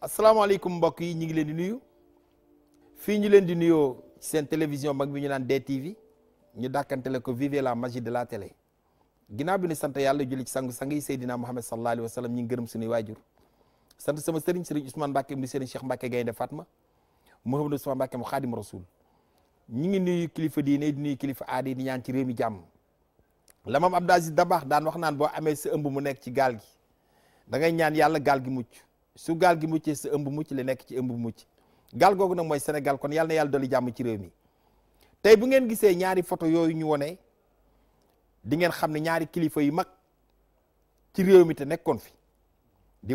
asalaamaaleykum mbokk yi ñu ngi leen di nuyu fii ñu leen di nuyoo ci seen télévision mag bi ñu naan DTV ñu dàkkantele ko vivez la magie de la télé ginnaaw bi ñu sant yàlla julli ci sangu sang yi Seydina Muhammad sallallahu alayhi wa sallam ñu ngi gërëm suñuy waajur sant sama sëriñ sëriñ Ousmane Mbacke ibn sëriñ Cheikh Mbacke Gaynde Fatma Mouhamadou Ousmane Mbacke mu Xaadim Rasul ñu ngi nuyu kilifa diine di nuyu kilifa aada yi di ñaan ci réew mi jàmm la maam Abdou Aziz Dabakh daan wax naan boo amee sa ëmb mu nekk ci gaal gi da ngay ñaan yàlla gaal gi mucc su gaal gi muccee sa ëmb mucc la nekk ci ëmb mucc gaal googu nag mooy senegal kon yàlla yàlla dolli jàmm ci réew mi tey bu ngeen gisee ñaari photo yooyu ñu wone di ngeen xam ne ñaari kilifa yu mag ci réew nekkoon fi di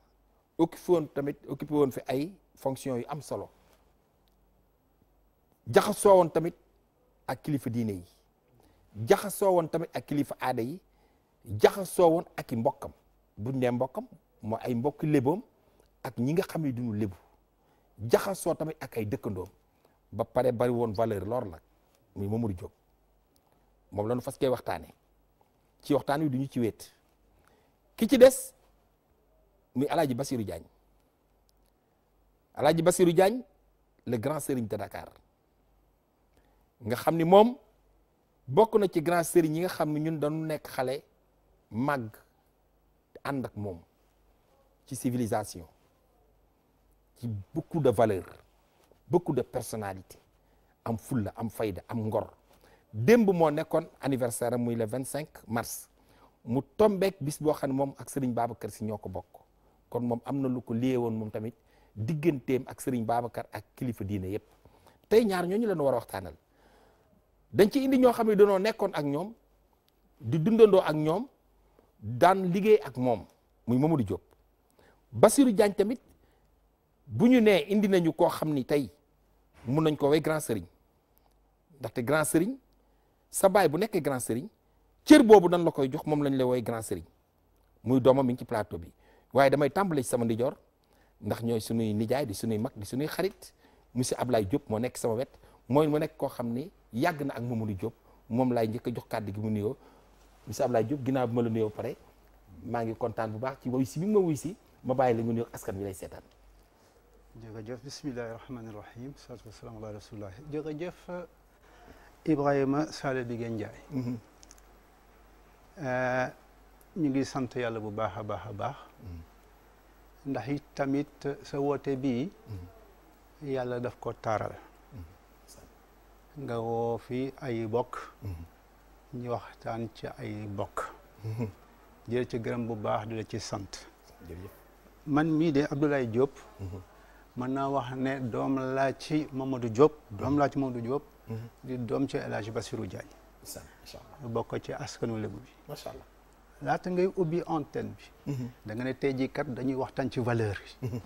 occupé woon tamit occupé woon fi ay fonction yu am solo jaxasoo woon tamit ak kilifa diine yi jaxasoo woon tamit ak kilifa aada yi jaxasoo woon ak i mbokkam buñ nee mbokkam moo ay mbok léboom ak ñi nga xam duñu lébu jaxasoo tamit ak ay dekkandom ba paré bari won valeur lor nag muy Mamadou Diop moom la ñu fas koy ci waxtaan wi duñu ci wéet ki ci dess muy alaaji Bassirou Diagne alaaji Bassirou Diagne le grand sérigne de Dakar nga xamni mom moom na ci grand sëriñ yi nga xamni ñun dañu nek xalé mag ànd ak moom ci civilisation ci beaucoup de valeur beaucoup de personnalité am fulla am fayda am ngor demb mo nekkoon anniversaire am muy le 25 mars mu tombek bis bo xamni mom ak sëriñ Babacar si ñoo ko kon moom am na lu ko liyee woon moom tamit digganteem ak Serigne Babacar ak kilifa diine yépp tey ñaar ñooñu leen war a waxtaanal dañ ci indi ñoo xam ne danoo nekkoon ak ñoom di dundandoo ak ñoom daan liggéey ak moom muy di Diop Bassirou Diagne tamit bu ñu nee indi nañu koo xam ni tey mun nañ ko way grand sëriñ ndaxte grand sëriñ sa baay bu nekkee grand sëriñ cër boobu dañ la koy jox moom lañu la way grand sëriñ muy doomam mi ci plateau bi waaye damay tàmbali ci sama ndijoor ndax ñooy sunuy nijaay di sunuy mag di sunuy xarit monsieur Ablaye Diop moo nekk sama wet mooy mu nekk koo xam ni yàgg na ak Mamadou Diop moom laay njëkk a jox kàddu gi mu nuyoo monsieur Ablaye Diop ginnaaw bi ma la pare maa ngi kontaan bu baax ci wuy si bi nga ma wuy si ma bàyyi la nuyoo askan wi lay seetaan. jërëjëf bismillahi rahmaani rahim salatu wasalaamu ala rasulillah jërëjëf Ibrahima ibrahim Bigué Ndiaye. Mhm. Euh, ñu ngi sant yàlla bu baax a baax a ndax it tamit sa woote bii yàlla daf ko taaral nga woo fi ay bokk ñu waxtaan ci ay bokk jël ci gërëm bu baax di la ci sant man mii de Abdoulaye Diop mën naa wax ne doom laa ci Mamadou Diop doom laa ci Mamadou Diop di doom ci El Hadj Bassirou Diagne bokk ci askanu lébu bi laata ngay ubbi antenne bi. Mhm. da nga ne tey jii kat dañuy waxtaan ci valeur yi. Mhm.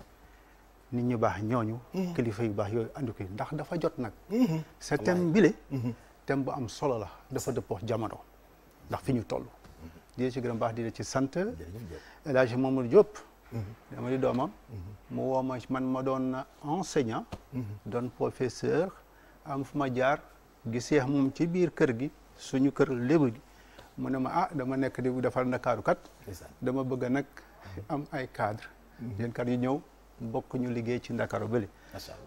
nit ñu baax ñooñu. Mhm. kilifa yu baax yooyu andi ko ndax dafa jot nag. sa thème bile. thème bu am solo la dafa dëppoo jamono ndax fi ñu toll. di la ci gërëm baax di la ci sant. El moom Mamadou Diop. dama di doomam. mu woo ma man ma doon enseignant. doon professeur am fu ma jaar gisee moom ci biir kër gi suñu kër lébu gi. mu ne ma ah dama nekk di defal ndakaaru kat dama bëgg nag am ay cadre yéen yu ñëw bokk liggéey ci ndakaaru bële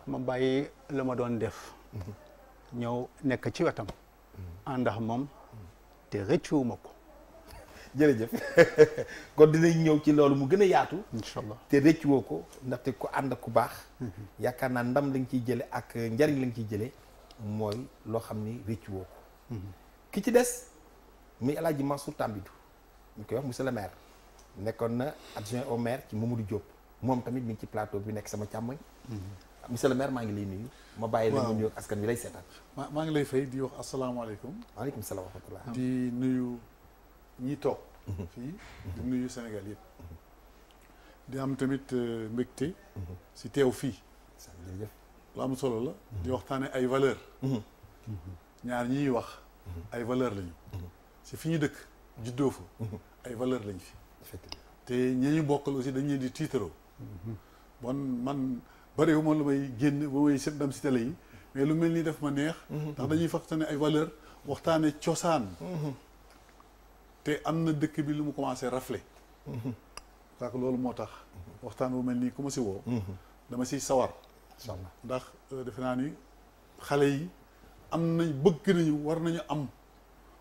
ma bàyyi la ma doon def ñëw nekk ci wetam àndax moom te rëccuwuma ko jërëjëf kon dinañ ñëw ci loolu mu gën a yaatu incha te rëccuwoo ko ndaxte ku ànd ku baax mhm. yaakaar naa ndam lañ ciy jële ak njariñ lañ ciy jële mooy loo xam ni rëccuwoo ko mhm. ki ci des muy El Hadj Mansour Tambidou ñu koy wax monsieur le maire nekkoon na adjoint au maire ci Mamadou moom tamit mi ci plateau bi nekk sama càmmoñ. Mhm. monsieur le maa ngi lay nuyu. ma bàyyi la mu askan wi lay seetaan. maa maa ngi fay di wax asalaamaaleykum. waaleykum salaam wa rahmatulah. di nuyu ñi toog. Mhm. fii di nuyu Sénégal mhm. am tamit euh, mbégte. si teew fii. lu am solo la. di waxtaane ay valeur ñaar ñiy wax. ay valeur lañu. ci fi ñu dëkk juddoo fa mhm. ay valeur lañ fi te ñi ñu bokkal aussi dañ leen di tiitaroo mhm. bon man bari wu ma lu may génn bu may set dem si télé yi mhm. mais lu mel nii daf ma neex ndax dañuy faxtane ay valeur waxtaane cosaan te am na dëkk bi lu mu commencé rafle saak loolu moo tax waxtaan bu mel nii ku ma si woo dama siy sawar ndax euh, defe naa ni xale yi am nañ bëgg nañu war nañu am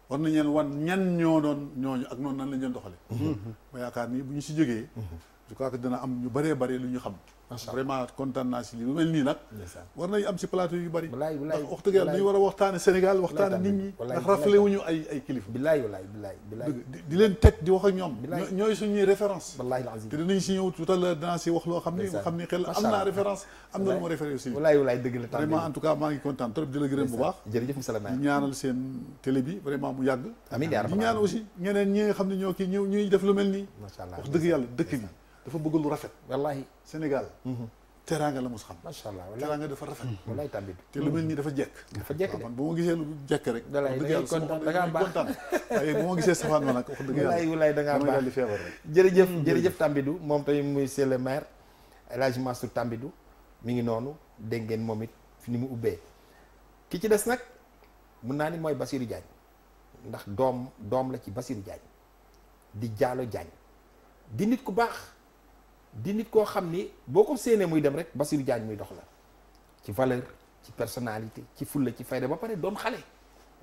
war nañ leen wan ñan ñoo doon ñooñu ak noonu nan lañ leen doxale mhm. ma yaakaar ni bu ñu si jógee mhm. je crois que dana am ñu bëree bëri lu ñu xam macha allah vraiment kontaan naa si lii lu mel nii nag. war nañu am si plateau yu bari. walaay walaay ndax wax dëgg yàlla dañu war a waxtaane Sénégal waxtaane nit ñi. ndax raflé wuñu ay ay kilifa. bilaay walaay bilaay bilaay. di leen teg di wax ak ñoom. bilaay ñooy suñuy référence. wallaay lazim te dinañ si ñëw tout à l'heure dinaa si wax loo xam ni. xam ni xel am naa référence. am na lu ma référé aussi. walaay walaay dëgg la tànn vraiment en tout cas maa ngi kontaan trop di la gërëm bu baax. jërëjëf monsieur le maire di ñaanal seen télé bi vraiment mu yàgg. amiin di ñaan aussi ñeneen ñi nga xam ne ñoo kii ñëw ñuy def lu mel nii. macha allah wax dëgg yàlla dëkk bi dafa bëgg lu rafet. wallahi Sénégal. teraanga la mos xam. macha allah walaay dafa rafet. wallahi tamit te lu melni dafa jek dafa jek man bu ma gisee lu jek rek. dalay da ngay kontaan da ngaa baax wax dëgg bu ma gisee safaan ma nak wax dëgg yàlla. wallahi walaay da nga ba daal di feebar rek. jërëjëf jërëjëf Tambidou mom tay muy c'est le maire El Hadj Tambidou mi ngi nonu de ngeen momit fi ni mu ubbe ki ci dess nak mën na ni moy Basirou Diagne ndax dom dom la ci Basirou Diagne di Diallo Diagne di nit ku bax di nit koo xam ni boo ko séenee muy dem rek ba Bassirou Diagne muy dox la ci valeur ci personnalité ci fulla ci fayda ba pare doom xale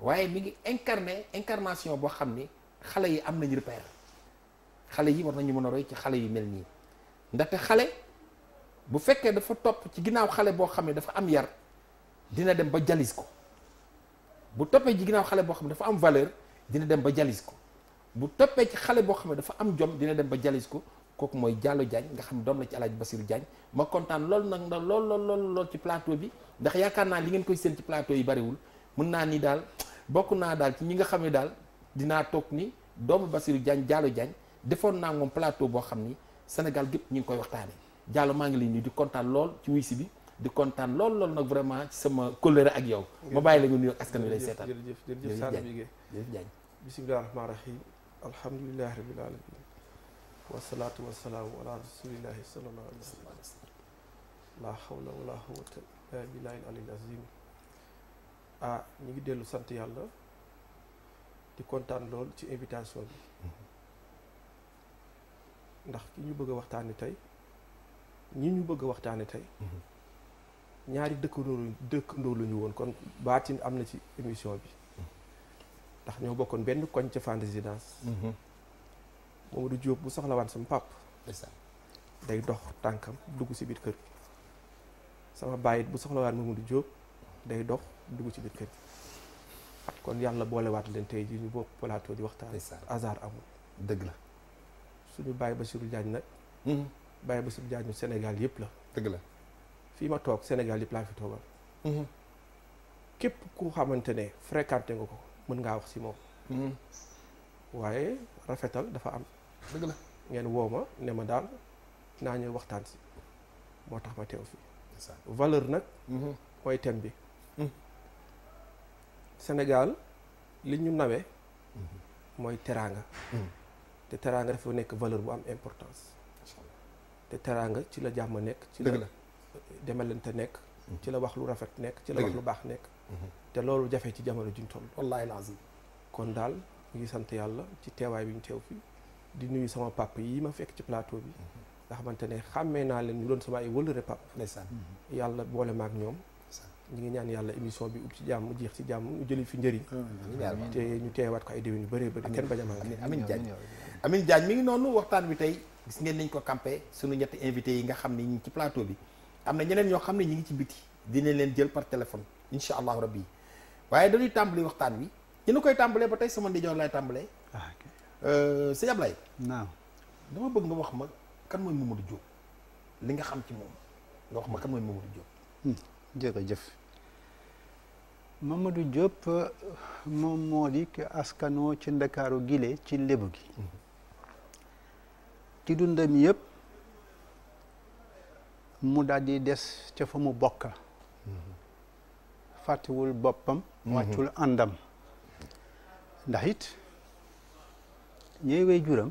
waaye mi ngi incarné incarnation boo xam ni xale yi am nañ repère xale yi war nañu mën a roy ci xale yu mel nii ndaxte xale bu fekkee dafa topp ci ginnaaw xale boo xam ne dafa am yar dina dem ba jalis ko bu toppee ci ginnaaw xale boo xam ne dafa am valeur dina dem ba jalis ko bu toppee xale boo xam ne dafa am jom dina dem ba jalis ko kooku mooy Diallo Diagne nga xam doom la ci El Hadj Basirou Diagne ma kontaan lool nag na lool lool lool lool ci plateau bi ndax yaakaar naa li ngeen koy seen ci plateau yi bariwul mën naa nii daal bokk naa daal ci ñi nga xam ne daal dinaa toog ni doomu Basirou Diagne Diallo Diagne defoon naa moom plateau boo xam ni senegal gépp ñu ngi koy waxtaane Diallo maa ngi lay nuyu di kontaan lool ci wuy si bi di kontaan lool lool nag vraiment ci sama kóllëre ak yow. ma bàyyi la nga nuyoog askan wi lay seetaan jërëjëf jërëjëf Sadou Bigué jërëjëf Diagne bismillahi rahmaani rahim alhamdulillahi rabbil alamin wasalaatu wasalaamu ala rasulillahi sallallahu alayhi wa la hawla wala quwwata illa billahi al azim ah ñu ngi dellu sant yàlla di kontaan lool ci invitation bi mm-hmm. ndax ki ñu bëgg a waxtaani tey ñi ñu bëgg a waxtaani tey mm-hmm. ñaari dëkkandoo dëkkandoo la ñu woon kon baatin am na ci émission bi mm-hmm. ndax ñoo bokkoon benn koñ ca fan résidence Mamadou Diop bu soxlawaan sama pap day dox tànkam dugg ci biir kër gi sama bàyyit bu soxlawaan du Diop day dox dugg ci biir kër gi kon yàlla boolewaat leen tey jii ñu bopp plateau di waxtaan hasard amul dëgg la suñu ba Baye Bassirou Diagne nag mm-hmm. Baye Bassirou Diagne Sénégal yëpp la dëgg la fii ma toog Sénégal yëpp laa fi toogal mm-hmm. képp ku xamante ne fréquenté nga ko mën ngaa wax si moom mm-hmm. waaye rafetal dafa am dëgg ngeen woo ma ne ma daal naa ñëw waxtaan si moo tax ma teew fii. valeur nag. Mhm. mooy thème bi. Mhm. Sénégal li ñu nawe mhm. mooy teraanga. te teraanga dafa nekk valeur bu am importance. te teraanga ci la jàmm nekk. ci la demalante nekk. ci la wax lu rafet nekk. ci la wax lu baax nekk. te loolu jafe ci jamono juñ toll. wallaahi laazim kon daal ngi sant yàlla ci teewaay bi ñu teew fii. di nuyu sama papa yi ma fekk ci plateau bi nga xamante ne xàmmee naa leen ñu doon sama ay wëllëre pap ndeysaan yàlla boole maak ñoom ñu ngi ñaan yàlla émission bi ub ci jàmm jeex ci jàmm ñu jëli fi njëriñ te ñu teewaat ko ay déwén yu bëree bëri kenn bañ a manqué Amin Diagne Amin Diagne mi ngi noonu waxtaan bi tey gis ngeen niñ ko campé suñu ñetti invité yi nga xam ne ñi ci plateau bi am na ñeneen ñoo xam ne ñi ngi ci biti dinañ leen jël par téléphone incha allahu rabbi waaye dañuy tàmbali waxtaan wi ñu koy tàmbalee ba tey sama ndijoor lay tàmbalee ah, Euh, sëñ Ablaye. waaw dama bëgg nga wax ma kan mooy Mamadou Diop li nga xam ci moom nga wax ma kan mooy Mamadou hmm. euh, moom moo di askanoo ci ndakaaru gile ci lébu gi. Hmm. ci dundam yépp mu daldi des ca fa mu bokk hmm. fàttewul boppam wàccul àndam ndax ñooy juram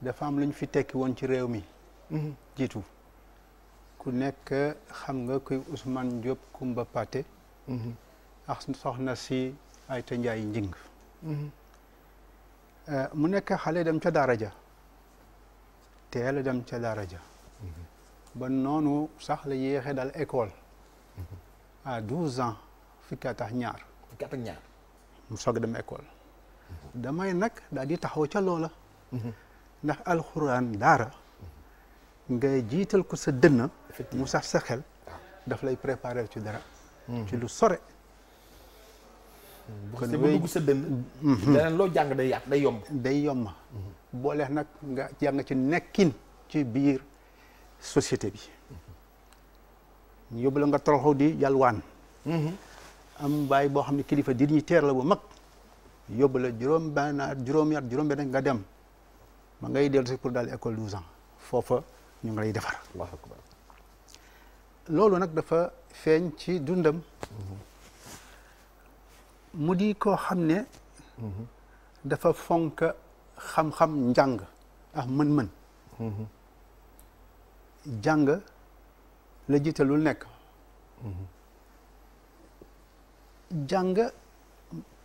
dafa am lu ñu fi tekki woon ci réew mi mhm. jiitu ku nekk xam nga kuy Ousmane Diop Kumba Paté mhm. ak soxna si Ayta Njaay Njing mhm. euh, mu nekk xale dem ca daara ja teel dem ca daara ja ba noonu sax la yéexee dal école à douze ans fukki at ak ñaar mu soog dem école damay nag daal di taxaw ca loola ndax alxuraan daara nga jiital ko sa dënn mu sax sa xel ah. daf lay préparer ci dara hmm. ci lu sore hmm. kon yooyu dugg sa dënn hmm. leneen loo jàng day day yomb booleex nag nga jàng ci nekkin ci biir société bi ñu yóbbu la nga toroxaw di yalwaan am bàyyi boo xam ne kilifa di ñu teer la bu mag yóbbu la juróom benn at juróom yat juróom benn nga dem ma ngay dellu si pour daal école douze ans foofa ñu ngi lay defar loolu nag dafa feeñ ci dundam mu di koo xam ne dafa fonk xam-xam njàng ak mën-mën jàng la jiita jiitalul nekk mhm. jàng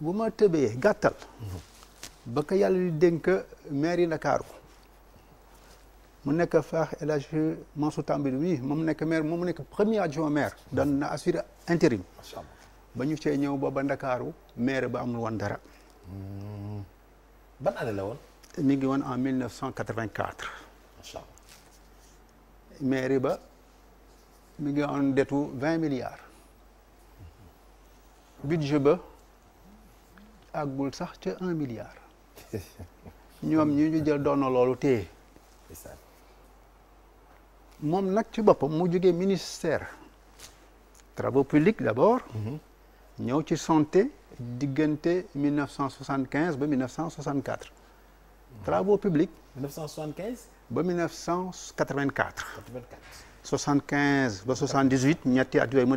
bu ma tëbee gàttal ba ko yàlla di dénk mairie Ndakaaru mu nekk faax El Hadj Mansour Tambidou mii moom nekk maire moom nekk premier adjoint maire dan na assuré intérim ba ñu cee ñëw booba Ndakaaru maire ba amul woon dara ban année la woon mi ngi woon en 1984 mairie ba mi ngi woon dettu vingt milliards budget ba Agul sax un milliard ñu jël ministère travaux publics d'abord nous mhm. ci santé 1975 1964 mhm. travaux publics 1975 1984 75 78 nous at mu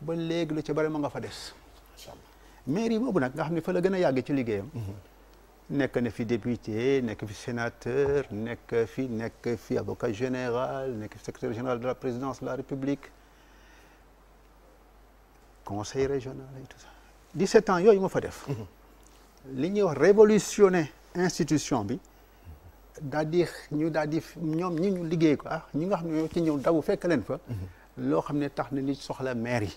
ba léegi lu ci bari ma nga fa des. mairie boobu nag nga xam ne fa la gën a yàgg ci liggéeyam. Mhm. nekk na fi député nekk fi sénateur nekk fi nekk fi avocat général nekk fi secrétaire général de la présidence de la république conseil régional et tout ça. 17 ans yooyu ma fa def. Mhm. li ñuy wax révolutionner institution bi. daal di ñu daal di ñoom ñi ñu liggéey ko ah, ñi nga xam ne ci ñëw daw fekk leen fa. Mhm. loo xam ne tax na nit soxla maire yi.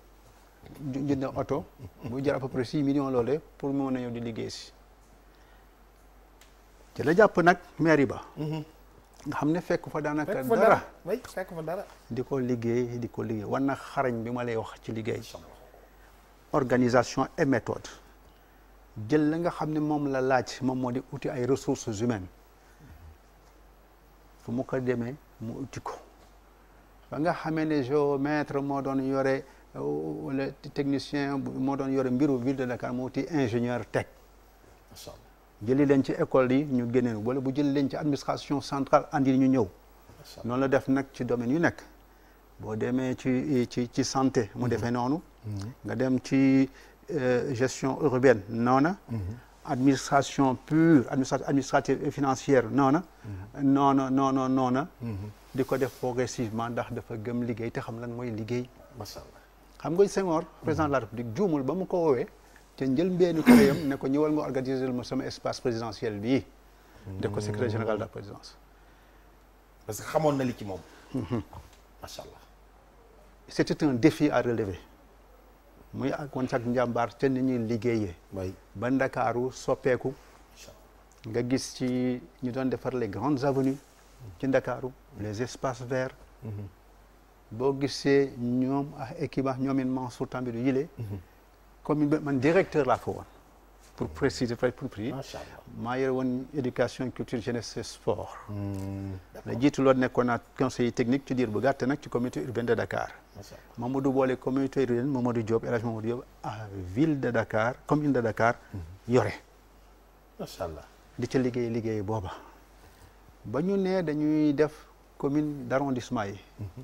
jënd oto. bu jar à peu près six millions loolee pour mu mën a ñëw di liggéey si. ci jàpp nag mairie ba. Mhm. nga xam ne fekk fa daanaka dara fekk di ko liggéey di ko liggéey war na xarañ bi ma lay wax ci liggéey organisation et méthode jël nga xam ne moom la laaj moom moo di uti ay ressources humaines fu mu ko mu uti ko nga xamee ne géomètre moo doon yore wala euh, technicien moo doon yore mbiru ville de Dakar moo ingénieur tech jëli leen ci école yi ñu génneen wala bu jëli leen ci administration centrale andi ñu ñëw non la def nak ci domaine yu nek bo démé ci ci ci santé mu mhm. défé nonu mhm. nga dem ci euh, gestion urbaine non mhm. administration pure administration administrative et financière non non non non non ko def progressivement ndax dafa gëm liggéey té xam lan mooy liggéey masha Allah je suis le président de la république juumul organiser le espace présidentiel bii de secrétaire général de la présidence parce que c'était un défi à relever muy ak woon ak njàmbaar te ni ñuy liggéeyee ba nga gis les grandes avenues ci les espaces verts mhm boo Nyom. ñoom ak équipe ak ñoom it Mansour Tambidou yile mhm. comme man directeur laa fa woon pour préciser pour prix maa yore woon éducation culture jeunesse sport hmm, la jiitu ne nekkoon naa conseiller technique ci diir bu gàtt nak ci comité urbain de Dakar Mamadou bolé comité urbain Mamadou job El Mamadou job à ville de Dakar commune de Dakar mhm. yore macha allah di ci liguey liguey booba ba ñu ne dañuy def commune d'arrondissement yi mhm.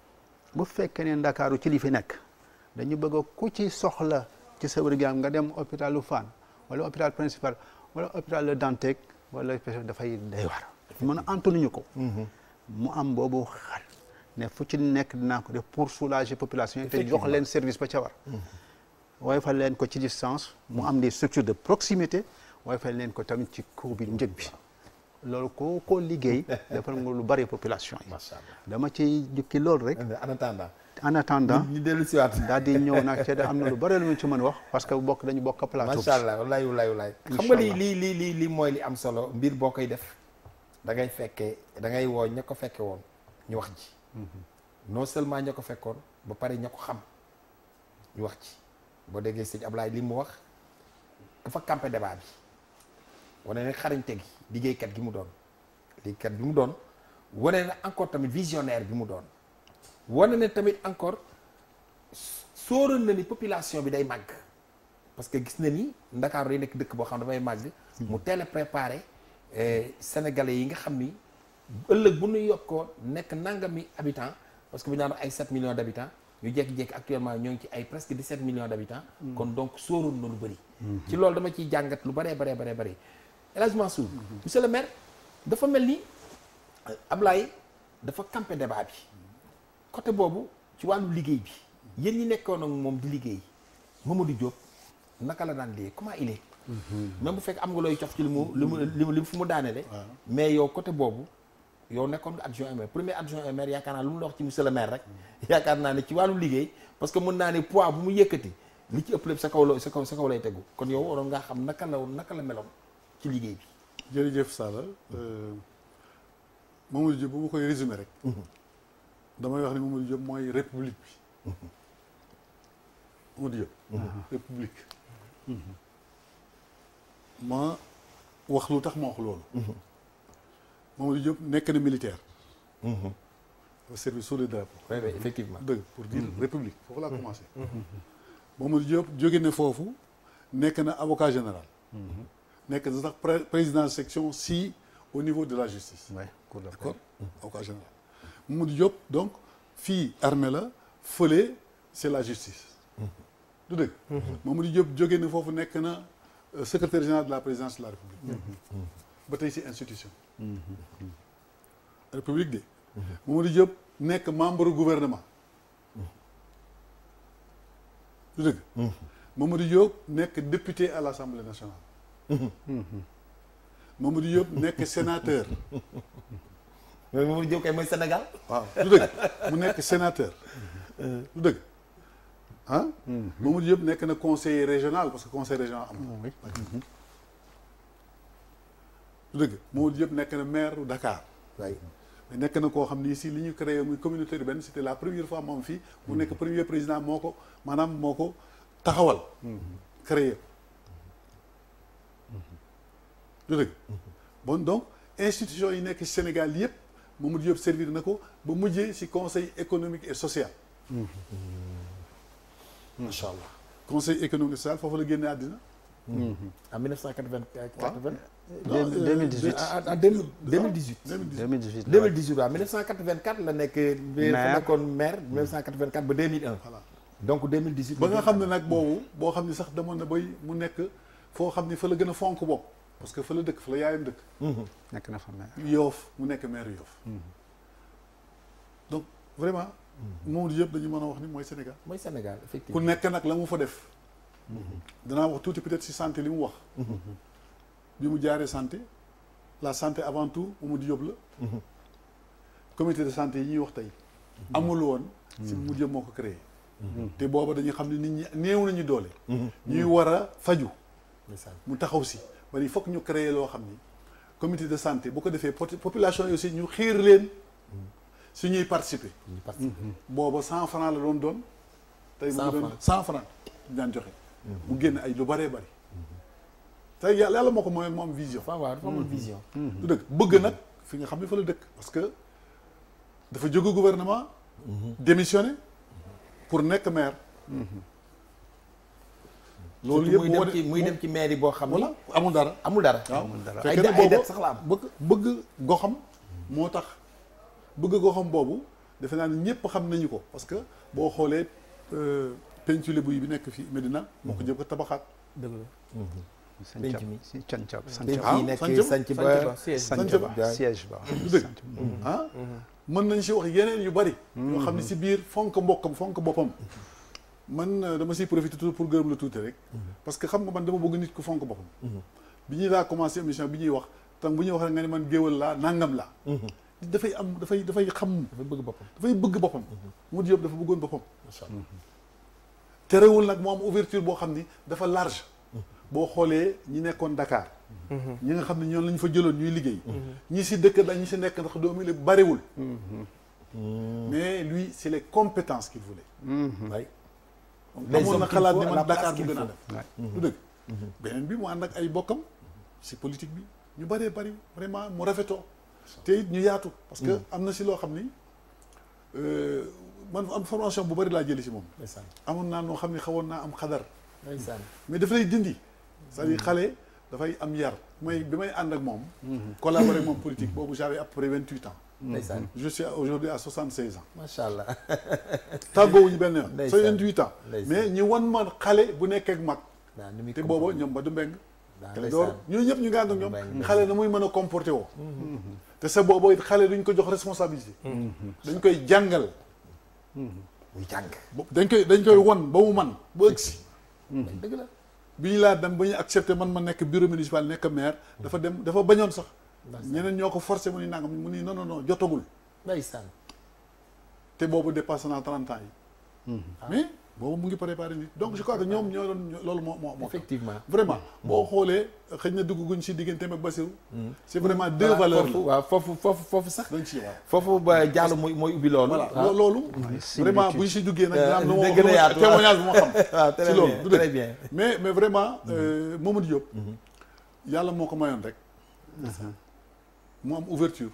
bu fekkee ne dakaru ci li fi nekk dañu bëgg ku ci soxla ci sa wer gu nga dem hôpital lu fan wala hôpital principal wala hôpital Le Dantec wala dafay day war mën a antunuñu ko mu am boobu xal ne fu ci nekk dinaa ko def pour soulager population te jox leen service ba ca war way fal leen ko ci distance mu am des structures de proximité way fal leen ko tamit ci cour bi njëg bi loolu koo koo liggéey defal nga lu bari population yi dama ci jukki loolu rek en attendant en attendant ñu dellu si waat daal di ñëw nag ci da am na lu bari lu ñu ci mën wax parce que bokk dañu bokk plateau macha allah walaay walaay walaay xam nga li mooy li am solo mbir boo koy def da ngay fekkee da ngay woo ña ko woon ñu wax ji mhm. non seulement ña ko fekkoon ba pare ña xam ñu wax ci boo déggee sëñ Ablaye li mu wax dafa campé débat bi wane na xarañte gi kat gi mu doon liggéeykat bi mu doon wane na encore tamit visionnaire bi mu doon wane na tamit encore sóoroon na ni population bi day màgg parce que gis na ni Ndakaaru day nekk dëkk boo xam ne dafay màgg mu teel a préparé eh, sénégalais yi nga xam ni ëllëg bu ñu yokkoo nekk nangami habitant parce que bu ñu ay 7 millions d' habitants ñu jékki-jékki actuellement ñoo ngi ci ay presque 17 millions d' habitants hmm. kon donc sóoroon na lu bëri hmm. ci loolu dama ciy jàngat lu bëree baree baree bëri El Hadj Mansour monsieur le maire dafa melni ni euh, Ablaye dafa camper débat bi côté bobu ci wàllu liguey bi yéen ñi nekkoon ak mom di liguey Mamadou Diop naka la dan lié comment il est. Mhm. même bu fekk am nga loy cof ci li mu li mu li fu mais yow côté bobu yow nekkoon nga adjoint maire premier adjoint au maire yaakaar naa lu mu wax ci monsieur le maire rek mm. yaakaar naa ne ci wàllu liguey parce que mën naa ne poids bu mu yëkkati li ci ëpp lépp sa kaw la sa kaw sa kaw lay tegu kon yow waroon ngaa xam naka la naka la meloon ci liggéey bi. jërëjëf euh, Mamadou bu résumé rek. Mhm. damay wax ni république bi. Mhm. Mamadou mhm. république. ma wax ma wax loolu. Mamadou Diop nekk militaire. au service effectivement pour dire république Mamadou na avocat général nek na de président section si au niveau de la justice. oui d'accord. d'appel au cas général. Diop donc fi armée la c'est la justice. Mmh. du dëgg. Mmh. Mamadou Diop jogé na fofu nek na euh, secrétaire général de la présidence de la république. Mmh. ba tay si institution. république de. Mamadou Diop nek membre du gouvernement. du dëgg. Mamadou Diop nek député à l'Assemblée nationale. Mamadou Diop nekk sénateur. mais Mamadou Diop kay mooy Sénégal. waaw lu dëgg mu nekk sénateur. lu dëgg Hein? Mamadou Diop nekk na conseiller régional parce que conseil régional am na. lu dëgg Mamadou Diop nekk na maire de Dakar. waaye nekk na koo xam ni si li ñu créé muy communauté urbaine c'était la première fois moom fii. mu nekk premier président Moko, ko Moko, moo ko mm-hmm. créé du bon donc institution yi au Sénégal yëpp Mamadou Diop servir nako bu mujjé ci conseil économique et social. macha allah conseil économique et social fofu la génne àddina. en 1984. 2018 euh, ah, ah, ah, en 2018. 2018 2018 En 1984 la nek maire fa nekkoon maire 1984 ba 2001. donc 2018. ba nga xamné nak nag boobu boo xam sax demoon bay mu nek fo xamné fa la gëna fonk bopp. parce que fa la dëkk fa la yaayam dëkk. Mhm. nekk na fa maire yoof mu nekk maire yoof mhm. donc vraiment. Mhm. monde yëpp dañu mën a wax ni mooy Sénégal. mooy Sénégal effectivement ku nekk nag la mu fa def. danaa wax tuuti peut-être si santé li mu wax. bi mu jaaree santé la santé avant tout Mamadou Diop la. comité de santé yi ñuy wax tey. amul woon. si Mamadou Diop moo ko créé. te booba dañuy xam ne nit ñi néew nañu doole. ñuy war a faju mu taxaw si. mais il faut que ñu créer loo xam comité de santé bu ko defee population aussi ñu xiir leen si ñuy participer. Mm-hmm. booba 100 francs la doon doon. tey mu doon cent franc daan joxe. Mm-hmm. mu génn ay lu bëree bëri. Mm-hmm. tey yàlla yàlla moo am vision. waaw waaw dafa vision. du dëkk bëgg nag fi nga xam fa la dëkk parce que dafa jóge gouvernement. démissionner pour n'être maire. loolu yëpp muy dem ci muy dem ci mairie boo xam ni amul dara amul dara ah. amul dara ay ay det sax la bëgg bëgg goxam moo tax bëgg goxam boobu defe naa ne ñëpp xam nañu ko parce que boo xoolee euh, pencu Lebu yi bi nekk fii Medina moo ko mm-hmm. jëm ko tabaxaat dëgg la penc mm-hmm. mi sancab sancab ba sanc ba siège ba dëgg mm-hmm. ah mën nañ si wax yeneen yu bari yoo xam ne si biir fonk mbokkam fonk boppam man euh, dama siy profité tout pour gërëm la tuuti rek. parce que xam nga man dama bëgg nit ku fonk boppam. bi ñuy laa commencé émission bi ñuy wax tam bu ñuy wax rek nga ne man géwal laa nangam laa. dafay am dafay dafay xam. dafay bëgg boppam dafay bëgg boppam. Modou Diop dafa bëggoon boppam. macha allah mm-hmm. terewul nag moo am ouverture boo xam ni dafa large. Mm-hmm. boo xoolee ñi nekkoon Dakar. Mm-hmm. ñi nga xam ne ñoom lañ fa jëloon ñuy liggéey. ñi si dëkk dañ ñi si nekk ndax doomu la bariwul. mais lui c'est les compétences qu'il voulait. amoon na xalaat ne man dakaar bu gën a def du dëgg beneen bi mu ànd ak ay bokkam si politique bi ñu baree bëri vraiment mu rafetoo te it ñu yaatu parce que mm. am na si loo xam ni euh, man am formation bu bari laa jëli si moom amoon naa noo xam ne xawoon naa am xadar mais dafay lay dindi cest à mm. xale dafay am yar may bi may ànd ak moom mm-hmm. collaborer moom politique boobu j'avais à peu près vingt-huit ans Mm-hmm. je suis aujourd'hui à 76 ans. Masha'allah. allah. tàggoowuñu benn C'est ans. mais ñi wan man un bu qui mag. te booba ñoom ba du mbeng. te door ñooñu ñu nous na muy comporté mm-hmm. mm-hmm. te sa duñ ko jox responsabilité. dañ koy jàngal. muy man la dem ba bureau municipal nekk maire. dafa dem dafa ñeneen ñoo ko forcé nangam mu non non non jotagul. ndeysaan. te boobu dépassé naa 30 ans mhm. ah. mais boobu mu ngi préparé nit donc je crois que ñoom ñoo doon loolu effectivement vraiment mhm. boo xoolee xëy na dugguñ si ak mhm. c'est vraiment deux valeurs waaw foofu foofu sax. dañ ci foofu ah. vraiment buñ si duggee nag. Euh, mais mais vraiment euh, Diop. yàlla moo moi, ouverture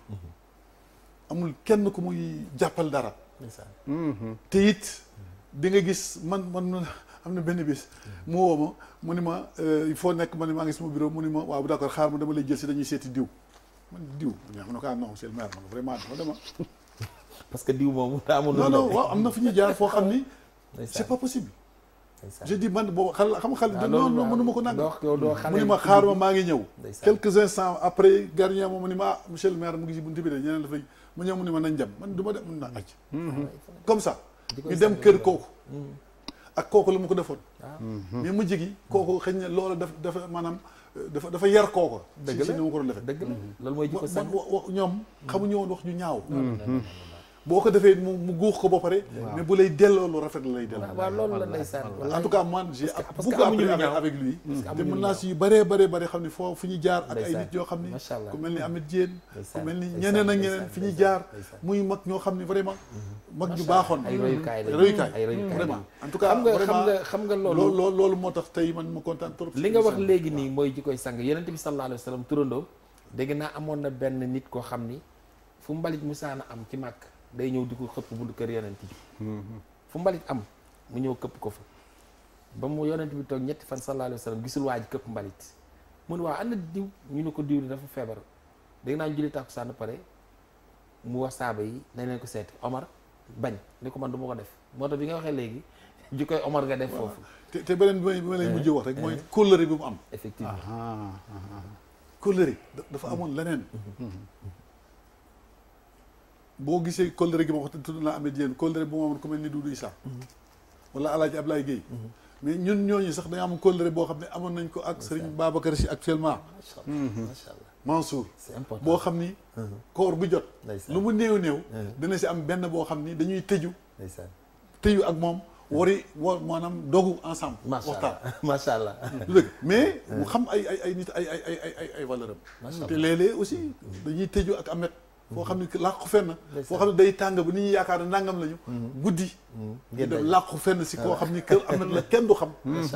amul kenn ko moy dara mhm. te gis man man amna ben bis il faut nek man bureau ni d'accord xaar dama lay ah, non c'est le maire vraiment parce que diw non non wa, amna jaar c'est pas possible je dis man boobu xal xam xal non non mënu ma ko nag mu ni ma xaar ma maa ngi ñëw quelques instants mu ni ma ah monsieur le maire de dem man du mun naa aj mm-hmm. comme ça ñu dem kër kooku mm-hmm. ak kooku la mu ko defoon ah. mu mm-hmm. mujj gi kooku xëy na loola daf dafa maanaam euh, dafa dafa yar kooku si ni ma ko doon defee dëgg la loolu mooy jikko sax ñoom xamuñu woon wax ñu ñaaw boo ko defee mu mu guux ko ba pare. mais bu lay delloo lu rafet la lay delloo. waaw loolu la ndeysaan en tout cas man j'ai beaucoup appris avec lui. te mën naa si yu bëree bëree bëri xam ne foo fu ñu jaar ak ay nit yoo xam ne ku mel ni Amath Dieng ku mel ni ñeneen ak ñeneen fi ñu jaar muy mag ñoo xam ne vraiment mhm. mag ñu baaxoon ay royukaay vraiment en tout cas xam nga xam nga xam nga loolu loolu loolu moo tax tey man ma kontaan trop li nga wax léegi nii mooy jikoy sang yonent bi sallallahu alayhi wa sallam turandoo dégg naa amoon na benn nit koo xam ni fu mbalit musaana am ci màkk day ñëw di ko xëpp buntu kër yonent bi mm-hmm. fu mbalit am mu ñëw këpp ko fa ba mu yonent bi toog ñetti fan sallallahu alayhi wa sallam gisul waa ji këpp mbalit mun waa ana diw ñu ne ko diw di dafa feebar dégg naa julli sànn pare mu wax saaba yi nañ leen ko seet Omar bañ ni ko man du ma ko def moo tax bi nga waxee léegi ji koy Omar nga def foofu te te beneen bi ma lay eh, mujjee wax rek mooy eh. kóllëre bi mu am effectivement ah, ah, ah, kóllëre dafa mm-hmm. amoon leneen mm-hmm. boo gisee kóllëre gi ma wax tudd naa amee yéen kóllëre bu ma amoon ku mel ni Doudou Issa mhm. wala Alaaji Ablaye Guèye mhm. mais ñun ñooñu sax dañoo am kóllëre boo xam ne amoon nañ ko ak Serigne Babacar Sy actuellement mhm. macha allah Mansour boo xam ni koor gu jot lu mu néew néew dina si am benn boo xam ni dañuy tëju tëju ak moom wari wa maanaam dogu ensemble waxtaan macha allah lu dëgg mais mu xam ay ay nit ay ay ay ay ay valeur am te léeg aussi dañuy tëju ak amet fo xamni ne fenn fo xamni day tang bu nit ñi yaakaar nangam lañu mm-hmm. guddi ñu mm-hmm. dem làqu fenn ci ko xamni ni amna la kenn du xam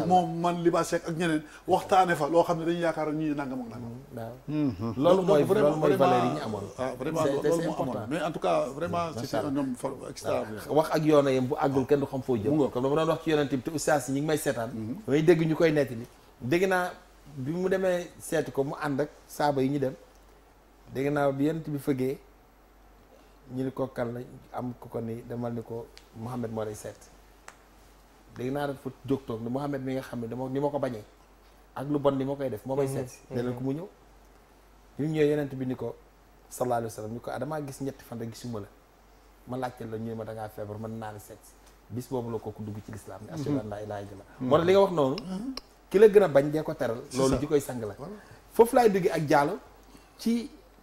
moom man Liba sek ak ñeneen waxtane fa lo xamni dañu yaakaar ñi nangam ak nangam mm-hmm. lolu moy vraiment moy valeur yi ñi amoon ah, vraiment lolu moy amoon mais en tout cas vraiment c'est un homme extraordinaire wax ak yoona bu agul kenn du xam fo jëm comme dama doon wax ci yoonante bi te oustaz ñi ngi may sétane way dégg ñukoy netti nettali dégg naa bi mu démé sét ko mu and ak saaba yi ñi dem dégg naa bi yent bi fëggee ñu ni ko kan la am ku ko ni demal ni ko Mouhamed moo lay seet dégg naa dafa jóg toog ni Mouhamed mi nga xam ne dama ni ma ko bañee ak lu bon ni ma koy def moo koy mhm. seet ne mhm. leen ko mu ñëw ñu ñëwee yonent bi ko sallallahu alayhi wa ko ah damaa gis ñetti fan rek gisuma la ma laajte la ñu ma da feebar mën naa la seet bis boobu la kooku dugg ci lislaam ni ashhadu an laa ilaaha illallaah mhm. moo tax li nga wax noonu ki la gën a bañ dee ko teral loolu ji koy sang la foofu laay duggee ak jaalo ci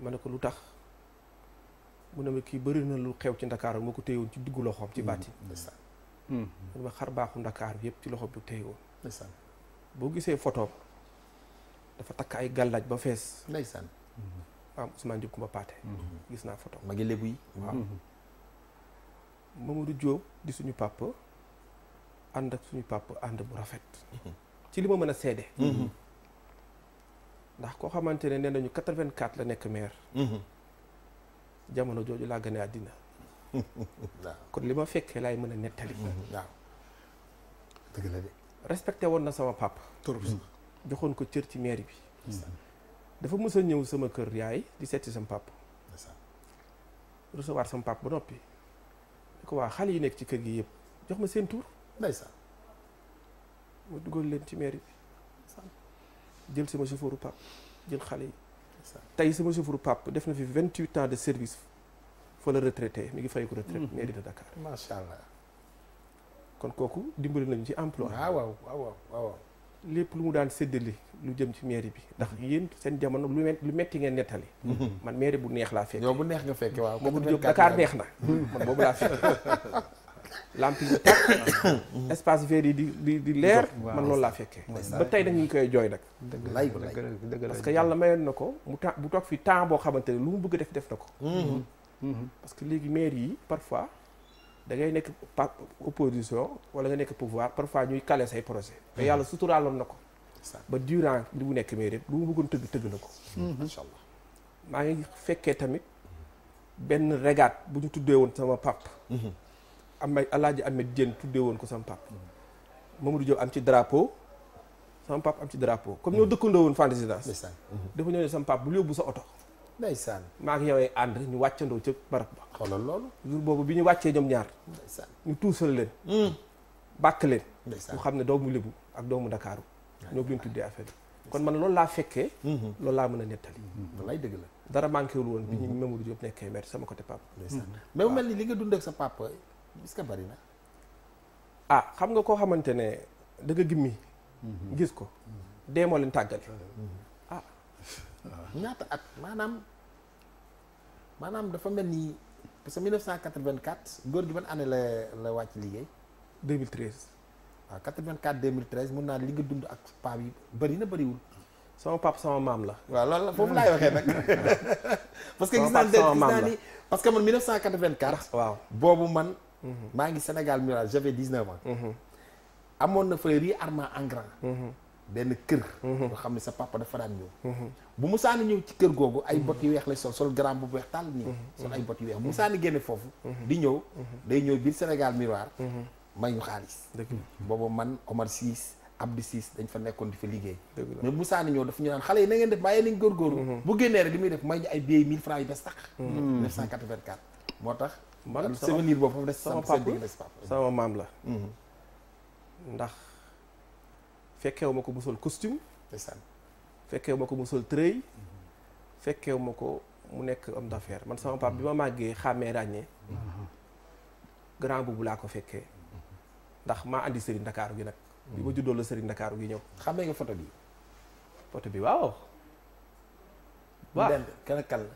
ma ne ko lu tax mu ne ma kii bëri na lu xew ci ndakaaru moo ko téyewoon ci diggu loxoom ci baat mm-hmm. Mm-hmm. mu ne ma xar baaxu ndakaaru yëpp ci loxo bu téyewoon boo gisee photoom dafa takk ay gàllaaj ba fees ndeysaan mm-hmm. maam Ousmane Diop Kumba naa photo ma ngi lébu yi di suñu papa ànd ak suñu papa ànd bu rafet ci li ma mën a seede ndax ko xamantene ne nañu 84 la nek maire. Mhm. jamono joju la gane adina waaw kon lima ma lay laay netali mhm, waaw dëgg la de. respecté woon na sama pap trop mhm. joxon ko ciir ci maire bi. dafa mësa a ñëw sama kër yaay di seeti sama pap recevoir sama pap ba noppi. ko wa xali yi nekk ci kër gi yëpp jox ma sen tour ndeysaan. ma duggal leen ci maire bi. jël sama chauffeuru Pape jël xale yi. tey sama chauffeuru Pape def na fi vingt huit ans de service fa la retraité mi ngi fay ko retraite mhm. mairie de Dakar. macha allah. kon kooku dimbali nañu ci emploi. Ah, waaw waaw waaw waaw. lépp lu mu daan séddale lu jëm ci mairie bi ndax mhm. yéen seen jamono lu lu metti ngeen nettali. Mhm. man mairie bu neex laa fekk. yow bu neex nga fekk waaw. moom Dakar neex na man boobu laa fekk. lamp yi tàkk espace vert yi di di di leer man loolu laa fekkee ba tey dañuy koy jooy nag parce que yàlla mayoon na ko mu bu toog fi temps boo xamante ne lu mu bëgg def def na ko mm-hmm. Mm-hmm. parce que léegi maire yi parfois da ngay par opposition wala nga nekk pouvoir parfois ñuy caler say projet mais mm-hmm. yàlla suturaaloon na ko ba duran li mu nekk maire yëpp lu mu bëggoon tëgg tëgg na ko macha maa ngi fekkee tamit benn régaat bu ñu tuddee woon sama pap am ay alaaji Ahmed Dieng tuddee woon ko sama pap Mamadou Diop am ci drapeau sama pap am ci drapeau comme ñoo mm-hmm. dëkkandoo woon fan résidence mm-hmm. dafa ñëw ne sama pap bu yóbbu sa oto ndeysaan maa ngi ñëwee ànd ñu wàccandoo ca barab ba xoolal loolu jour boobu bi ñu wàccee ñoom ñaar ndeysaan ñu tuusal leen mm. bàkk leen ñu xam ne doomu Lebu ak doomu Ndakaaru ñoo bi ñu tuddee affaire bi kon man lool laa fekkee mm-hmm. lool laa mën a nettali wallaay dëgg la dara manqué woon bi ñu Mamadou Diop nekkee maire sama côté pap mais est-ce bari na. ah xam nga koo xamante ne da nga gimmi. Mhm. gis ko. Mhm. dee moo leen tàggal. Mhm. ah ñaata at maanaam maanaam dafa mel ni parce que 1984 góor gi ban année la la wàcc liggéey. 2013. waaw 84 2013 mun naa li nga dund ak paa yi bëri na bëriwul. sama pap sama mam la. waaw loolu la foofu laay waxee nag. parce que gis naa ni parce que man 1984. waaw boobu man. Mm-hmm. maa ngi Sénégal Mirage j'avais 19 ans. Mm-hmm. amoon na fa riz Arma en grand. Mm-hmm. benn kër. nga xam ne sa papa dafa daan ñëw. bu musaani ñëw ci kër googu ay bot yu weex lay sol sol grand bu weex tàll nii. sol ay bot yu weex bu musaani génne foofu. di ñëw day ñëw biir Sénégal Miroir. may ñu xaalis. boobu man Omar Ciss Abdou Ciss dañ fa nekkoon di fa liggéey. mais musaani ñëw dafa ñu naan xale yi na ngeen def bàyyi nañ góorgóorlu. bu génnee rek muy def may man souvenir boobu foofu des sama papa maam la mhm. fekkeewu ma ko mu sol fekkeewu ma ko mu sol trëy mhm. ko mu nekk homme d'affaires man sama papa mhm. bi ma màggee xàmmee ràññee grand boobu laa ko fekkee ndax maa andi Serigne Dakar gi nag bi ma juddoo la Serigne Dakar gi ñëw xàmmee nga photo bi photo bi waaw waaw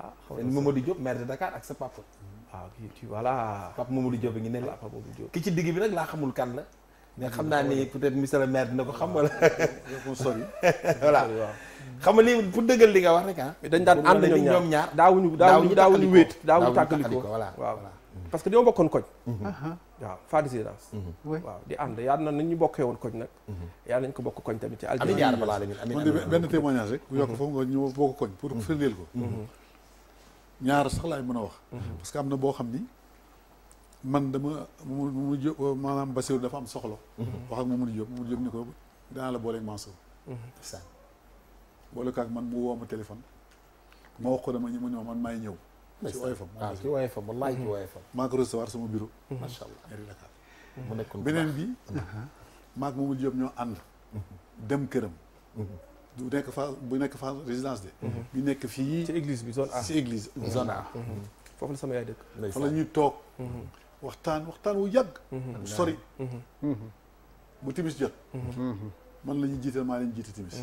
ah xaw na Mamadou Diop maire de Dakar ak sa papa. waaw ah, kii voilà. papa Mamadou Diop ngi ne la papa Mamadou Diop. ki ci digg bi nag laa xamul kan la. mais naa ni peut-être monsieur le maire dina ko xam ah, wala. ko sori. voilà xam nga lii pour dëggal li nga wax rek ah. dañ daan ànd ñoom ñaar daawuñu daawuñu daawuñu wéet daawuñu tàkkaliko voilà waaw mm-hmm. parce que dañoo bokkoon koñ. Mm-hmm. waaw Fadi Zidance. Mm-hmm. waaw di ànd yaa na nañ bokkee woon koñ nag. yaa nañ ko bokk koñ tamit ci. amiin amiin amiin benn témoignage rek. bu yokk foofu nga ñu bokk koñ. pour firndeel ko. ñaar sax laay mën a wax. Mhm. parce am na boo xam ni man dama mu mu jë maanaam Basiru dafa am soxlo mhm. wax ak Mamadou Diop Mamadou ni ko danaa la booleeg Mansour. Mhm. boole ko ak man mu woo ma téléphone. ma wax ko dama ñu ma ñëw man maay ñëw. ci OIFM waaw ah, ci OIFM wallaahi sama bureau. macha allah ñaari beneen bi. maa ak Mamadou Diop ñoo ànd. dem këram. du nekk fa bu nekk fa résidence de. bi nekk fii. ci église bi zone A ci église zone A. foofu la sama yaay dëkk. fa la ñuy toog. waxtaan waxtaan wu yàgg. sori. bu timis jot. man la ñuy jiital maa leen jiite timis.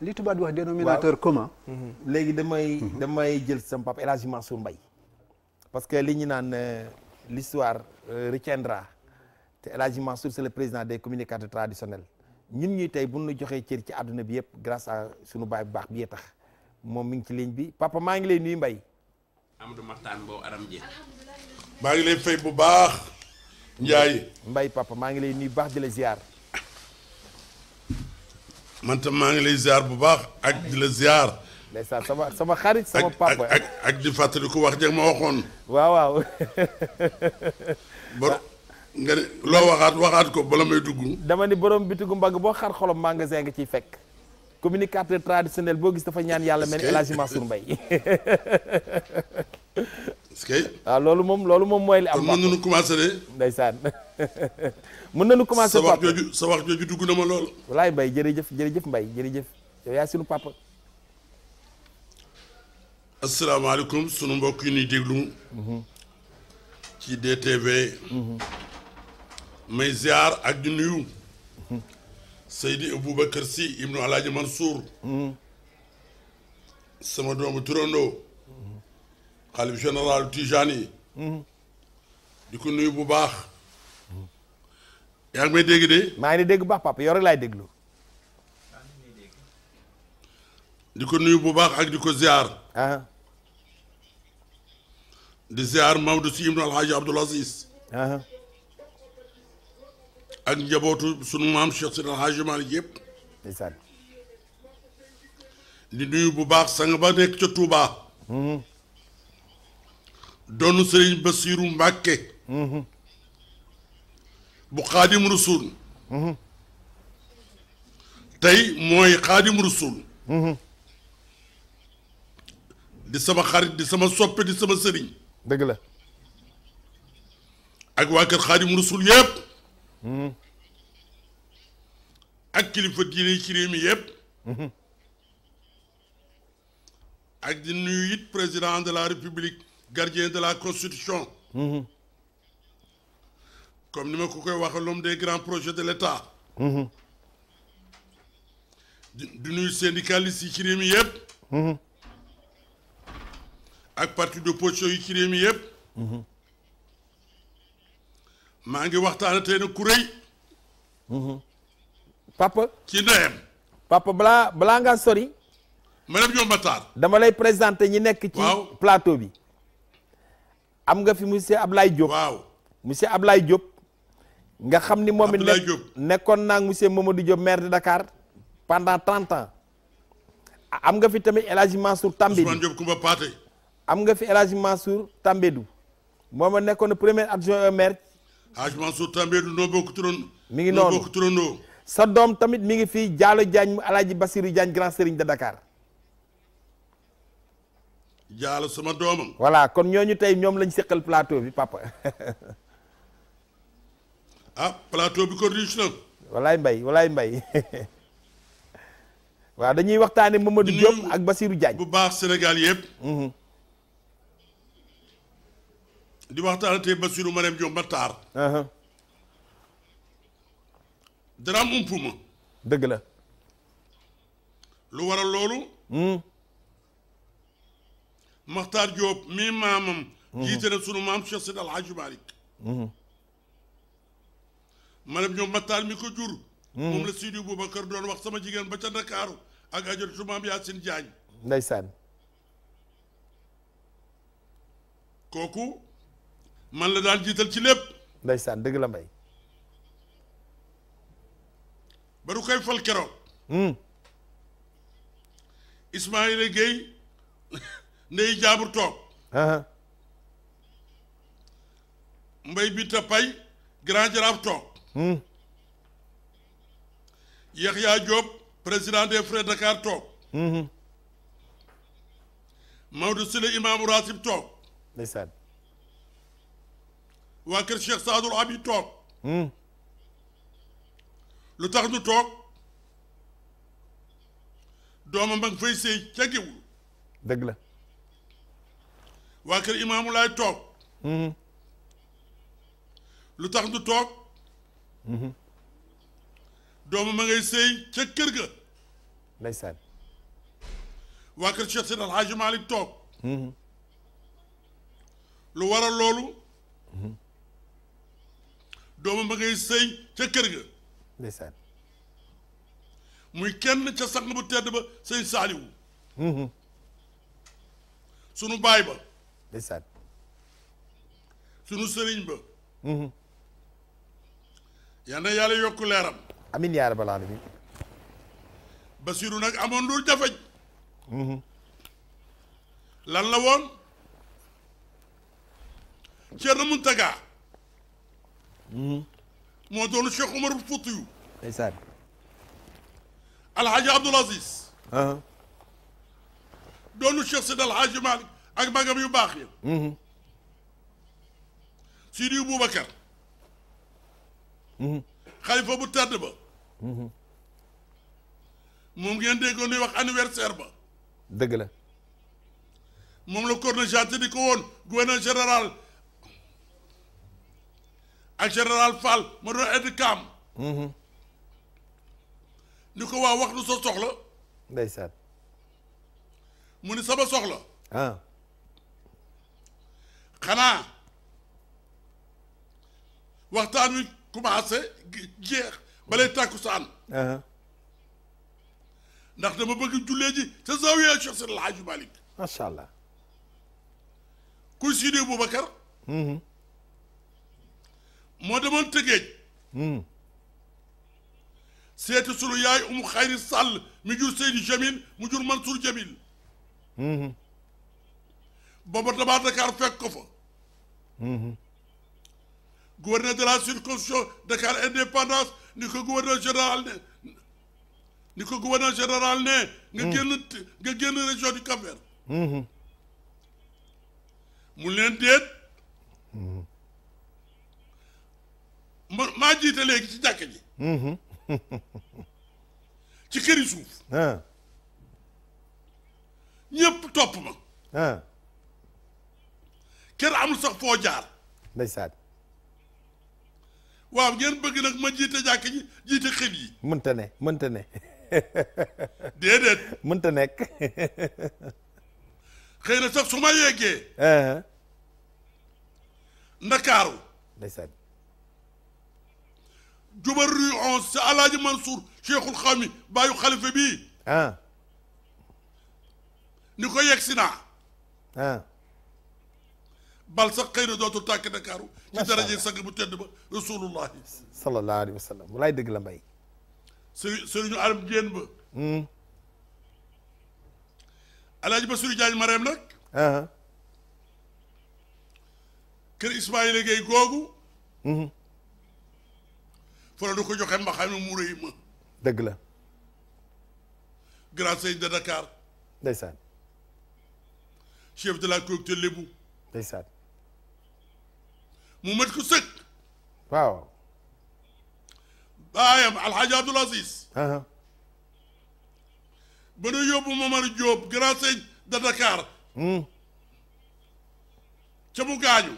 li di wax dénominateur commun. Mm-hmm. léegi damay mm-hmm. damay jël sama papa El Hadj Mansour parce que li ñu naan euh, l'histoire euh, retiendra te El Hadj Mansour c'est le président des communicateurs traditionnels ñun ñuy tey bu ñu joxee cër ci àdduna bi yëpp grâce à sunu baay bu baax bi tax moom mi ngi ci ligne bi papa maa ngi lay nuyu Mbaye. Amadou Mahtaan Mbow Aram Dieng. maa ngi lay bu baax. Ndiaye Mbaye papa maa ngi lay nuyu baax di la ziar. man tam maa ngi lay ziar bu baax ak di la ziar. ndeysaan sama sama xarit sama papa ak ak di fàttali ko wax jeg ma waxoon. waaw waaw. bor nga loo waxaat waxaat ko bala may dugg. dama ni borom bitigu mbagg boo xar xolam magasin nga ciy fekk. communicateur traditionnel boo gis dafa ñaan yàlla mel ni El Hadj Mansour Mbaye est waaw ah, loolu moom loolu moom mooy li am kon mën nañu commencé de ndeysaan mën nañu commencé sa wax jooju sa wax jooju dugg na ma loolu walaay Mbaye jërëjëf jërëjëf Mbaye jërëjëf yow yaay sunu papa asalaamaaleykum sunu mbokk yu ñuy déglu mhm. ci DTV mhm. may ziar ak di nuyu mhm. سيدي ابو بكر سي ابن علاج منصور سما دوم تروندو قالب جنرال تيجاني ديكو نوي بو باخ ياك مي ديغي دي ماي ني ديغ باخ بابا يور لاي ديغلو ديكو نوي بو باخ اك ديكو زيار اه دي زيار مولود سي ابن الحاج عبد العزيز اه ak njabootu sunu maam Cheikh Seydi El Hadji Malick yëpp. ndeysaan. bu baax sang ba nekk ca Touba. Mm-hmm. doonu Serigne Bassirou Mbacké. Mm-hmm. bu xaadim Rasul. Mm-hmm. tey mooy xaadim Rasul. di sama xarit di sama soppe di sama sëriñ. dëgg la. ak waa kër xaadim Rasul yëpp. Mm-hmm. ak kilifa diine ci yépp mm-hmm. ak di nuyu it président de la république gardien de la constitution. Mm-hmm. comme ni ma ko koy l'homme des grands projets de l'État. du nuyu syndicaliste yi ci réew ak parti d'opposition yi ci yépp maa ngi waxtaana tey na ku rëy mhm. papa ci ndeyam papa balaa balaa ngaa sori madame Diop Matar dama lay présenter ñi nekk ci waaw. plateau bi am nga fi monsieur Ablaye Diop waaw monsieur Ablaye nga xam ni moom it nekkoon naa monsieur Mamadou Diop maire de Dakar pendant trente am nga fi tamit El Hadj Mansour Tambédou Ousmane Diop Kumba nga fi El Hadj Mansour Tambédou moom a nekkoon premier adjoint au maire Hadj Mansour Tambédou noo bokk turandoo. mi ngi noonu noo sa doom tamit mi ngi fii Diallo jaañ mu El Hadj Basirou Diagne grand serigne de Dakar. Diallo sama doomam. voilà kon ñooñu tey ñoom lañ seqal plateau bi papa. ah plateau bi ko riche mbay walaay mbay. waaw dañuy waxtaane Mamadou Diop ak Basirou jaañ bu baax Sénégal yëpp. Mhm. di waxtaan te Bassirou Marème Diop ba taar dara am ump ma dëgg la lu waral loolu Makhtar Diop mi maamam jiite na sunu maam Cheikh Seydi El malik Malick Marème Diop ba taar mi ko jur moom la Sidi Boubacar doon wax sama jigéen ba ca Ndakaaru ak ajoratu maam Yacine Diagne ndeysaan kooku man la daan jiital ci lépp ndeysaan dëgg la mbay ba du koy fal keroog hmm. Ismaïla Gueye ndey jaabur toog mbay bi tapay grand jaraaf toog hmm. Yaxya Diop président des frères Dakar toog hmm. Maodo Sile imaamu Rasib toog waa kër Cheikh Saadul Abi toog hmm. lu tax nu toog dooma ma ngi fay sëy ca géwul dëgg la waa kër imaamu laay toog hmm. lu tax nu toog hmm. dooma ma ngay sëy ca kër ga ndeysaan waa kër Cheikh Seydi Alhaaji Malick toog lu waral loolu doomam ba ngay sëy ca kër ga ndeysaan muy kenn ca sang bu tedd ba sëñ saaliwu mm-hmm. sunu baay ba sunu sëriñ ba mm-hmm. yan na yàlla yokku leeram amin yaa rabbal alamin basiru nag amoon dul jafej mm-hmm. lan la woon Ceerno Muntaga ما دون الشيخ عمر اي ايسان الحاج عبد العزيز اها دون الشيخ سيد الحاج مالك اك ما قام يباخي اها سيدي ابو بكر اها خليفه ابو تادبا اها موم ген ديغوني واخ انيفرسير با دغلا موم لو كورنجاتي ديكو وون غوفرنور جنرال الجنرال فال مرو اد كام اها نكو وا وخلو سو سوخلو ديسات موني سبا سوخلو اه خنا وقتان كوما اس جيخ بالي تاكوسان اها ناخ دا ما بغي جولي جي سا زاويه شيخ سيد الحاج مالك ما شاء الله كوسيدي ابو بكر اها moo demoon tëggeej seeti sunu yaay umu xayri sàll mi jur Seydi Jamil mu jur Mansour Jamil booba damaa Dakar fekk ko fa gouverneur de la circonscription Dakar Indépendance ni ko gouverneur général ne ni ko gouverneur général ne nga génn nga génn région du Cap-Vert mu leen déet ma maa jiite léegi ci jàkk ji mm-hmm. ci këri suuf ah. ñëpp topp ma ah. kër amul sax foo jaar ndeysaan waaw ngeen bëgg nag ma jiite jàkk ji jiite xel yi mënta ne mënta ne déedéet mënta nekk xëy na sax su ma yeggee ah. ndakaaru ndeysaan جبر ريعون سي الاجي منصور شيخ الخامي بايو خليفه بي ها نيكو يكسنا ها بل سقينا دوتو تاك دكارو في درجه سغ بو تد رسول الله صلى الله عليه وسلم ولاي دغلا باي سيرنو عالم جين با امم الاجي بسوري جاج مريم نك اه كر اسماعيل جاي غوغو امم folo du ko joxe mbaxana mu rëy ma dëgg la grand sëñ de Dakar ndeysaan chef de la collectivité lébu ndeysaan mu mat ko sëkk waaw baayam alxaaji Abdoul Aziz ba nu yóbbu Momar Diop grand sëñ de Dakar ca mu gaañu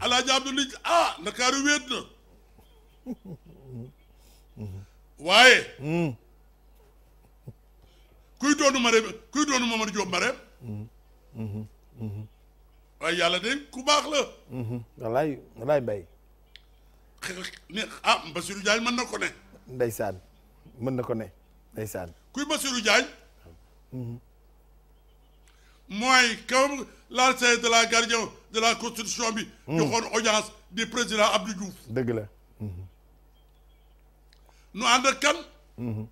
alaaji Abdoulaye ah ndakaaru wéet na waaye kuy doonu mareem kuy doonu Mamar Jóob mareem waaye yàlla de ku baax la wallaay wallaay mbay ne ah Basiru Jaañ mën na ko ne ndeysaan mën na ko ne ndeysaan kuy Basiru Jaañ mooy kaw l'archet de la gardien de la constitution bi. Hmm. joxoon audience du président Abdou Diouf. dëgg la. Hmm. nu ànd ak kan. Hmm.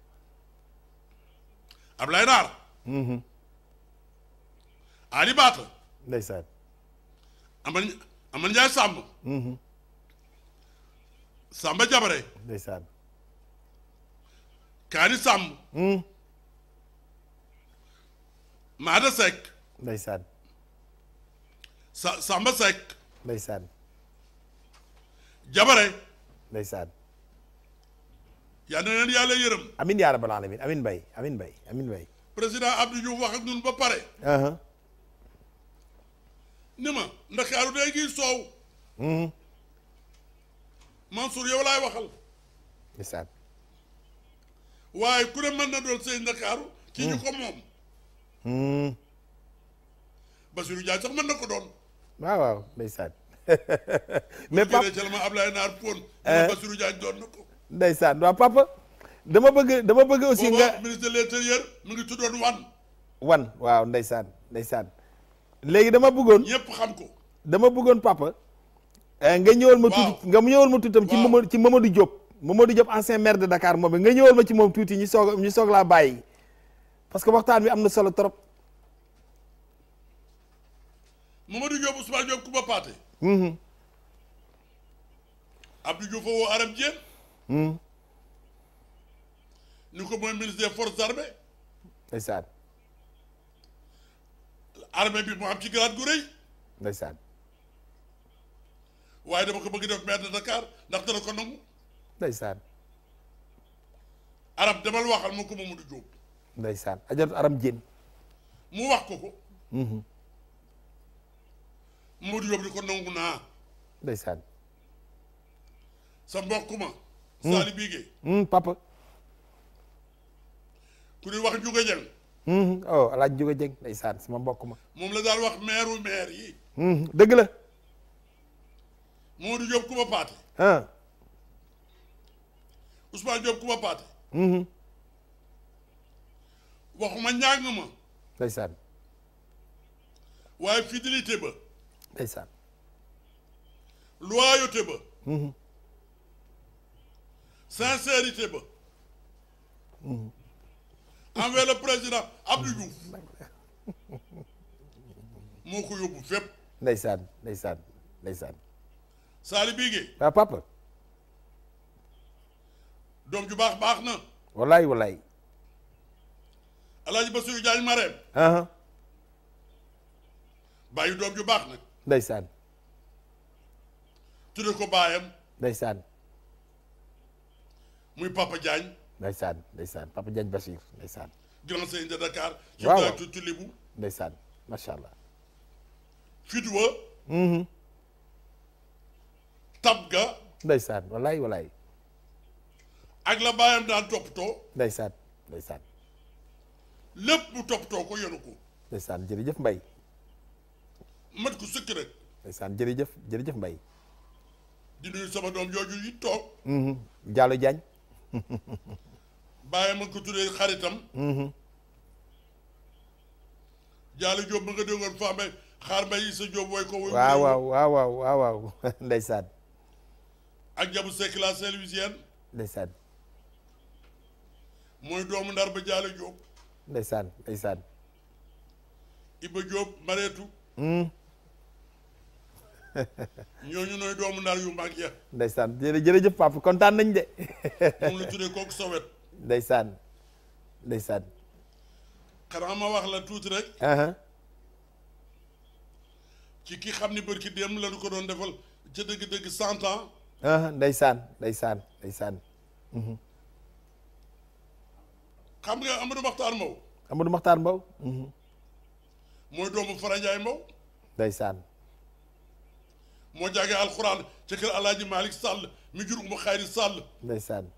Ablaye Ali Baata. ndeysaan. Amady Amady Ndiaye Samb. Samba Jabare. ndeysaan. Kaani Samb. Maada sa Samba Seck jabare ndeysaan na leen yàlla yërëm amin yaa rabbal alamin amin bay président Abdou Diouf wax ba pare ni ma ndakaaru day gi soow hmm. Mansour yow laay waxal ndeysaan waaye ku ne na doon sëy ndakaaru ci ñu hmm. ko moom hmm. Bassirou Diagne sax mën na ko doon waaw waaw ndeysaan mais papa jëlma Ablaye Naar Poul eh. Bassirou Diagne doon na ko ndeysaan waaw papa dama bëgg dama bëgg aussi nga ministre de mu ngi tuddoon wan wan waaw ndeysaan ndeysaan léegi dama bëggoon ñëpp xam ko dama bëggoon papa eh, nga ñëwal ma tuuti nga ñëwal ma tuutam ci mama ci Mamadou Diop Mamadou Diop ancien maire de Dakar moom nga ñëwal ma ci moom tuuti ñu soog soog laa bàyyi parce que waxtaan bi am na solo trop Mamadou Diop Ousmane Diop Kumba Paate. Mm-hmm. Abdou Diouf woo Aram Dieng. Mm-hmm. ni ko mooy ministre des forces armées. ndeysaan. armée bi mu am ci grade gu rëy. ndeysaan. waaye dama ko bëgg def maire de Dakar ndax dana ko nangu. ndeysaan. Aram demal waxal ma ko Mamadou Diop. ndeysaan ajatu Aram Dieng. mu wax ko ko. Mm-hmm. Modou Diop ni ko nangu naa. ndeysaan. sa mbokk ma. Sali Bigué. papa. ku ñuy wax Juga Jeng. oh El Hadj Juga Jeng ndeysaan sama mbokk ma. moom la daal wax maire maire yi. dëgg la. Modou Diop ku ma paate. ah. Ousmane Diop ku ma paate. waxuma mm-hmm. ñàng ma. ndeysaan. é fidélité ba. ndeysaan loyauté ba mhm. sincérité ba mhm. envers le président Abdou Diouf moo ko yóbbu fépp ndeysaan ndeysaan ndeysaan saali ah, papa doom ju baax baax na wallaay wallaay alaaji Bassirou Diagne Marème bàyyi doom ju baax nag ndeysaan tudde ko baayam ndeysaan muy Papa Diagne ndeysaan ndeysaan Papa Diagne Bachir ndeysaan grand sëriñ de Dakar waaw ci tulibu ndeysaan macha allah fidwa mm-hmm. tab ga ndeysaan walaay walaay ak la baayam daan toppatoo ndeysaan ndeysaan lépp mu toppatoo ko yenu ko ndeysaan jërëjëf Mbaye mat ko sëkk rek. ndeysaan jërëjëf jërëjëf Mbaye. di nuyu sama doom jooju yi toog. Mm-hmm. Diallo Diagne. bàyyi ma ko tuddee xaritam. Mm-hmm. Diallo Diop ma nga déggoon Fane Mbaye xaar Mbaye Issa Diop woy ko. waaw waaw waaw waaw waaw waaw ndeysaan. ak jabu Seck la Saint-Louisienne. ndeysaan. mooy doomu ndar ba Diallo Diop. ndeysaan ndeysaan. Iba Diop mareetu. Mm-hmm. ñooñu nooy doomu ndar yu mag ya ndeysaan jërë jërëjëf papa kontaan nañ de moom la tuddee kooku sowet ndeysaan ndeysaan xanaa ma wax tuuti rek ki xam ni bërki démb la ñu ko doon defal ca dëgg-dëgg cent mhm. mhm. mooy doomu Fara Ndiaye Mbow ndeysaan مو جاقي القران شكل الله دي مالك صل مجر ام خير صل ليسان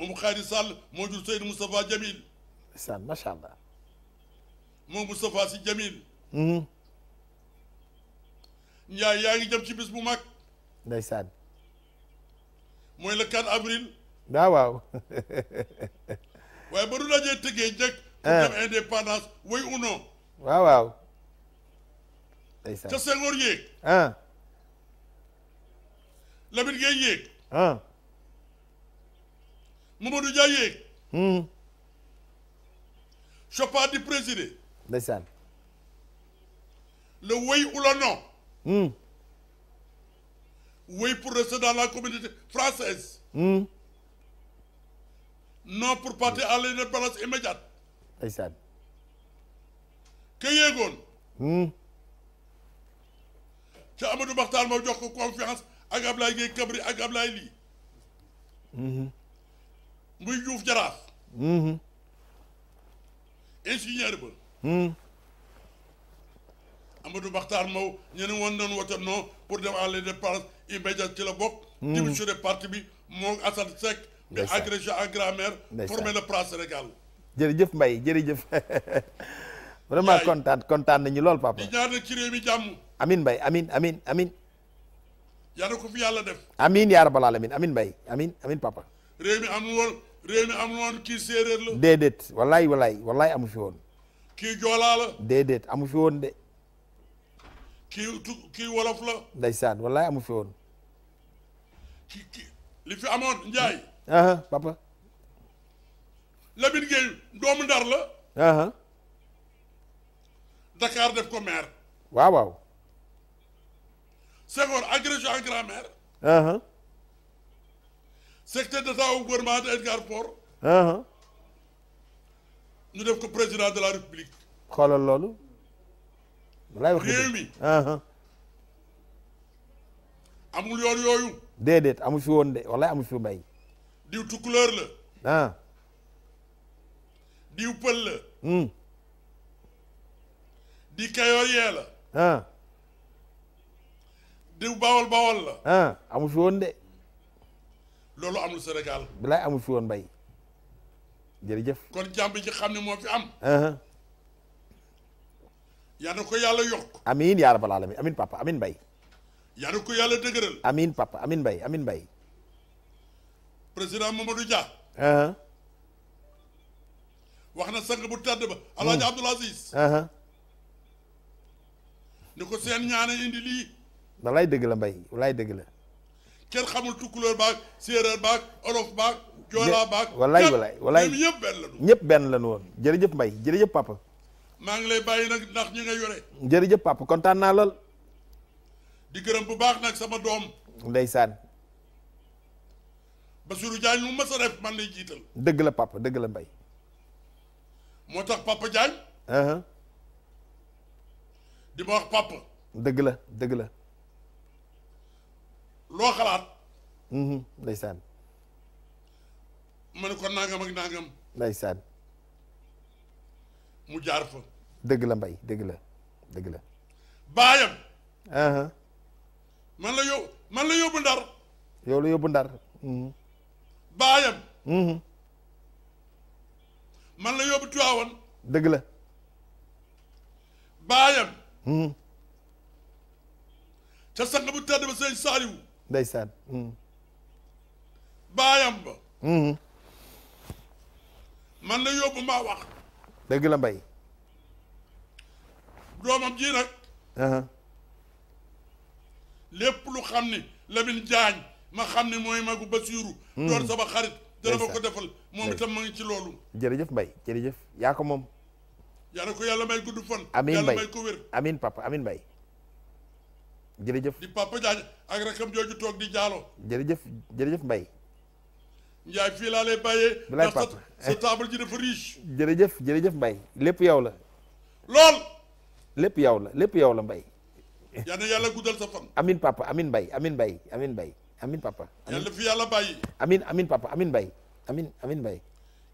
ام خير صل موجود سيد مصطفى جميل ليسان ما شاء الله مو مصطفى سي جميل امم يا يا ني جام سي بسمو ماك ليسان موي كان ابريل لا واو واي برو لا جي تيجي جك كان اندبندانس واي اونو واو واو ca Senghor Hein ah Lamine Gueye yéeg ah Mamadou hmm. Je suis pas du président. Désolé. le oui ou le non Hum. oui pour rester dans la communauté française Hum. non pour partir à l'indépendance immédiate t il yéegoon ca Amadou bakhtar ma jox ko confiance ak Ablaye Gueye Kabri ak Ablaye lii mhm. muy Diouf Jaraaf mhm. ingénieur ba mhm. Amadou bakhtar Mbow ñu won don doon wote pour dem à la dépense immédiate ci la bok bokk démissionné parti bi moo Assane Seck bi agrégé en grammaire formé le prince Sénégal jërëjëf Mbaye jërëjëf vraiment kontaan kontaan nañu lool papa ñaar na ci réew mi jamm amin mbay amin amin amin yàlla ko fi yàlla def amin yaa rabbal alamin amin mbay amin amin papa réew mi amul woon réew mi kii séeréer la déedéet wallaay wallaay wallaay amu fi woon kii joolaa la déedéet fi woon de kii wolof la ndeysaan wallaay amu fi woon ki li fi amoon njaay aha papa Lamine Gueye doomu ndar la aha Dakar def ko maire waaw Senghor agrégé en grammaire. Uh-huh. secrétaire d'État au gouvernement de Edgar Faure. Uh-huh. ñu def ko président de la république. xoolal loolu. réew mi. Uh-huh. amul yoon yooyu. déedéet amu fi woon de walaay amu fi bay. diw tukkuleer la. ah. diw pël la. Hmm. di kayoor yee la. ah. diw bawol bawol la ah amu fi de loolu amul Sénégal bilaay amul fi bay mbay jërëjëf kon jàmb ji xam ne moo fi am ah. yaa na ko yàlla yokk amin yaa rabbal alamin amin papa na ko yàlla dëgëral amin papa amin mbay amin mbay président Mamadou ah. wax na sang bu tedd ba alaaji mm. Abdoul Aziz ah. ni ko seen ñaane indi walaay dëgg la mbay walaay dëgg la. kenn xamul tukkulóor baag séeréer baag olof baag. joola baag walaay walaay walaay ñëpp benn la ñëpp benn la ñu woon jërëjëf mbay jërëjëf papa. maa ngi lay bàyyi nag ndax ñi nga yore. jërëjëf papa kontaan naa lool. di gërëm bu baax nag sama doom. ndeysaan. Bassirou Diagne mu mës a def man lay jiital. dëgg la papa dëgg la mbay. moo tax papa Diagne. Uh-huh. di ma wax papa. dëgg la dëgg la. loo xalaat. Mm-hmm. ndeysaan. ma ne ko nangam ak lay ndeysaan. mu jaar fa. dëgg la mbay dëgg la dëgg la. baayam. Uh-huh. man la yób man la yóbbu ndar. yow la yóbbu ndar. Mm-hmm. baayam. Mm-hmm. man la yóbbu Tiwaawan. dëgg la. baayam. ca sang bu tedd ba sëñ Saaliwu. ndeysaan hmm. baayam ba hmm. man la yóbbu maa wax dëgg la mbay doomam ji nag uh-huh. lépp lu xam ni Lamine Jaañ ma xam ni mooy magu Basiiru hmm. doon sama xarit dana ma ko defal moom itam ma ngi ci loolu jërëjëf mbay jërëjëf yaa ko moom yàlla ko yàlla may gudd fan amiin mbay jërëjëf di papa Diagne ak rakam jooju toog di jaalo. jërëjëf jërëjëf Mbaye. Ndiaye fii laa lay papa sa table ji jërëjëf jërëjëf Mbaye lépp yow la. lool. lépp yow la lépp yow la mbay yal na yàlla guddal sa fan. amin papa amin Mbaye amin Mbaye amin Mbaye amin papa. yàlla fi yàlla bàyyi. amin amin papa amin Mbaye amin amin Mbaye.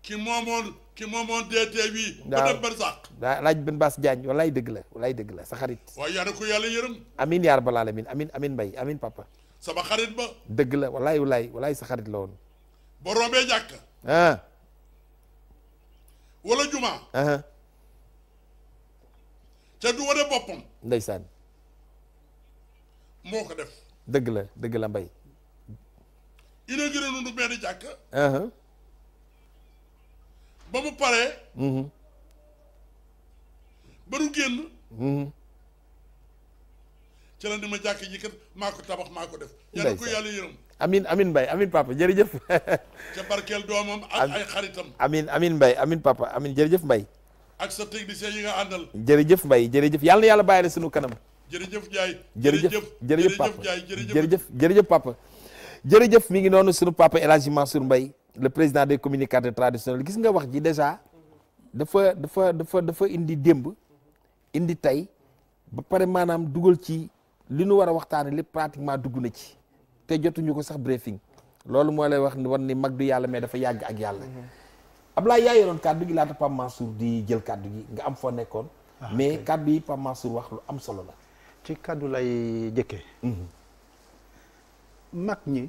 ki moomoon ki moomoon DTV. waaw ba dem Barzak. laaj bin Baas Diagne walaay dëgg la walaay dëgg sa xarit. waaye yaa ko yàlla yërëm. amiin yaa rabbal aalamiin amiin mbay amin papa. sama xarit ba. dëgg la walaay walaay walaay sa xarit la woon. ba rombee jàkk. Ah. wala juma. te ah. du wane boppam. ndeysaan. moo ko def. dëgg la dëgg la mbay. inauguré nañu benn ba mu paree. Mm-hmm. ba nu génn. Mm-hmm. ci lan di ma jàkk ji kat maa ko tabax maa ko def. yàlla ko yàlla yërëm. amin amin Mbaye amin papa jërëjëf. ca barkeel doomam ak ay xaritam. amin amin Mbaye amin papa amin jërëjëf Mbaye. ak sa technicien yi nga àndal. jëf Mbaye jërëjëf yàlla na yàlla bàyyi la sunu kanam. jërëjëf Ndiaye. jërëjëf jërëjëf papa jërëjëf jërëjëf papa. jërëjëf mi ngi noonu sunu papa El Hadj Mansour Mbaye le président des communicateurs traditionnels gis nga wax ji déjà dafa dafa dafa dafa indi demb indi tay ba paré manam dugul ci li nu war a waxtaane pratiquement dugg na ci té jotuñu ko sax briefing lolou mo lay wax ni wan ni mag du yàlla mais dafa yag ak yalla mhm. Ablaye yaa yoroon kàddu gi laata Pape Mansour di jël kaddu gi nga am fo nekkoon ah, mais kaddu yi Pape Mansour wax lu am solo la ci kaddu lay jëkkee mhm. mak ñi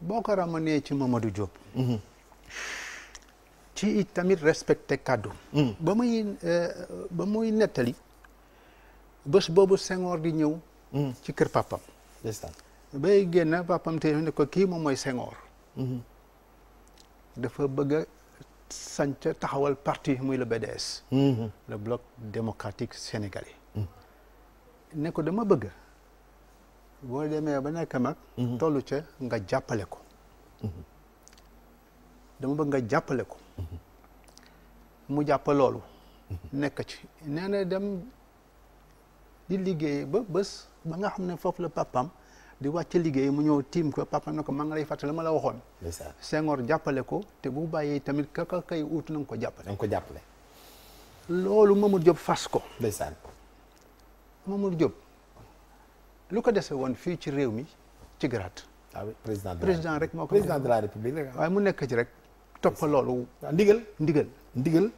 boo ko ramené ci Mamadou Diop. Mm-hmm. ci it tamit respecté kàddu mm. ba muy euh, ba muy nettali bés boobu sengoor di ñëw. Mm. ci kër papam bay génn papam te ne ko kii moom mooy sengoor mm-hmm. dafa bëgg a sanc taxawal partie muy le BDS. Mm-hmm. le bloc démocratique sénégalais. Mm. ne ko dama bëgg. boo demee ba nekk mag. Mhm. tollu ca nga jàppale ko. Mhm. dama bëgg nga jàppale ko. Mhm. mu jàpp loolu. nekk ci nee na dem di liggéey ba bés ba nga xam ne foofu la papam di wàcc liggéey mu ñëw tiim ko papam ne ko maa ngi lay fàttali ma la waxoon. Senghor jàppale ko te bu bàyyee tamit kaka kay ut na ko jàppale. na nga ko jàppale. loolu Mamadou Diop fas ko. ndeysaan Mamadou Diop. lu ko dese woon fii ci réew mi ci garaat. ah président président rek moo ko. président de la république mu nekk ci rek. topp loolu. Ah, ndigal ndiggal ndigal.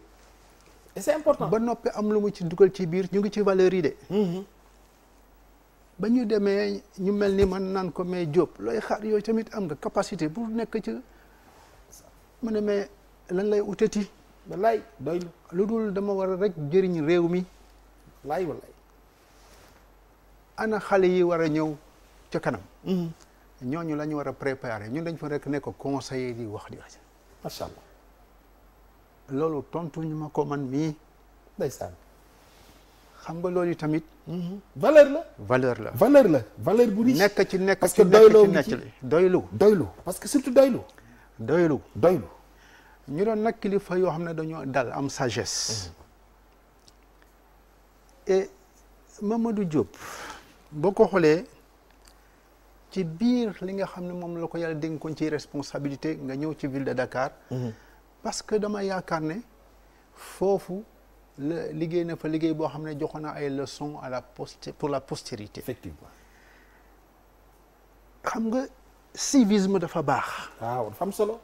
important ba noppi am lu mu ci dugal ci biir ñu ngi ci valeur yi de. Mm-hmm. ba ñu demee ñu mel ni man naan ko mais Diop looy xaar yooyu tamit am nga capacité bu nekk ci ma ne mais lan lay utati. wallaay doy lu dul dama war rek jëriñ réew mi. ana xale yi war a ñëw ca kanam. Mm-hmm. ñooñu la ñu war a préparer ñun dañ fa rek ne ko conseiller wax di wax. macha allah. loolu tontuñu ma ko man mii. ndeysaan. xam nga loolu tamit. Mm-hmm. valeur la. valeur la valeur la valeur bu riche. nekk ci nekk ci nekk ci doylu doylu parce que surtout doylu. doylu doylu. ñu doon nag kilifa yoo xam ne dañoo dal am sagesse. Mm-hmm. et Mamadou Diop. boo ko xoolee ci biir li nga xam ne moom la ko yàlla dénkoon ci responsabilité nga ñëw ci ville de Dakar. Mhm. parce que dama yaakaar ne foofu la liggéey na fa liggéey boo xam ne joxoon na ay leçons à la poster pour la postérité. effectivement xam nga civisme dafa baax. waaw dafa am solo.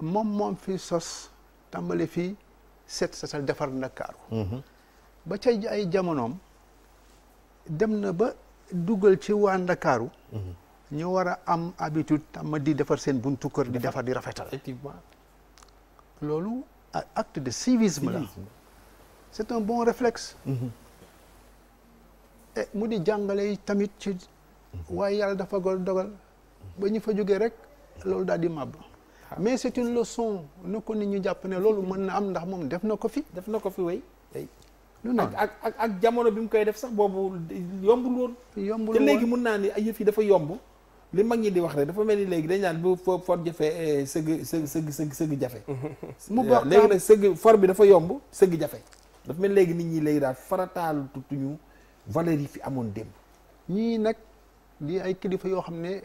moom moom fi sos tàmbali fii set setal defar Ndakaaru. Mhm. ba ca ay jamonoom. dem na ba duggal ci waa Ndakaaru mhm. ñu wara am habitude tam di defar sen buntu kër di defar di rafetal effectivement loolu acte de civisme la c'est un bon réflexe e mu di jàngale tamit ci mhm. way yalla dafa gol dogal ba ñu fa jógee rek lolu dal di mab ah. mais c'est une leçon na ko ñu japp ne lolu mën na am ndax mom def nako fi def nako fi way lu nekk ah. ak ak ak jamono bi mu koy def sax boobu yombul woon. yombul te léegi mun naa ni ay yëf yi dafa yomb. li mag ñi di wax rek dafa mel ni léegi dañ naan bu fo for jafe eh, sëgg sëgg sëgg sëgg jafe. mu bokk léegi sëgg for bi dafa yomb sëgg jafe. dafa mel léegi nit ñi léegi daal farataal tutuñu valeur yi fi amoon démb. ñii nag lii ay kilifa yoo xam ne.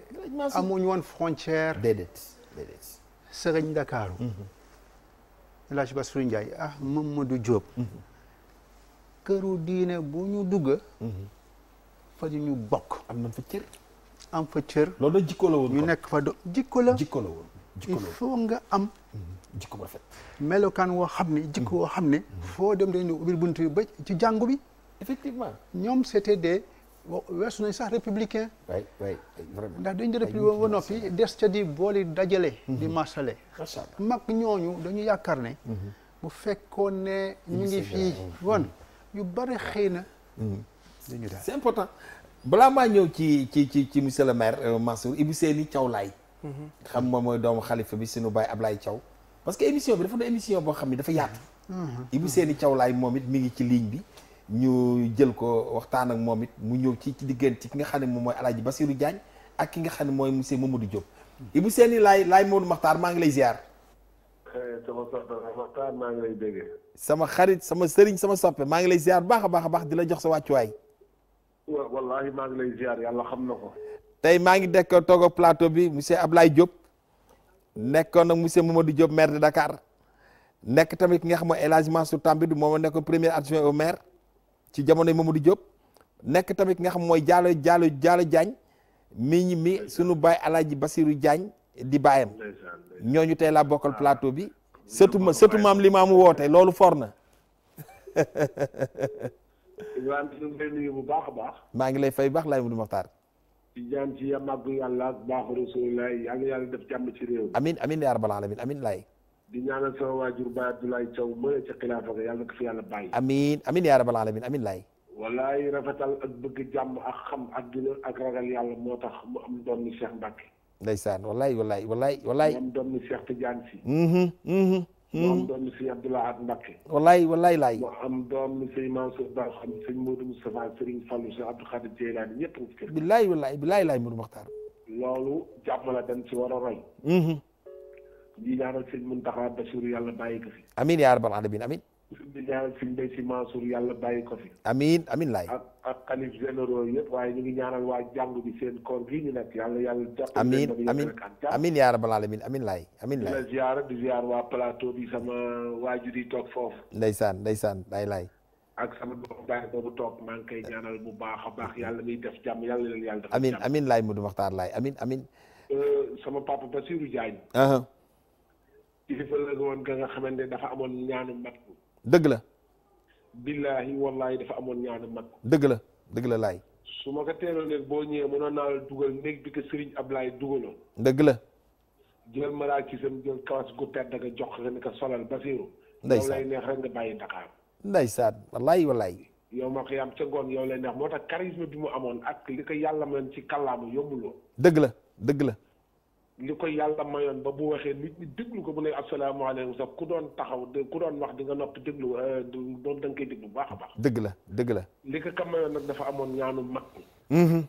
amuñu woon frontière. déedéet déedéet. sëriñ Ndakaaru. Mhm. El Hadj Bassirou Ndiaye ah Mamadou Diop. Mhm. kër këru diine bu ñu dugg. Mhm. fa ñu bokk. am na fa cër. am fa cër. loolu jikko la woon ñu nekk fa do jikko la. jikko nga am. Mhm. jikko bu melokaan woo xam ne. jikko xam ne. Mhm. foo dem dañuy ubbi bunt bi ba ci jàngu bi. effectivement ñoom c'était des weesu nañ sax républicain. waay waay vraiment ndax dañu di républicain ba noppi des ca di booli dajale. di marsale. macha mag ñooñu dañu yaakaar ne. bu fekkoon ne ñu ngi fii woon. yu bari xëy na. dañu mhm. daal c'est important balaa maa ñëw ci ci ci ci monsieur le maire euh, Mansour Ibou Seyni Thiaw laay. Mhm. xam moom mooy doomu xalifa bi sunu baay Ablaye caw parce que émission bi dafa doon émission boo xam ne dafa yaatu. Mhm. Ibou Seyni Thiaw laay moom it mi ngi ci ligne bi. ñu jël ko waxtaan ak moom it mu ñëw ci ci diggante ki nga xam ne moom mooy El Hadj Basirou Diagne ak ki nga xam ne mooy monsieur Mamadou Diop. Ibou Seyni laay laay Maodo Makhtar maa ngi lay ziar. sama xarit sama sëriñ sama soppe maa ngi lay ziar baax a baax a baax di la jox sa wàccuwaay. waaw wallaahi maa ngi lay ziar yàlla xam na ko. tey maa ngi dekk toog plateau bi monsieur Ablaye Diop nekkoon nag monsieur Mamadou Diop maire de Dakar nekk tamit ki nga xam mooy El Hadj tambi du moom nekk premier adjoint au maire ci jamonoy Mamadou Diop nekk tamit ki nga xam mooy Diallo Diallo Diallo Diagne mi ñi mi sunu baay El Hadj Basirou Diagne. di bàyyam ñooñu tey laa bokkal ah. plateau bi sëtu ma sëtu maam li maamu woote loolu for na Ibrahima ngi lay nuyu bu baax a baax maa ngi lay fay baax laay mu du maxtaar ci jàmm ci yamàggu yàlla ak baaxu rasulullah yal na yàlla def jàmm ci réew amin amin amin laay di ñaanal sama waajur Baye a ca xilaafa ga yàlla ko fi yàlla bàyyi amin amin yaa rabbal ak bëgg jàmm ak xam adduna ak ragal yàlla moo tax mu am doon ni Cheikh Mbacke ndeysaan wallaay wallaay wallaay wallaay moom doomu Cheikh Tidiane si mu mm-hmm, am mm-hmm, mm-hmm. doomu si Abdoulahat Mbacké wallaay wallaay laay mu am doomu sëñ Mansour Ba xam sëñ Modou Moustapha Serigne Fallou sëñ Abdou Khadir Jeylani ñëpp billaay wallaay billaay laay Modou Makhtar loolu jàpp la dañ si war a roy di ñaanal sëñ amin yaa rabbal alamin amin di ñaanal suñu mbéy si Mansour yàlla bàyyi ko fi. amiin amiin laay. ak ak xalif généraux yëpp waaye ñu ngi ñaanal waa jàng bi seen koor gi la ziar di ziar waa plateau bi sama waajur yi toog foofu. ndeysaan ndeysaan laay laay. ak sama doom baay boobu toog maa ngi koy ñaanal bu baax a baax yàlla miy def jàmm yàlla leen yàlla. def amiin amiin laay Modou Makhtar laay amiin amiin. Euh, sama papa Basirou Diagne. Uh-huh. kilifa la woon nga xamante ne dafa amoon ñaanu mat. dëgg la. billaahi wallaahi dafa amoon ñaanu mag. dëgg la dëgg la laay. su ma ko teeloon rek boo ñëwee mënoon naa la dugal néeg bi ko Serigne Ablaye dugaloon. dëgg la. jël maraakisam jël kawas gu tedd nga jox ko ne ko solal Basiru. ndeysaan yow lay rek nga bàyyi Dakar. ndeysaan wallaahi yow ma ko yam ca ngoon yow lay neex moo tax charisme mu amoon ak li yàlla mën ci kàllaama yombuloo. dëgg la dëgg la. li ko yàlla mayoon ba bu waxee nit ñi déglu ko mu ne asalaamaaleykum sax ku doon taxaw ku doon wax di nga noppi déglu doon da nga koy déglu bu baax a baax. dëgg la dëgg la. li ko ka mayoon nag dafa amoon ñaanu mag ñi.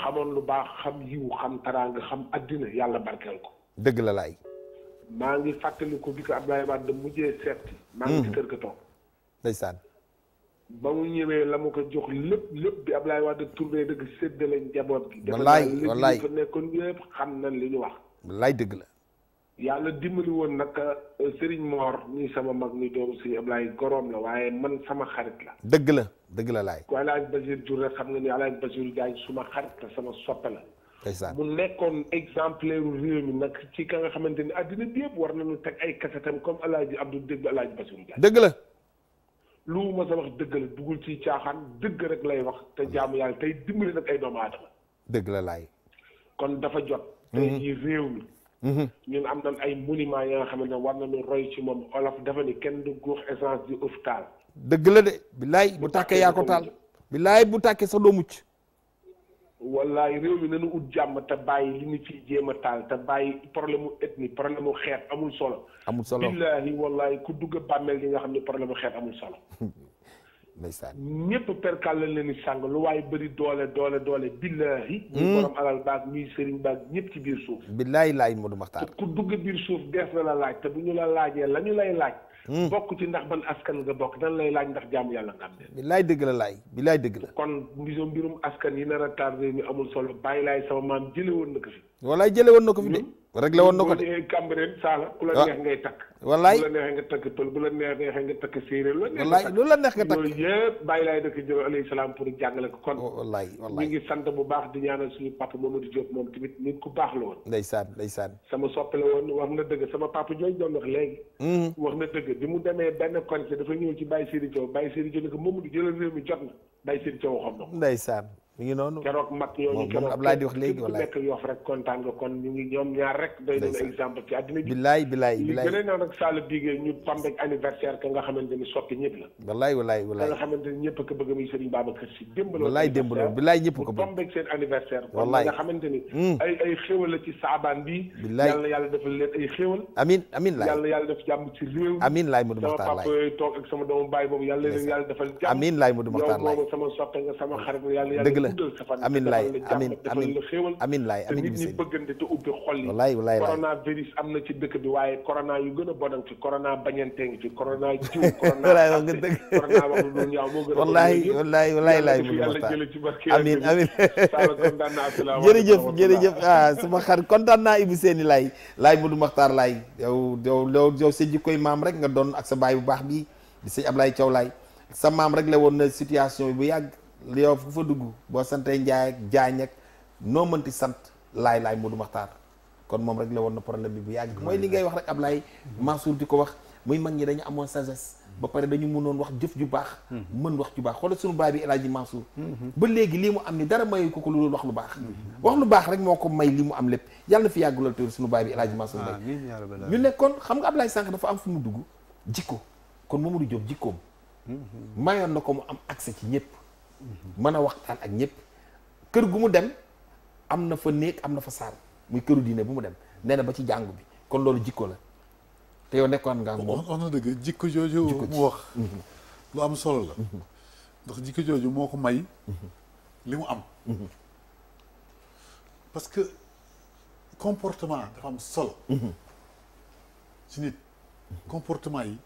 xamoon lu baax xam yiw xam taraanga xam addina yàlla barkeel ko. dëgg la laay. maa ngi fàttaliku bi ko Abdoulaye Wade mujjee seet. maa ngi ci kër ga toog. ndeysaan. ba mu ñëwee la mu ko jox lépp lépp bi Ablaye Wade tourné dëgg séddale njaboot gi. wallaay wallaay dafa nekkoon yëpp xam nañ li ñu wax. wallaay dëgg la. yàlla dimbali woon nag euh, Serigne Mor nii sama mag ni doomu si Ablaye goroom la waaye man sama xarit la. dëgg la dëgg la laay. ku Alaaji Basiir jur rek xam nga ni Alaaji Basiir Jaañ suma xarit la sama soppe la. mu nekkoon exemplaire réew mi nag ci ka nga xamante ni àddina bi yëpp war na nañu teg ay kasetam comme Alaaji Abdou dégg Alaaji Basiir Jaañ dëgg la. lu mu mës a wax dëgg la duggul ci caaxaan dëgg rek lay wax te mm-hmm. jaamu yàlla tey dimbali nag ay doomu dëgg la laay kon dafa jot mm-hmm. tey jii réew mi mm-hmm. ñun am nañ ay monument yi nga xamante ne war nañu roy ci moom olof dafa ni kenn du guux essence di uf taal dëgg la de bilaay bu tàkkee yaa ko taal bilaay bu tàkkee sax doo mucc wallaay réew mi nañu ut jàmm te bàyyi li ñu fiy jéem a taal te bàyyi problème mu ethnie problème mu xeet amul solo. amul solo billaahi wallaay ku dugg bàmmeel yi nga xam ne problème mu xeet amul solo. ndeysaan ñëpp perkal lañ leen di sàng lu waaye bëri doole doole doole billaahi. Hmm. ñuy borom alal baag ñuy sëriñ baag ñëpp ci biir suuf. billaahi laay Modou Makhtar. ku dugg biir suuf dees na la laaj te bu ñu la laajee la ñu lay laaj. Hmm. bokk ci ndax ban askan nga bokk dan lay laaj ndax jaamu yàlla nga am leen bi laay dëgg la laay bi laay dëgg la kon mbiso mbirum askan yi nar a tardé ñu amul solo bàyyi laay sama maam jële woon na ko fi walaay jële woon na ko fi de réglé woon na ko de boo ñëwee Cambérène Saala ku la ah. neex ngay takk. wallaay bu la neexee nga takk pël bu la neexee nga takk séeréer lu la neex wallaay lu la neex nga takk loolu yëpp bàyyi laay dëkk Diop alayhi salaam pour jàngale ko kon wallaay wallaay ñu ngi sant bu baax di ñaanal suñu papa Mamadou Diop moom tamit nit ku baax la woon ndeysaan ndeysaan sama soppe la woon wax na dëgg sama papa jooju doon wax léegi mm-hmm. wax na dëgg bi mu demee benn conseil dafa ñëw ci Baye Siri Diop Baye Siri Diop ni ko Mamadou jëlal réew mi jot na Baye Siri Diop waxoon na ko ndeysaan mi ngi noonu nekk yoof rek kontaan nga kon ñu ngi ñoom ñaar rek doy doon exemple ci àddina a ñu tombé anniversaire ka nga xamante ni soppi ñëpp la walaay walaay walaay ka nga xamante ni ñëpp ko bëgg muy Serigne Babacar Sy démb la seen anniversaire walaay nga xamante hmm. ay ay la ci saabaan bi bilaay yàlla yàlla leen ay xéwal amin amin laay yàlla yàlla def jàmm ci réew amin laay Modou Makhtar laay sama papa toog ak sama doomu baay laay Modou Makhtar xarit yàlla la amin laay amin amin amin laay amin nit ñi bëggante te ubbi xol yi walaay walaay coronavirus am na ci dëkk bi a bonang fi corona bañante ngi fi corona jiw corona walaay wax nga dëgg corona wax lu a walaay walaay walaay laay mu yàlla jële ci barke Maxtaar ah, laay yow yow yow yow maam rek nga doon ak sa baay bu baax bi di sëñ Ablaye Thiaw laay sa maam rek la woon na situation bu yàgg yow fu fa dugg boo santee njaay ak jaañ ak noo mënti sant laay laay Modou Makhtar kon moom rek la woon na problème bi bu yàgg mooy li ngay wax rek Ablaye Mansour di ko wax muy mag ñi dañu amoon sagesse ba pare dañu mënoon wax jëf ju baax hmm. mën wax ju baax xoolal sunu baay bi El Hadji Mansour hmm. ba léegi lii mu am ni dara mayu ku ko lu wax lu baax hmm. wax lu baax rek moo ko may li mu am lépp yàlla fi yàgg lool te suñu baay bi El Hadji Mansour Mbaye ñu ne kon xam nga Ablaye Sànq dafa am fu mu dugg jikko kon Mamadou Diop jikkoom mayoon na ko mu am accès ci ñëpp mën a waxtaan ak ñëpp kër gu mu dem am na fa néeg am na fa saal muy këru diine bu mu dem nee na ba ci jàngu bi kon loolu jikko la te yow nekkoon nga ak moom wax na dëgg jikko jooju mhm. am solo la mhm. ndax jikko moo ko may mhm. li mu am parce que comportement dafa am solo ci nit comportement yi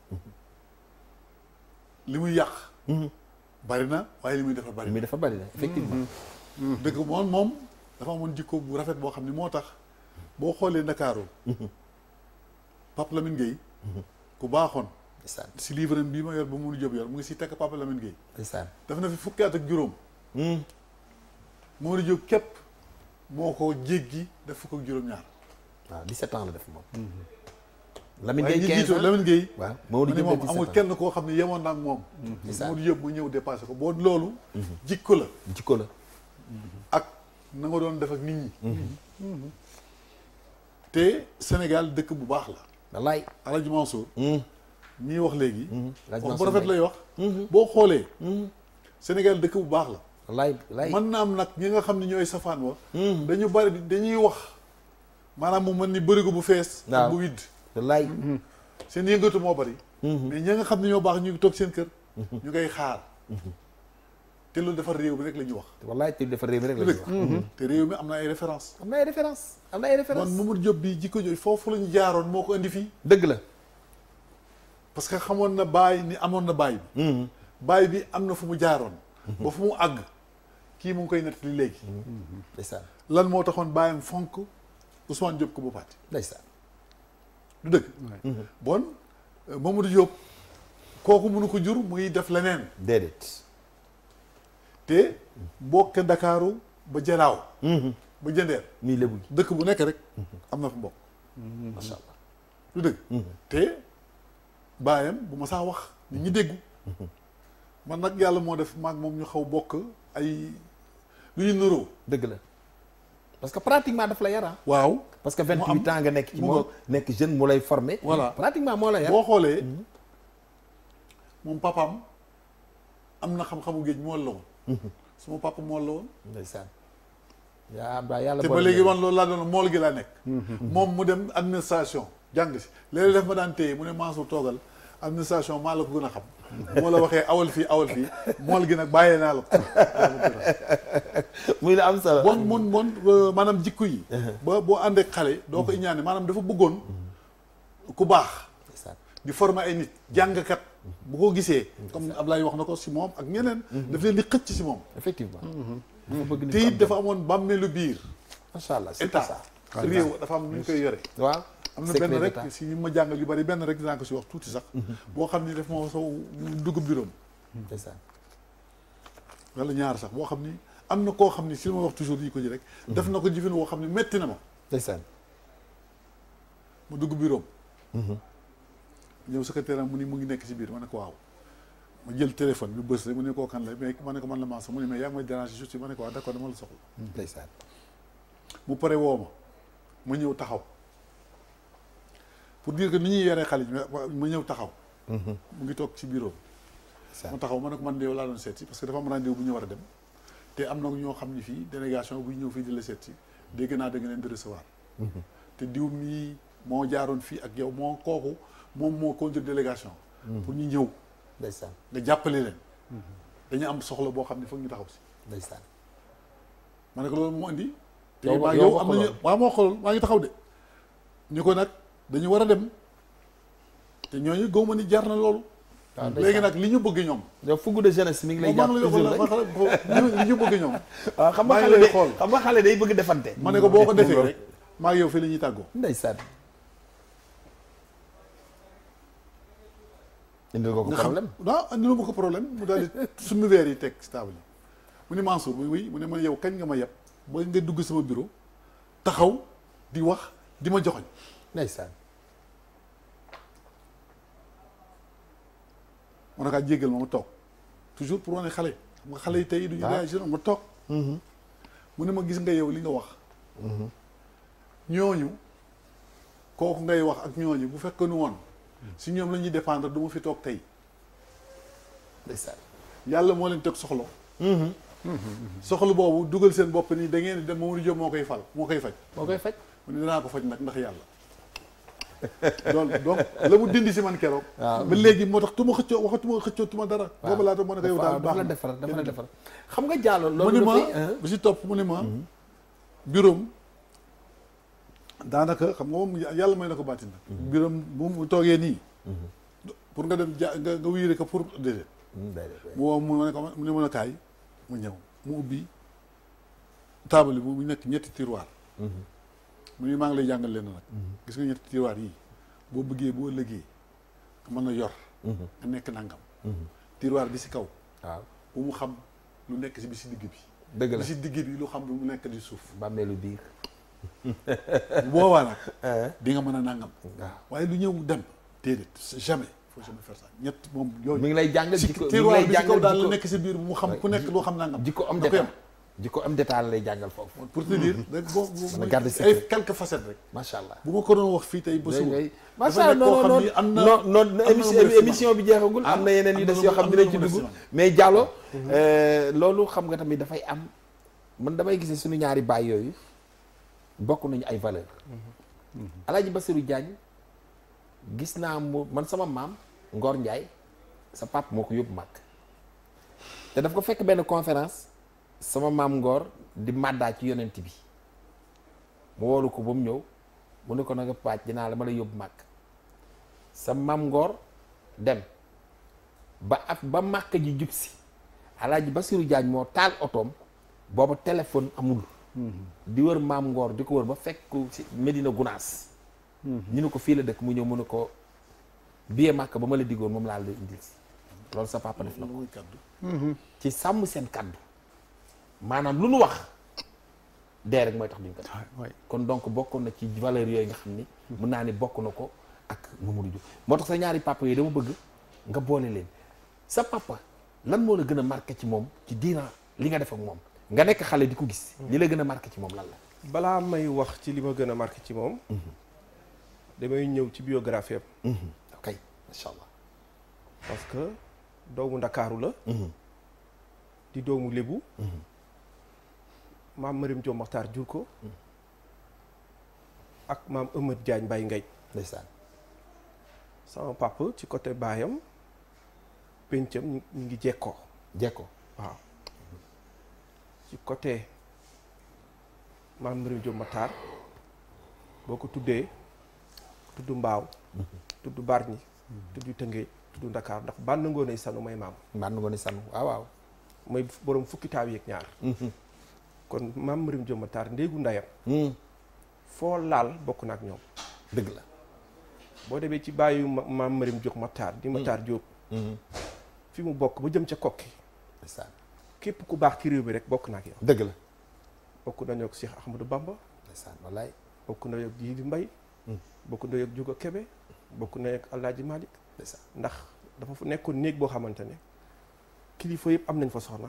li muy yàq bari na waaye li muy dafa bari. li muy dafa bari la effectivement. Mm-hmm. Mm-hmm. dëgg moom moom dafa amoon jikko bu rafet boo xam ne moo tax boo xoolee Ndakaaru. Mm-hmm. Pape Lamine Gueye. ku baaxoon. si livre bii ma yor ba mu jóg yor mu ngi si tekk Pape Lamine Gueye. ndeysaan daf na fi fukki ak juróom. Mamadou Diop képp moo ko jéggi def fukk ak juróom-ñaar. waaw 17 ans la def moom. Lamine Gueye Lamine Gueye waaw mo moi amul kenn ko nak ça, mo mu ko bo lolu mhm. jikko la jikko la mhm. ak na nga doon def ak nit ñi mhm. te Sénégal dëkk bu baax la wallaay Alaaji wax rafet lay wax Sénégal dëkk bu baax la na ñi nga ñoy safane dañu bari dañuy wax wallaay mhm. seen yëngatu moo bari mhm. mais ña nga xam ne ñoo baax ñu ngi toog seen kër mhm. ñu ngay xaar te loolu defar réew mi rek la ñuy wax wallaay te defar réew mi rek la ñuy wax te réew mi am na ay référence am na ay référence am na ay référence man jikko jooju foofu la ñu jaaroon moo ko fii dëgg la parce que xamoon na baay ni amoon na baay bi baay bi am na fu mu jaaroon ba fu mu àgg kii mu ngi koy nettali léegi ndeysaan lan moo taxoon baayam fonk Ousmane Diop ko bu paati ndeysaan du dëgg bon euh, Mamadou Diop kooku mënu ko jur muy def leneen déedéet te bokk Ndakaaru ba Jalaaw mhm. ba jëndeer nii lébu gi dëkk bu nekk rek am na fa mbokk mhm. macha allah du dëgg mhm. te baayam bu ma saa wax nit ñi déggu man nag yàlla moo def maag moom ñu xaw bokk ay lu ñu nuroo dëgg la parce que pratiquement daf la yara waaw parce que vingt huit ans nga nekk ci moom nekk jeune mu lay formé voilà pratiquement moo la yar boo xoolee mhm. moom papaam am na xam-xamu géej moo la woon mhm. sama papa moo la woon ndeysaan yaa Abdoulaye yàlla te ba léegi man gi laa nekk mhm. moom mu dem administration jàng si léeg-léeg ma daan téye mu ne Mansour toogal administration maa la ko gën a xam moo la waxee awal fii awal fii mool gi nag bàyyee naa la ko muy la am solo bon mon mon euh, maanaam jikko yi uh-huh. ba boo àndee xale doo ko uh-huh. iñaane maanaam dafa bëggoon uh-huh. ku baax di former ay nit jàngkat bu ko gisee comme Ablaye wax na ko si moom ak ñeneen daf leen di xëcc si moom effectivement mm-hmm. te it dafa amoon lu biir macha allah état dafa am nu koy yore waaw am na benn rek si ma jàngal yu bari benn rek dinaa ko si wax tuuti sax mhm. boo xam ni daf ma saw dugg mbiram mhm. ndeysaan wala ñaar sax boo xam ni am na koo xam ni si ma yi ko ji rek mhm. def na ko jëfin woo xam ni metti na ma ndeysaan mu dugg mbiram ñëw secrétaire am ni mu ngi nekk si biir ma ne ko waaw ma jël téléphone bi mu ne koo kan la ma ne ko man la maa sax mu ne mais yaa ngi may ma ne ko waaw d'accord dama la soxla ndeysaan mu pare woo ma ma ñëw taxaw pour dire que ni ñuy yéré xalit ma ñew taxaw hmm mu ngi tok ci bureau mu taxaw man ne ko man de la laa doon seet parce que dafa am rendez-vous bu ñu wara dem té amna na xamni fi délégation bu ñëw fi di la seet dégg na dégg leen di recevoir mhm. té diw mi mo jaaroon fi ak yow mo koku mom mo conduire délégation mhm. pour ñu ñew ndaysan nga jappalé leen mhm. dañu am soxla bo xamni fa ñu taxaw ci ndaysan man ne ko loolu moo indi te maa yow am nañu waaw moo xool maa ngi taxaw dé ñu nak dañu wara dem té ñoñu góoma ni jarna lool ah, légui nak liñu bëgg ñom da fugu de jeunesse mi ngi lay jàpp li ñu bëgg ñom ah, xam nga xalé xam nga xalé day bëgg defante mané ko boko ko rek ma yow fi liñu taggo tàggoo ndeysaan indil ko ko problème da indil ma ko problème mu dal suñu wër yi tek stable mu ni Mansour muy wuy mu ne ma yow kañ nga ma yapp bo nga dugg sama bureau taxaw di wax di ma joxoñ ndeysaan mën na kaa jéggal ma ma toog toujours pour wane xale xam nga xale yi tey du duñu réagir ma toog mm-hmm. mu ne ma gis nga yow li nga wax mm-hmm. ñooñu kooku ngay wax ak ñooñu bu fekk nu woon si ñoom la ñuy dépendre du fi toog tey ndeysaan yàlla moo leen teg soxla mm-hmm. soxla boobu dugal seen bopp nii da ngeen di dem Mamadou Diop moo koy fal moo koy faj moo koy faj mu ne danaa ko faj nag ndax yàlla donc donc la mu dindi si man keroog. Ah, ba léegi moo tax tu ma xëccoo waxatuma dara. waaw ah. boobu laa doon mën a yow daal baax na defar xam nga jàll. loolu mu si topp mu ne ma. Mhm. daanaka xam nga moom yàlla may na ko bàttin. Mhm. bureau bu mu toogee nii. Mhm. pour nga dem ja nga wiire ko pour déedéet. mu woo mu ne mu ne mën a kaay mu ñëw mu ubbi table bi mu nekk ñetti tiroir. mu ne maa ngi lay jàngal leen nag. Mhm. gis nga ñetti tiroir yii boo bëggee boo ëllëgee nga mën a yor. Mhm. nga nekk nangam. Mhm. tiroir bi si kaw. waaw bu mu xam lu nekk si bi si digg bi. dëgg la si digg bi lu xam mu nekk di suuf. bàmmeelu biir. bu boobaa nag. Eh? di nga mën a nangam. waaw waaye lu ñëw dem. déedéet jamais. faut jamais faire ça ñett moom. yooyu mi ngi lay jàngal jikko mi ngi lay jàngal jikko tiroir bi si kaw daal la nekk si biir mu xam ku nekk loo xam nangam. jikko am defar jikko am détail lay jàngal foofu. pour te dire rek boo boo ay quelques facettes rek. macha allah bu ma ko doon wax fii tey ba émission bi jeexagul. Ah, am na yeneen yu des yoo xam dinañ ci mais Diallo. Ah. Euh, xam nga tamit dafay am man damay gisee suñu ñaari baay yooyu bokk nañu ay valeur mm-hmm. Alaaji Bassirou Diagne gis naa man sama maam ngoor Ndiaye sa pap moo ko yóbbu mag te daf ko fekk benn conférence. sama mam Ngor di madda ci yonent bi mu wolu ko ba ñew mu ne ko nga pat dina la mala yob mak sa Ngor dem ba af ba mak ji jupsi si alaaji Basiru Jaañ moo taal otoom booba amul mhm. di wër mam Ngor di ko wër ba fekk ci Medina Gunaas mhm. ñu ne ko fi la dekk mu ñew mu ne ko biye mak ba mala digoon mom la la indil si sa papa def na ci sam sen kaddu maanaam lu nu wax dee rek mooy tax duñ def kon donc bokkoon na ci valeurs yooyu nga xam ni mun naa ni bokk na ko ak Mamadou Diouf moo tax sa ñaari papa yi dama bëgg nga boole leen sa papa lan moo la gën a marqué ci moom ci diina li nga def ak moom nga nekk xale di ko gis mm. li la gën a marqué ci moom lan balaa may wax ci li ma gën a marqué ci moom mm-hmm. damay ñëw ci biographie am mm-hmm. ok macha allah parce que doomu ndakaaru la mm-hmm. di doomu lébu maam Marim Diom Maxtaar jur ko mm. ak maam Ëmët Diagne Mbaye Ngaye sama papa ci côté baayam péncam ñu ngi jekkoo jekkoo waaw ci côté maam Marim Diom boo ko tuddee tudd mbaaw mm-hmm. tudd barñi mm-hmm. tudd tëngéej tudd ndakaar ndax bànn ngoonee sanu may maam bànn ngoonee sanu waaw waaw mooy borom fukki taaw yeeg ñaar mm-hmm. kon maam Marim Diop Matar ndéegu ndayam hmm. foo laal bokk na ak ñoom dëgg la boo demee ci bàyyi maam Marim Diop Matar di hmm. Matar Diop hmm. fi mu bokk ba jëm ca kokki képp ku baax ci réew mi rek bokk na ak yow dëgg la bokk nañoo ak Cheikh Ahmadou Bamba ndeysaan wallaay bokk nañoo ak Djidi Mbaye bokk nañoo ak Diogo Kébé bokk nañoo ak Alaaji Malick ndax dafa nekkoon néeg boo xamante ne kilifa yëpp am nañ fa soxna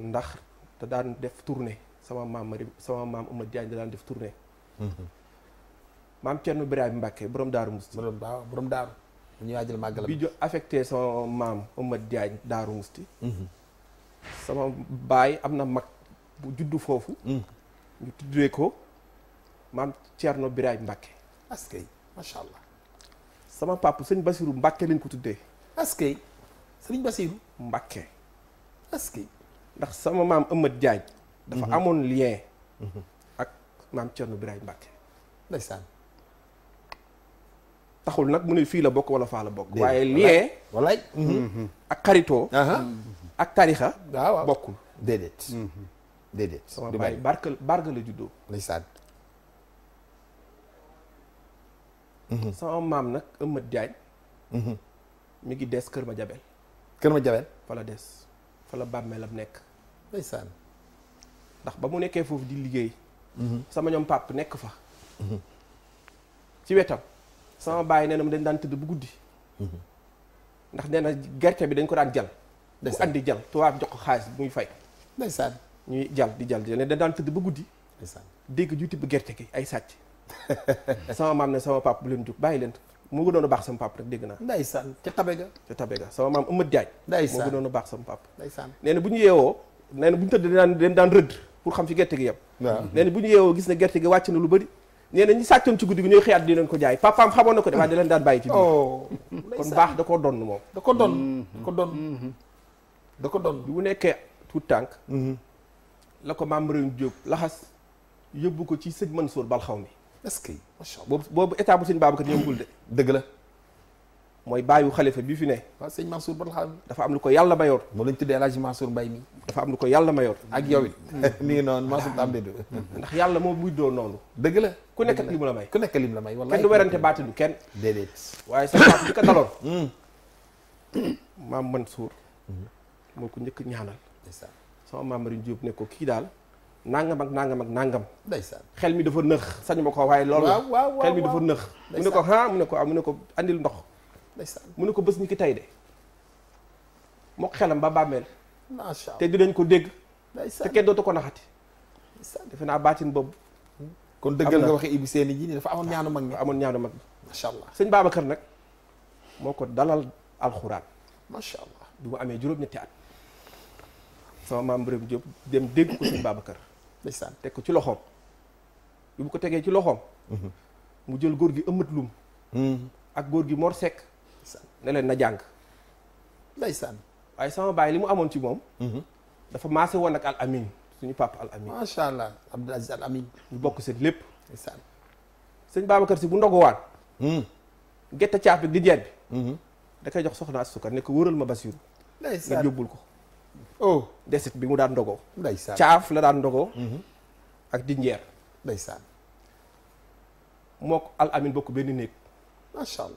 ndax da daan def tournée sama maam Mari sama maam Oumar Diagne daan def tournée. Mhm. maam Thierno Birahim Mbacke borom Daaru Musti. waaw borom Daaru. ñu waajal màggalam bi affecté sama maam Oumar Diagne Daaru Musti. Mhm. sama baay am na mag bu juddu foofu. Mhm. ñu tuddee ko maam Thierno Birahim Mbacke. askay macha allah. sama papa sëñ Basirou Mbacke lañ ko tuddee. askay sëñ Basirou. Mbacke. ndax sama maam Amad jaañ dafa mhm. amoon lien mhm. ak maam Thierno Birahim Mbacke ndeysaan taxul nag mu ne fii la bokk wala faa la bokk waaye lien walaay mhm. ak xaritoo ak tarixa bokkul déedéet déedéet sama baay barka sama maam nag Amad Diagne mu ngi des Kër Madiabel Kër Madiabel fa la des fa la bàmmeelam nekk ndeysaan ndax ba mu nekkee foofu di liggéey mhm. sama ñoom pap nekk fa mhm. ci wetam sama bàyyi nee na mu dañ daan tëdd bu guddi mhm. ndax nee gerte bi dañ ko daan jal bu di jal tubaab jox ko xaalis muy fay ndeysaan ñuy jal di jal di ne dañ daan tëdd ba guddi ndeysaan dégg juuti bu gerte gi ay sàcc sama maam ne sama pap bu leen jóg bàyyi leen moo gënoon a baax sama pap rek dégg naa ndeysaan ca tabe ga ca tabe ga sama maam Amad Diagne ndeysaan moo gënoon a baax sama pap ndeysaan bu ñu yeewoo neen na bu ñu tëdd daan daan rëdd pour xam fi gerte gi yem mm-hmm. nee na bu ñu yeewoo gis ne gerte gi wàcc na lu bëri nee na ñi sàccoon ci guddi gi ñooy xëyaat di leen ko jaay papaam xamoon na ko de waaye da leen daan bàyyi ci biir oh. kon baax da ko donn moom mm-hmm. da ko donn da ko donn da ko donn bu nekkee tout tànk mm-hmm. la ko maam Réew Diop laxas yóbbu ko ci sëñ Mansour Balxaw mi est-ce boobu boobu état bu sëñ Babacar ñëwagul de dëgg la mooy bàyyu xalifa bi fi ne waaw sëñ Mansour ban xam dafa am lu ko yàlla mayoor moo lañ tuddee El Hadj Mansour Mbaye mi dafa am lu ko yàlla mayoor ak yow it mm. mi ngi noonu Mansour Tambédou ndax yàlla moom muy doo noonu dëgg la ku nekk li mu la may nekk li la may wallaay kenn du werante baatinu kenn déedéet waaye sa baat bi ko daloon mm. maam Mansour mm-hmm. moo ko njëkk ñaanal sama maam Marine Diop ne ko kii daal nangam ak nangam ak nangam ndeysaan xel mi dafa nëx sañ ma ko waaye loolu xel mi dafa nëx mu ne ko ah mu ne ko ah mu ne ko andil ndox mu ne ko bës ñi ki tey de moo xelam ba bàmmeel macha allah te dinañ ko dégg te kenn ko naxati defe naa baatin boobu kon dëggal nga waxe Ibou Sène ji ni dafa amoon ñaanu mag ñi amoon ñaanu mag ñi macha allah sëñ nag moo ko dalal alxuraan macha allah bi mu amee juróom-ñetti at sama maam Birame Diop dem dégg ko sëñ Babacar teg ko ci loxoom bi mu ko tegee ci loxoom mhm. mu jël góor gi ëmmat lum mhm. ak góor gi Mor Seck ne leen na jàng. ndeysaan. waaye sama baay li mu amoon ci moom. Mhm. dafa maase woon ak al amin suñu papa al amin. macha allah Abdou Aziz al amin. ñu bokk seen lépp. ndeysaan. sëñ si bu ndoguwaat. Mhm. gerte caaf bi di jeet bi. Mhm. da jox soxna Asuka nekk wëral ma Basiru. ndeysaan nga yóbbul ko. oh bi mu daan ndogoo. ndeysaan caaf la daan ndogoo. ak dinjeer. ndeysaan. moo ko al amin bokk benn néeg. allah.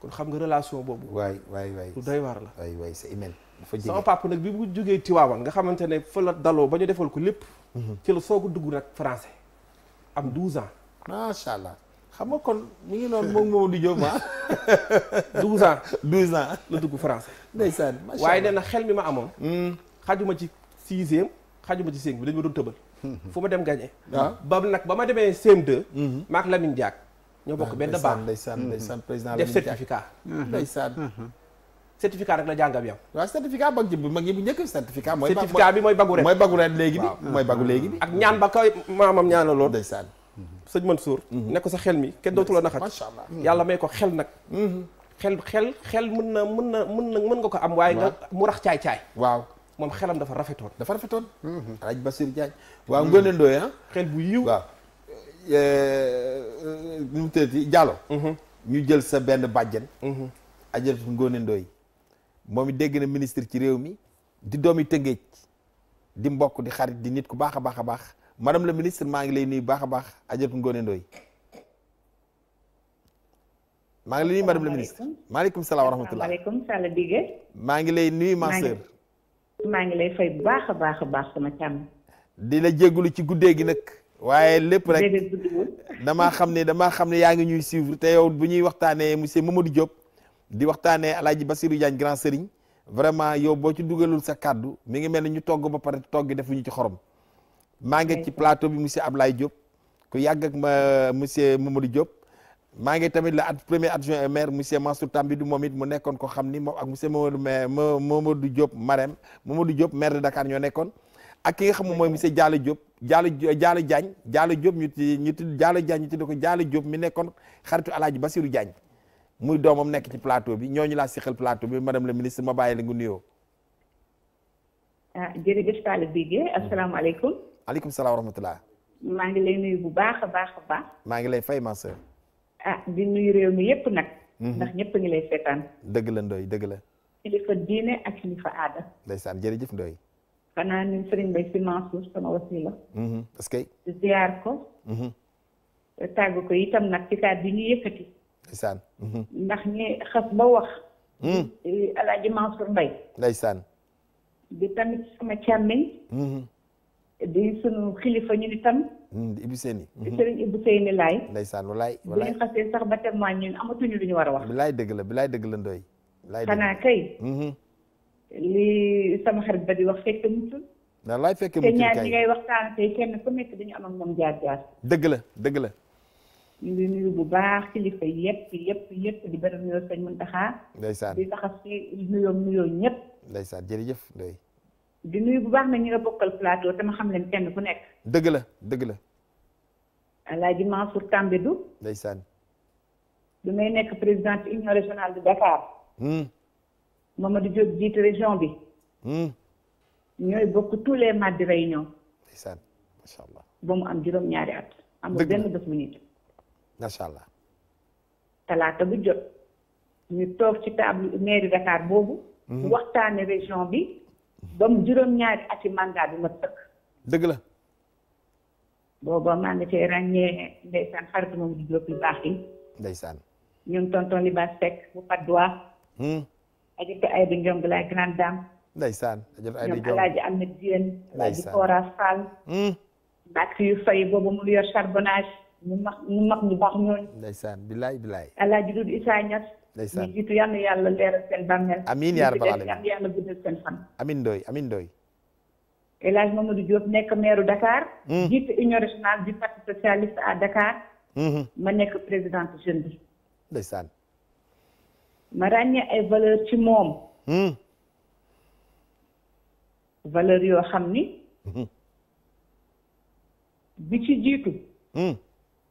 kon xam nga relation boobu. waaye waaye waaye lu doy waar la. waay waay c'est humain. sama papa nag bi mu jógee Tiwaawan nga xamante ne fa la daloo ba ñu defal ko lépp. Mhm. ci la soog a dugg nag français. am 12 mhm. ans. macha allah xam nga kon mu ngi noonu moom Mamadou Diop ah. 12 ans 12 ans la dugg français. ndeysaan macha waaye nee na xel mi ma amoon. Mhm. xajuma ci sixième xajuma ci cinq bi dañu ma doon tëbal. fu ma dem gagné. waaw ah. ba nag ba ma demee CM2. maak Lamine Diack. ñoo bokk benn baax ndeysaan mhm. ndeysaan président def certificat mhm. Mhm. ndeysaan certificat rek la jàngam yow waaw certificat bag ji bu mag yi bu njëkk certificat mooy certificat bi mooy bagu ren mooy bagu ren léegi bi mooy bagu léegi bi ak ñaan ba koy maamam ñaanaloon ndeysaan sëñ Mansour ne ko sa xel mi kenn dootu la naxat macha allah yàlla may ko xel nag xel xel xel mën na mën na mën na mën nga ko am waaye nga mu rax caay-caay waaw moom xelam dafa rafetoon dafa rafetoon alaaj Basir Diagne waaw ngënendooy ah xel bu yiw Eh, eh, nu mu tëddee mhm. ñu jël sa benn bàjjen. Mhm. Adjaratou Ngoné Ndoye moom it dégg na ministre ci réew mi di doomi Tëngéej di mbokk di xarit di nit ku baax a baax a baax madame la ministre maa ngi lay nuyu baax a baax Adjaratou Ngoné ngi lay nuyu madame la ministre salaam wa maa ngi lay nuyu ma sœur maa ngi lay fay baax a baax a baax sama càmm. di la jégalu ci guddee gi nag. waaye lépp rek dama xam ne damaa xam ne yaa ngi ñuy suivre te yow bu ñuy waxtaanee monsieur Mamadou Diop di waxtaanee El Bassirou Diagne grand sëriñ vraiment yow boo ci dugalul sa kàddu mi ngi mel ni ñu togg ba pare togg defuñu ci xorom. maa ngi ci plateau bi monsieur Ablaye Diop ku yàgg ak ma monsieur Mamadou Diop. maa ngi tamit la at premier adjoint maire monsieur Mansour Tambidou moom it mu nekkoon ko xam ni moom ak monsieur Mamadou Diop Marème Mamadou Diop maire de Dakar ñoo nekkoon. ak ki nga xam moom mooy monsieur Diallo Diop Diallo Diallo Diagne Diallo Diop ñu ci ñu ci Diallo Diagne ñu tuddee ko Diallo Diop mi nekkoon xaritu Alaaji Basiru Diagne muy doomam nekk ci plateau bi ñooñu laa siqal plateau bi madame la ministre ma nga nuyoo. ah jërëjëf Talla Bigué asalaamaaleykum. aleykum salaam wa rahmatulah. maa ngi lay nuyu bu baax a baax a baax. maa ngi lay fay ma ah di nuyu réew mi yépp nag. Mhm. ndax ñëpp ngi lay seetaan. dëgg la Ndoye dëgg la. kilifa diine ak kilifa aada. ndeysaan jërëjëf xanaa ni sëriñ Bay si Mansour sama wasila parce que ziar ko te tàgg ko itam nag ci kaat bi ñu yëkkati ndeysaan ndax ñi xas ba wax alaaji Mansour Mbay ndeysaan di tamit sama càmmiñ di sunu xilifa ñu ni tam di Ibou Seyni di sëriñ Ibou Seyni laay ndeysaan walaay walaay bu ñu xasee sax ba témoigne ñun amatuñu lu ñu war a wax bilaay dëgg la bilaay dëgg la ndoy xanaa kay li sama xarit ba di wax fekk mutul wallaay fekk mutul kay te ñaar ñi ngay waxtaan tey kenn ku nekk dañu am ak moom jaar jaar dëgg la dëgg la ñu ngi nuyu bu baax kilifa yëpp yëpp yëpp di beral nuyoo sëñ Muntaxa ndeysaan di taxas ci nuyoo nuyoo di nuyu bu baax na ñu nga bokkal plateau te xam leen kenn ku nekk dëgg la dëgg la Alaaji Mansour Tambédou ndeysaan du may nekk présidente union régionale de Dakar hmm. Mamadou Diop jiite région bi. Hmm. ñooy bokk tous les mardis réunion. ndeysaan macha allah. ba mu am juróom-ñaari at. amul benn bés bu nit. macha allah. talaata bu jot. ñu toog ci table mairie Dakar boobu. Hmm. waxtaane région bi. ba mu juróom-ñaari ati mandat bi ma tëkk. dëgg la. booba maa ngi cee ràññee ndeysaan xarit moom di Diop yu baax yi. ndeysaan. ñoom tonton Libaas Seck bu Patte ajot ay hmm? di njong laay grand dame ndeysaan ajot ay di njong alaaji am na jigéen alaaji Kora Fall bàkk yu fay boobu mu yor charbonnage ñu mag ñu mag ñu baax ñooñu ndeysaan bilaay bilaay alaaji Doudou Issa Niass ndeysaan ñu jiitu yal na yàlla leeral seen bàmmeel amiin yaa rabbal aalamiin yal na yàlla guddal seen fan amiin dooy amiin dooy El Hadj Mamadou Diop nekk maire Dakar hmm. jiite union régionale du parti socialiste à Dakar ma hmm, nekk présidente jeune bi ndeysaan maraña ay valeur ci moom hmm. valeur yoo xam ni hmm. bi ci jiitu hmm.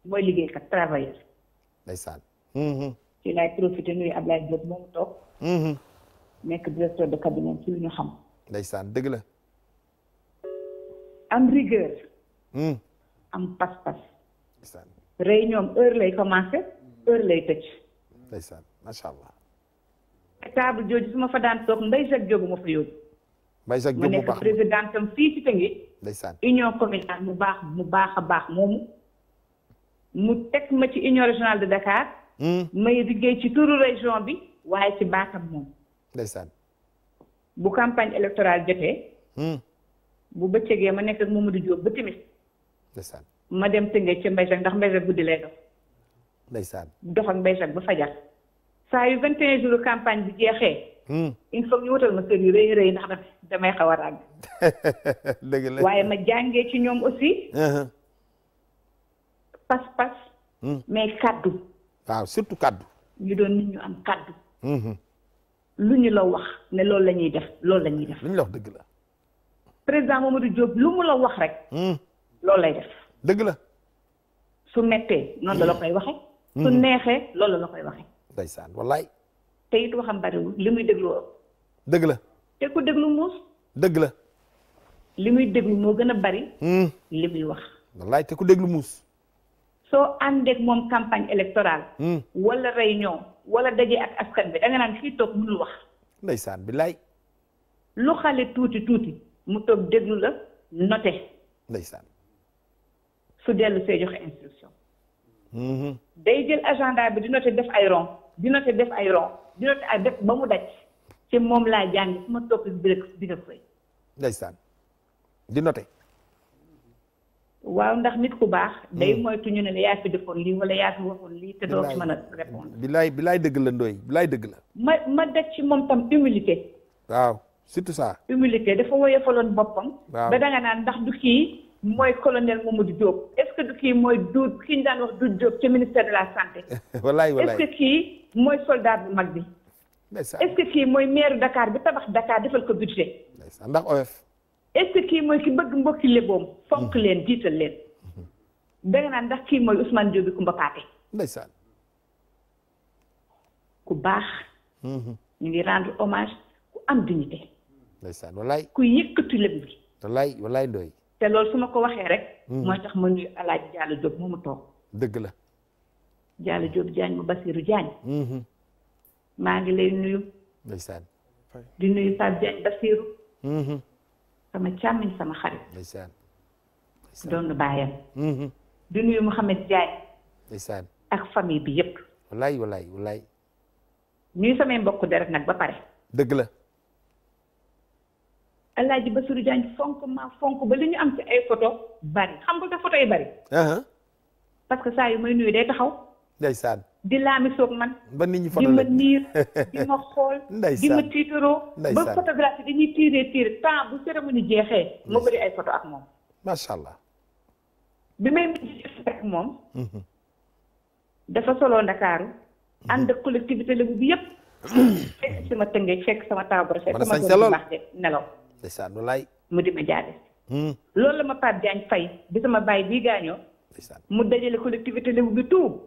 mooy liggéeykat travailleur ndeysaan ci laay profité nuyu Ablaye Diop moomu toog nekk directeur de cabinet ci lu ñu xam ndeysaan dëgg la am rigueur am pas-pas ndeysaan réunion heure lay commencé heure lay tëj ndeysaan macha allah table jooju su ma fa daan toog Ndeye Jacques Diop ma fa yóbbu. Ndeye Jacques Diop mu baax ma nekk présidente am fii ci Tëngéej. ndeysaan union communale mu baax mu baax a baax moomu. mu teg ma ci union régionale de Dakar. Hmm. may liggéey ci turu région bi waaye ci baatam moom. ndeysaan. bu campagne électorale jotee. Hmm. bu bëccëgee ma nekk ak Mamadou Diop ba timis. ndeysaan ma dem Tëngéej ca Mbay Jacques ndax Mbay Jacques guddi lay dox. ndeysaan dox ak Mbay Jacques ba fajar. saa yu vingt et un jours campagne bu jeexee. Hmm. il faut ñu wutal ma sër yu rëy rëy ndax nag damay xaw a ràgg. dëgg la waaye ma jàngee ci ñoom aussi. Uh-huh. pas-pas. Hmm. mais kàddu waaw surtout kàddu ñu doon nit ñu am kaddu. Mm-hmm. lu ñu la wax ne loolu la ñuy def loolu la ñuy def. lu ñu la wax dëgg la. président Mamadou Diop lu mu la wax rek. Hmm. loolu lay def. dëgg la. su mettee noonu la la koy waxee. su neexee loolu la la koy waxee. ndeysaan wallaay te it waxam bariwul li muy déglu ëpp dëgg la te ku déglu muus dëgg la li muy déglu moo gën a bari hmm. li muy wax wallaay te ku déglu muus soo àndeek moom campagne électorale hmm. wala réunion wala daje ak askan bi da nga naan fii toog mënul wax ndeysaan billaay lu xale tuuti tuuti mu toog déglu la note ndeysaan su dellu see joxe instruction hmm. day jël agenda bi di note def ay rond dina te def ay ron dina te ay def ba mu daj ci moom laa jàng su ma topp bi rek bi rek fay di noté waaw ndax nit ku baax day hmm. moytu ñu ne la yaa fi defoon lii wala yaa fi waxoon lii te doo ci mën a répondre bilaay bilaay dëgg la ndooy lay dëgg la ma ma daj ci moom tam humilité waaw surtout ça humilité dafa woyofaloon boppam ba danga naan ndax du kii mooy colonel Mamadou Diop est-ce que du kii mooy du ki ñu daan wax Doudou Diop ci ministère de la santé. wallaay wallaay est-ce que kii mooy soldat bu bi. est-ce kii mooy maire Dakar bi tabax Dakar defal ko budget. ndax oyof. est kii mooy ki bëgg mbokki léboom fonk mm-hmm. leen jiital leen. Mm-hmm. danga naan ndax kii mooy Ousmane Diop bi Kumba Paate. ndeysaan. ku baax. Mm-hmm. ñu ngi rendre hommage ku am dignité. ndeysaan wallaay. ku yëkkati lépp bi. wallaay wallaay doy. te loolu su ma ko waxee rek. Mm-hmm. mooy tax ma nuyu alaaj Diallo Diop moomu toog. dëgg la. Diallo Diop Diagne mu Basiirou Diagne. Mm-hmm. maa ngi lay nuyu. ndeysaan. di nuyu Pape Diagne Basiirou. Mm-hmm. sama càmmiñ sama xarit. ndeysaan. doon bàyyam. di nuyu Mouhamed Diagne. ndeysaan. ak famille bi yëpp. walaay walaay walaay. nuyu samay mbokk deret nag ba pare. dëgg la. El Hadj Bassirou Diagne fonk ma fonk ba lu ñu am ci ay photo bari xam ba sa photo yi bari. parce que saa yu may nuyu day taxaw. ndeysaan di laami soog man. ba nit ñi photo di ma niir di ma xool. ndeysaan di ma tiitaroo. ndeysaan ba photographie dañuy tiiree tiir temps bu ñu jeexee. ma bëri ay photo ak moom. macha allah. bi may moom. Mhm. dafa solo Ndakaaru. Mhm. ànd ak collectivité la bu bi yëpp. fekk sama tëngee fekk sama taabu rafet. sama doom bu baax de nelaw. ndeysaan lu lay mu di ma jaale hmm. loolu la ma Pape Diagne fay bi sama baay bii gaañoo mu dajale collectivité lébu bi tout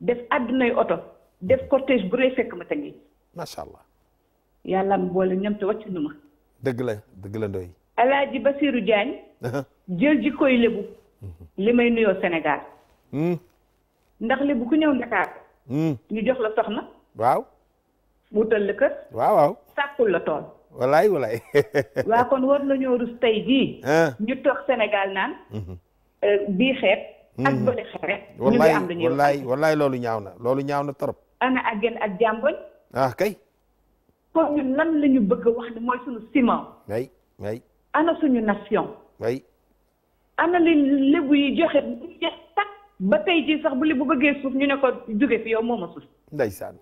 def àddunay oto def cortège bu rëy fekk ma ta ngi macha allah yàlla am boole ñoom te wàccu nu ma dëgg la dëgg la ndoy alaaji Basiru Diagne uh-huh. jël ji koy lébu mm-hmm. li may nuyoo Sénégal hmm. ndax lébu ku ñëw Ndakaar hmm. ñu jox la soxna waaw wutal la kër waaw waaw sàkkul la tool walaay walaay. waa kon war nañoo rus tey jii. ñu toog Sénégal naan. Mhm. Euh, bii xeet. ak mhm. bële xeet. ñu ngi am lu loolu ñaaw na loolu ñaaw na trop. ana ak gën ak jàmboñ. ah kay. kon ñun lan la bëgg a wax ne mooy suñu ciment. way way ana suñu nation. way ana li lébu yi joxe bu jeex tàkk ba tey jii sax bu li bu bëggee suuf ñu ne ko jóge fi yow mooma suuf. ndeysaan.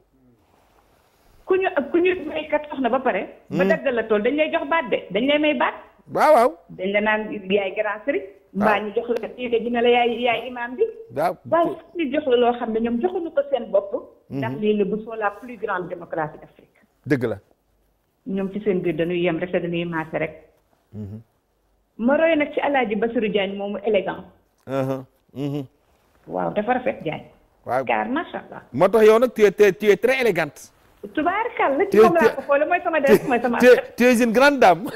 ku ñu ku ñu maykat soxna ba pare. ba hmm. daggal la tool dañ lay jox baat de dañ lay may baat. waaw waaw dañ la naan yaay grand sëriñ. mbaa ñu jox la kii dina la yaay yaay imaam bi. waaw waaw ñu jox loo xam ne ñoom joxuñu ko seen bopp. Hmm. ndax lii la bu soo la plus grande démocratie d'Afrique. dëgg la. ñoom ci seen biir dañuy yem rek te dañuy maase rek. Hmm. ma roy nag ci alaaji Bassirou Diagne moomu élégant. Uh-huh. waaw dafa rafet Diagne. waaw car macha allah. moo tax yow nag tu très élégante. tubaarkàlla ci moom laa ko xool mooy sama def mooy sama. te grande dame.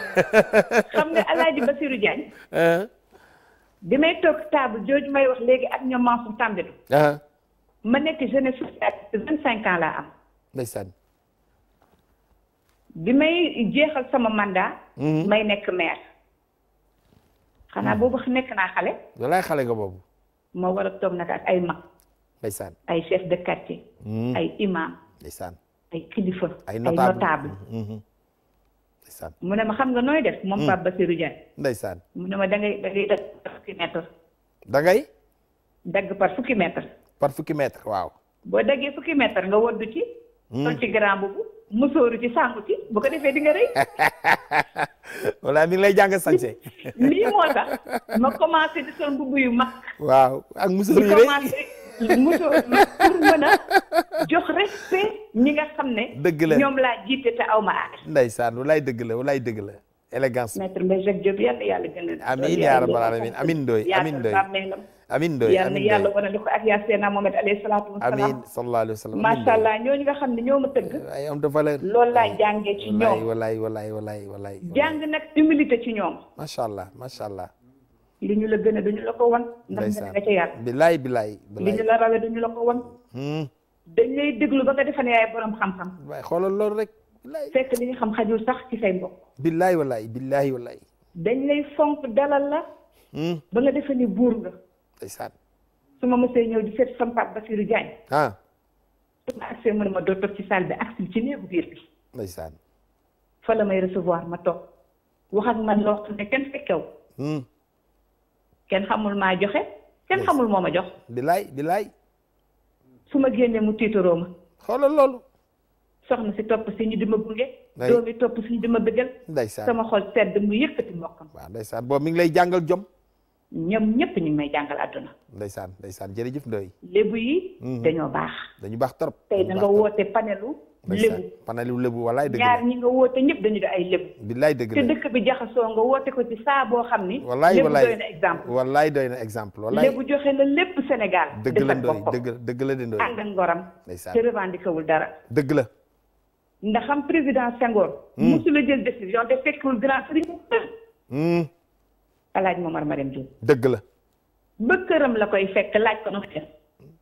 xam nga El Hadj Basirou Diagne. Ah. bi may toog table jooju may wax léegi ak ñoom Mansour Tambédou. Ah. ma nekk jeunesse laa am. ndeysaan. bi may jeexal sama mandat. Mhm. may nekk maire. xanaa mhm. boobu nekk naa xale. walaay xale nga boobu. moo war a toog nag ak ay mag. ndeysaan ay chef de quartier. Mhm. ay imam ndeysaan. ay kilifa ay notable mm-hmm. ndeysaan mu ne ma xam nga nooy def moom mm. Pape Bassirou Dieng ndeysaan mu ne ma da ngay da ngay dagg par fukki mètre da ngay dagg par fukki mètre par fukki mètre waaw boo daggee fukki mètre nga woddu ci mm. sol ci grand boobu musóoru ci sàngu ci bu ko defee di nga rëy wala mi ngi lay jàng sañse lii moo tax ma commencé di sol mbubb yu mag waaw ak musóor yi moto pour mën a jox respect ñi nga xam ne. dëgg la ñoom laa jiite te aw ma aar. ndeysaan walaay dëgg la walaay yaa rabbal aalamiin amiin Ndoye amiin Ndoye amiin Ndoye yàlla yàlla wane na ko ak yaa Seydina ci ñoom walaay walaay walaay jàng nag humilité ci ñoom. macha allah macha allah. li ñu la gën a duñu la ko wan ndax nga ca yàlla bilaay bilaay li ñu la rawee duñu la ko wan hmm. dañ lay déglu ba nga defe yaay borom xam-xam waaye xoolal loolu rek bilaay fekk li ñu xam xajul sax ci say mbokk bilaay walaay bilaay walaay dañ lay fonk dalal la hmm. ba nga buur nga ndeysaan su ma mësee ñëw di seet sama ma ma doo ci salle bi agsi ci néegu la may recevoir ma toog wax na man loo ne kenn fekkew hmm. kenn xamul maa joxe kenn xamul moo ma jox. bilaay bilaay. su ma génnee mu tiitaroo ma. xoolal loolu. soxna si topp si ñu di ma gunge. doom yi topp si ñu di ma bëggal. ndeysaan sama xol sedd mu yëkkati mbokkam. waaw ndeysaan boobu mi ngi lay jàngal jom. ñoom ñëpp ñu ngi may jàngal àdduna. ndeysaan ndeysaan jërëjëf Ndoye. lébu yi. Mhm. dañoo baax. dañu baax trop tey da woote panelu lébu panelu lébu walaay dëgg ñaar ay lébu billaay dëgg doy na exemple wallaay dëgg la ndooy dëgg dëgg la dindooy ànd ak dëgg la ndax hmm. jël décision te fekkul grand sëriñ hmm. alaaj Momar Marème Diop dëgg la ba këram la koy fekk laaj ko no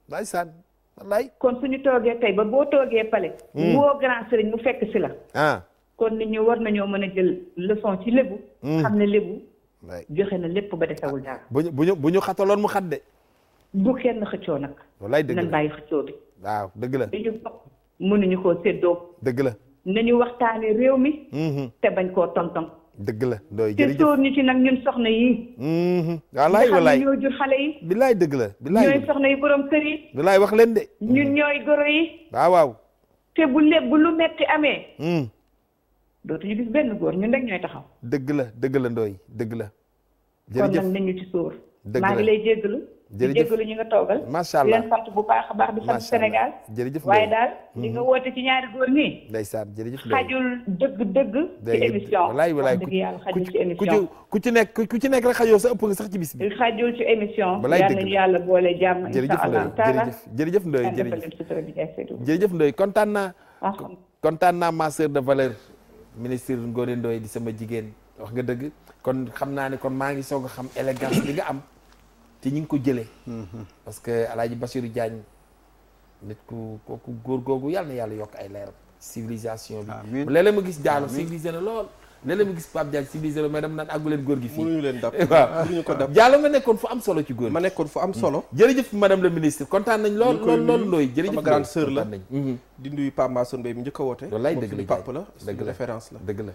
ndeysaan wallaay kon ñu toogee tey ba boo toogee pale hmm. woo grand sëriñ mu fekk si la ah. kon nit ñu war nañoo mën a jël leçon ci lébu hmm. xam ne lébu joxe na lépp ba desewul dara ah, buñu buñu bu ñu xataloon mu xat de bu kenn xëccoo nag wallaay dëgg la nan bàyyi xëccoo bi waaw dëgg la li ñu bokk mënuñu koo séddoo dëgg la nañu waxtaane réew mi hmm, te bañ koo tonton dëgg la doy jërëjëf te sóor ñu ci nag ñun soxna yi. Mm-hmm. walaay walaay ñoo jur xale yi. bilaay dëgg la bilaay ñooy soxna yi borom kër yi. wax leen de. ñun ñooy goro yi. waaw waaw. te bu lépp bu lu metti amee. Mm. dootuñu gis benn góor ñun rek ñooy taxaw. dëgg la dëgg ndooy dëgg la. jërëjëf dëgg la maa ngi lay jéggalu. jërëjëf di déglu ñu nga toogal. macha allah di bu baax a baax di sant jërëjëf waaye daal mhm. jërëjëf xajul dëgg dëgg. ci ku ci ku ci nekk ku ci nekk rek xajoo sax ci bi. émission. walaay dëgg yàlla boole jàmm. incha jërëjëf jërëjëf Ndoye jërëjëf jërëjëf kontaan naa. Ah, kontaan naa ma sœur de valeur. ministre Ngoné Ndoye di sama jigéen wax nga dëgg kon xam naa ne kon maa ngi soog a xam élégance bi nga am te ñi ngi ko jëlee. Mm-hmm. parce que El Hadj Bassirou Diagne nit ku kooku góor googu yàlla na yàlla yokk ay leer. civilisation bi amiin léeg-léeg ma gis Diallo civilisé na lool. léeg-léeg ma gis Pape Diagne civilisé leen góor gi leen dab waaw mënuñu nekkoon fu am solo ci góor ma nekkoon fu am solo. Mm. jërëjëf madame la ministre kontaan nañ lool. lool lool looy jërëjëf sama grande sœur la. Mm-hmm. di nuyu Pape Masson Mbaye mi njëkk a woote. wallaay dëgg la moom la. dëgg la la dëgg la.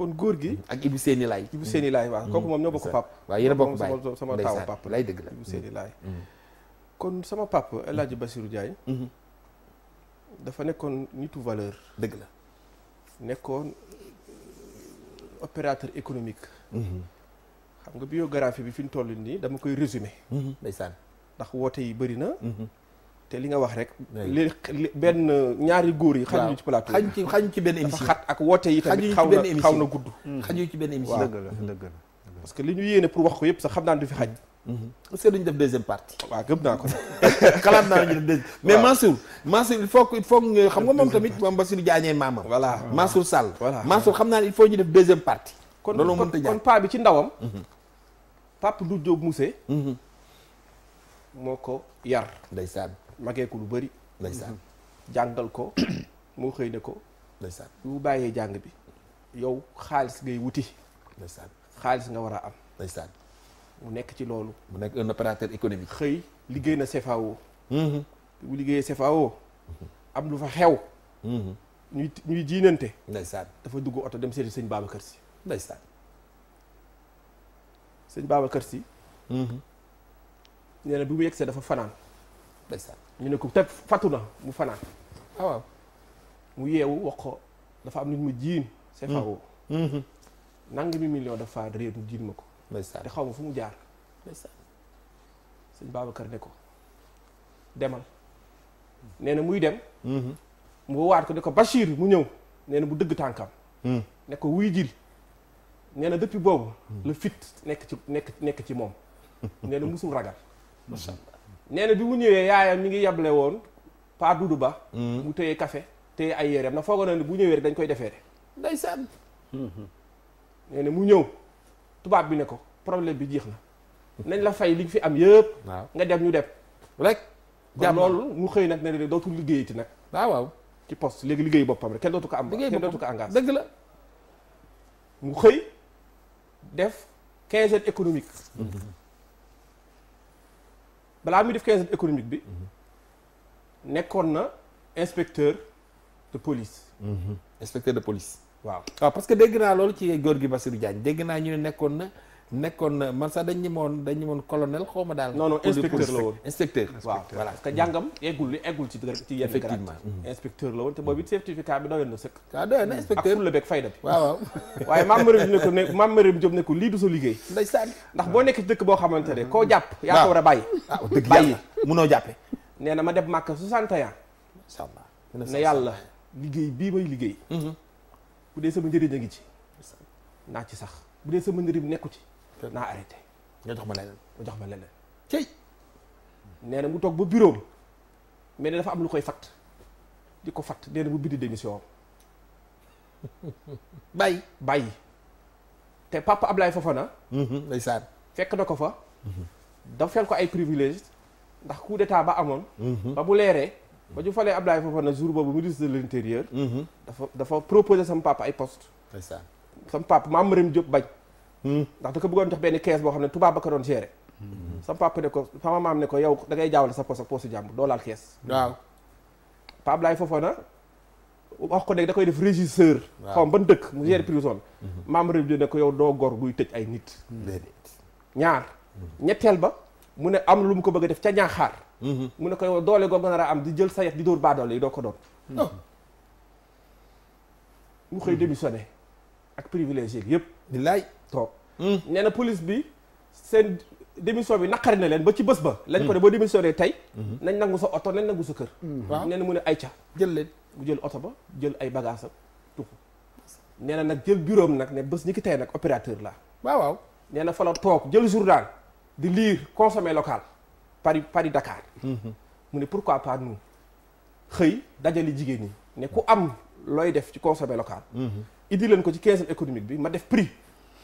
kon góor gi ak Ibou Séni Laay Ibou Séni Laay waaw mm-hmm. kooku moom ñoo bokk pap waaw yéen a bokk baay sama taawu pap lay dëgg la Ibou Séni mm-hmm. Laay mm-hmm. kon sama pap El Hadj basiru Ndiaye dafa nekkoon nitu valeur dëgg la nekkoon euh, opérateur économique xam nga biographie bi fi ñu toll nii dama koy résumer ndeysaan ndax woote yi bëri na te li nga wax rek. li benn ñaari góor yi. xajuñu ci plateau xajuñ ci xajuñ ci benn émission xat ak woote yi tamit xaw na xaw na gudd. Mm. xajuñ ci benn émission dëgg la parce que li ñu yéene pour wax ko yëpp sax xam naa du fi xaj. Mm-hmm. est def deuxième partie. waaw gëm naa ko xalaat naa ñu mais Mansour. Mansour il faut nga xam nga moom tamit moom Bassirou Diagne maamam. voilà Mansour Sall. voilà Mansour xam naa ne il faut ñu def deuxième partie. kon kon kon paa bi ci ndawam. Mm-hmm. Pape Doudou Diop Mousse. Mm-hmm. moo ko yar ndeysaan magee ko lu bari ndeysaan mhm. jàngal ko moo xëy ne ko. ndeysaan bu bàyyee jàng bi yow xaalis ngay wuti. ndeysaan xaalis nga war a am. ndeysaan mu nekk ci loolu. mu nekk un opérateur économique. xëy liggéey na CFAO. Mhm. bu liggéeyee CFAO mhm. am lu fa xew. ñuy ñuy jiinante. ndeysaan dafa dugg oto dem seeti sëñ kër si. ndeysaan sëñ Babacar si. nee na bi mu yegsee dafa fanaan. ndeysaan ñu ne ko teg fàttu na mu fanaan ah mu yeewu wax dafa am nit mu jiin CFAO hmm. hmm. nangami million dafa réer mu jiin ma ko ndeysaan xaw ma fu mu jaar ndeysaan sëñ ne ko demal nee na muy dem hmm. mu waat ko ne ko Bachir mu ñëw nee na bu dëgg tànkam ne ko wuy jil nee na depuis boobu la fit nekk ci nekk ci moom nee na musul ragal nee na bi mu ñëwee yaayam mi ngi yable woon Pa Dudu Ba mm. mu téye kafe téye ay yéreem na foogoon ne bu ñëwee rek dañ koy defee defeere ndeysaan mm-hmm. nee na mu ñëw tubaab bi ne ko problème bi jeex na nañ la fay li ñu fi am yëpp nga dem ñu dem rek kon mu xëy nag ne dootul liggéeyati nag waaw ah, waaw ci poste léegi liggéey boppam rek kenn dootu ko am kenn dootu ko engagé dëgg la mu xëy def quinzaine économique mm-hmm. balaa muy def quinzaine économique bi nekkoon na inspecteur de police. inspecteur de police. waaw waaw parce que dégg naa loolu ci góor gi Bassirou Diagne dégg naa ñu ne nekkoon na. nekkoon na man sax dañ ñu moon dañ ñu moon colonel xaw ma daal. non non inspecteur la woon inspecteur. waaw voilà parce que jàngam eggul li eggul ci ci yenn. effectivement mm-hmm. Mm-hmm. inspecteur la woon te boobu it bi doyoon na sëkk. waaw ah, doyoon na mm-hmm. inspecteur ak fulla bi. waaw waaw waaye maam Mariam ne ko ne sa liggéey. ndax boo nekk ci dëkk boo xamante ne koo jàpp. waaw yaa ko war a bàyyi. Ah, bàyyi munoo jàppee. nee na ma dem Màkka 61. macha allah ne yàlla liggéey bii may liggéey. bu dee sama njëriñ a ngi ci naa ci sax bu dee sama njëriñ nekku ci naa arrêté nga jox ma leneen nga jox ma leneen cey nee na mu toog ba bureau ba mais ne dafa am lu koy fatt di ko fatt nee na mu bindi démission am bàyyi bàyyi te papa Ablaye Fofana mhm, ndeysaan fekk na ko fa mhm. dafal ko ay privilèges ndax coup d'état ba amoon mhm. ba bu leeree ba ñu falee Ablaye Fofana jour boobu ministre de l'intérieur dafa dafa proposé sama papa ay post ndeysaan sama papa Mame Marim Diop bañ Hmm. ndax da ko bëggoon jox benn kees boo xam ne tubaab ba ko doon géré hmm. sama papa ne ko sama maam ne ko yow da ngay jaawale sa poos ak poosu jàmbur doo laal kees hmm. waaw Pape Abdoulaye Fofana wax ko ne da koy def régisseur xaw ma ban dëkk mu géré prison maam réew ne ko yow doo gor guy tëj ay nit ñaar ñetteel ba mu ne am lu mu ko bëgg def ca ñaaxaar mu ne ko yow doole goo gën a am di jël sa yet di dóor baadoole yi doo ko doon oh. mu xëy démissionné ak privilégié yëpp billaay trop hmm. nee police bi sen démission bi nakari na len ba ci bëss ba lañ ko hmm. dé bo démissioné tay hmm. nañ nangu sa auto nañ nangu sa kër waaw na mu né ay ca jël len mu jël auto ba jël ay bagage am tuxu nee na jël bureau am nag ne bés ñi ki tey nag opérateur la waaw waaw nee fa la tok jël journal di lire consommer local Paris Paris Dakar mu né pourquoi pas nous xey dajali jigéni né ku am loy def ci consommer local idi len ko ci caisse économique bi ma def prix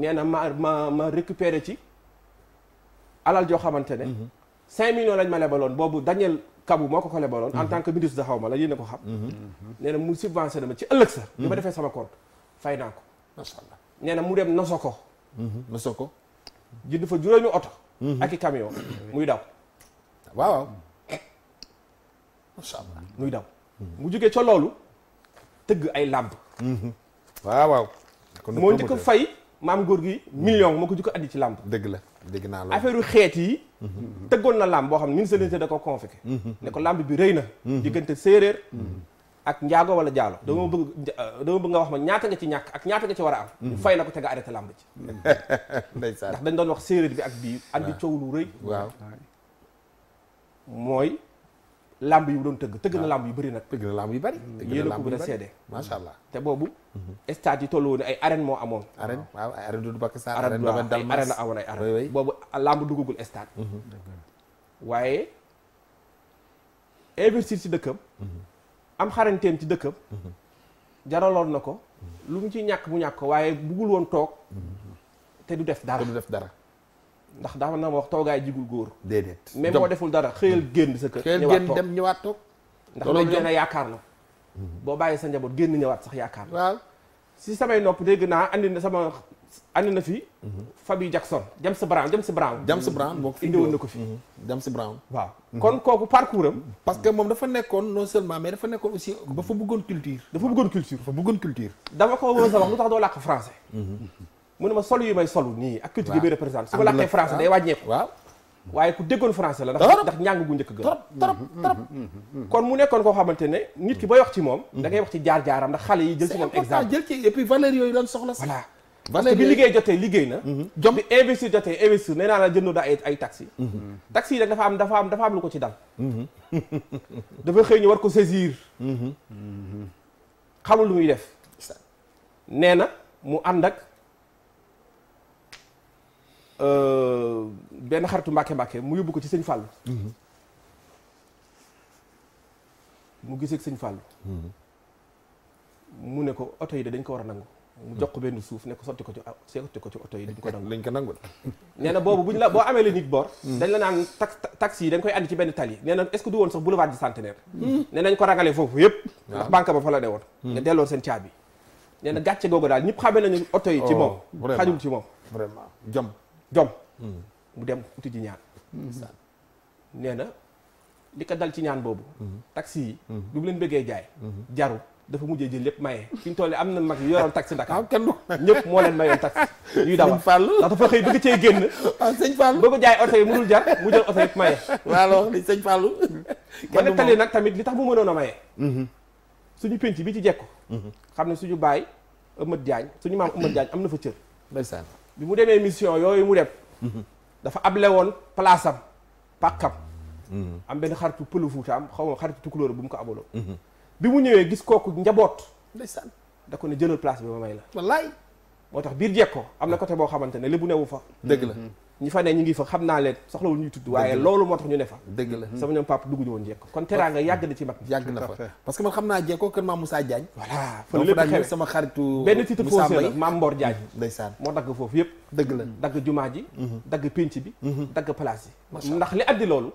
nee na ma ma ma récupéré ci alal joo xamante ne. 5 mhm. millions lañ ma lebaloon boobu Daniel Kabou moo ko ko lebaloon. en mhm. tant que ministre de xaw ma la yéen ko xam. Mhm. nee na mu subventionné ma ci ëllëg sax. li ma defee sama compte fay naa ko. macha na mu dem noso ko. noso ko. jënd fa juróomi oto. ak i camion muy daw. waaw. muy daw. mu jógee ca loolu tëgg ay làmb. waaw waaw. moo njëkk fay. maam góor gi million moo ko jëkk addi ci làmp dëgg la dégg naa loolu affaire xeet yi tëggoon na làmb boo xam ne ministre de l'Intérieur da ko convoqué ne ko làmb bi rëy na diggante séeréer ak njaago wala jaalo dama bëgg dama bëgg nga wax ma ñaata nga ci ñàkk ak ñaata nga ci war a am fay la ko teg nga arrêté làmb ci ndax dañ doon wax séeréer bi ak bii andi coow lu rëy waaw mooy làmb yi mu doon tëgg tëgg na ah. lamb yu bëri nag tëgg na lamb yu bëri mm. yéen a ko mën a seede macha allah mm. te boobu mm-hmm. stade yi toll woon ay arène moo amoon arène waaw ay arène du bakk sa arène ay arène la amoon ay arène boobu ah, lamb duggagul stade mm-hmm. waaye investir si dëkkam mm-hmm. am xarañteem ci dëkkam jaraloon na ko lu mu ci ñàkk bu ñàkk ko waaye buggul woon toog te du def dara te du def dara ndax daa na ma wax toogaay jigul góor déedéet même boo deful dara xëyal génn sa kër xëyal génn dem ñëwaat toog ndax loolu nee yaakaar la mhm. boo bàyyi sa njaboot génn ñëwaat sax yaakaar la waaw si samay nopp dégg naa andi na sama andi na fi mhm. Fabi Jackson James Brown James Brown James Brown moo ko fi indiwoon na ko fi mhm. James Brown waaw kon kooku parcours am parce que moom dafa nekkoon non seulement mais dafa nekkoon aussi dafa bëggoon culture dafa bëggoon culture dafa bëggoon culture dama ko woon sa wax lu tax doo làkk français mu ne ma sol yu may sol nii ak culture bi su ma làkkee français ah. day wàññeeku waaw waaye ku déggoon français la ndax ndax njàng gu njëkk ga trop trop mhm, trop mhm, mhm. kon mu nekkoon koo xamante ne nit ki bay wax ci moom da wax ci jaar-jaaram ndax xale yi jël ci moom exemple jël ci et puis valeur yooyu lan soxla si voilà parce que bi liggéey jotee liggéey na jom bi investir jotee investir nee naa la jëndoo daa ay ay taxi taxi yi nag dafa am dafa am dafa am lu ko ci dal dafa xëy ñu war ko saisir xamul lu muy def nee na mu ànd ak Euh, benn xaritu Mbàkke Mbàkke mu yóbbu ko ci sëñ Fàllu mu gisee ak sëñ Fàllu mu ne ko oto yi de dañ ko war a nangu mu jox benn suuf ne ko sotti ko ci sotti ko ci oto yi dañ ko nangu dañ ko nangu nee na boobu buñ la boo amee la nit boor mm. dañ la naan tax taxi yi dañ koy andi ci benn tali yi na est-ce que du woon sax boulevard du Centenaire mm. nee nañ ko ragalee foofu yëpp ndax banque ba fa la ne woon mm. nga delloo seen caabi nee na gàcce googu daal ñëpp xamee nañu oto yi ci oh, moom xajul ci moom vraiment jom jom hmm. mu dem uti ji ñaan hmm. nee na li ko dal ci ñaan boobu hmm. taxi yi bi mu leen bëggee jaay jaru dafa mujjee jël lépp maye fi ñu yi am na mag yoroon taxi Dakar ah, kenn ñëpp moo leen mayoon taxi ñuy dawal Fall ndax dafa xëy bëgg cee génn waaw ah, sëñ Fall bëgg jaay oto yi mënul jar mu jël oto yëpp maye waaw loolu sëñ Fall ma nettali nag tamit li tax mu mënoon a maye suñu penc bi ci jekku xam ne suñu baay Amad Diagne suñu maam Amad jaañ am na fa cër ndeysaan bi mu demee mission yooyu mu dem dafa able woon place am pàkkam mhm. am benn xaritu pëlu Fuutaam xaw ma xaritu tukulóor bu mu ko abaloo mhm. bi mu ñëwee gis kooku njaboot ndeysaan da ko ne jëlal place bi ma may la wallaay moo tax biir jekkoo am na côté boo xamante ne lébu newu fa dëgg la mhm. ñi fa ne ñu ngi fa xam naa leen soxlawul ñuy tudd waaye loolu moo tax ñu ne fa dëgg la sama ñoom papa dugg ñu woon jekko kon teraanga yàgg na ci mag yàgg na fa parce que man xam naa jekko kër maam Moussa Diagne voilà fa lépp xew sama xaritu benn titre foncier la maam mhm, moo dagg foofu yëpp dëgg la dagg jumaa ji mhm. dagg pénc bi mhm. dagg place yi ndax li addi loolu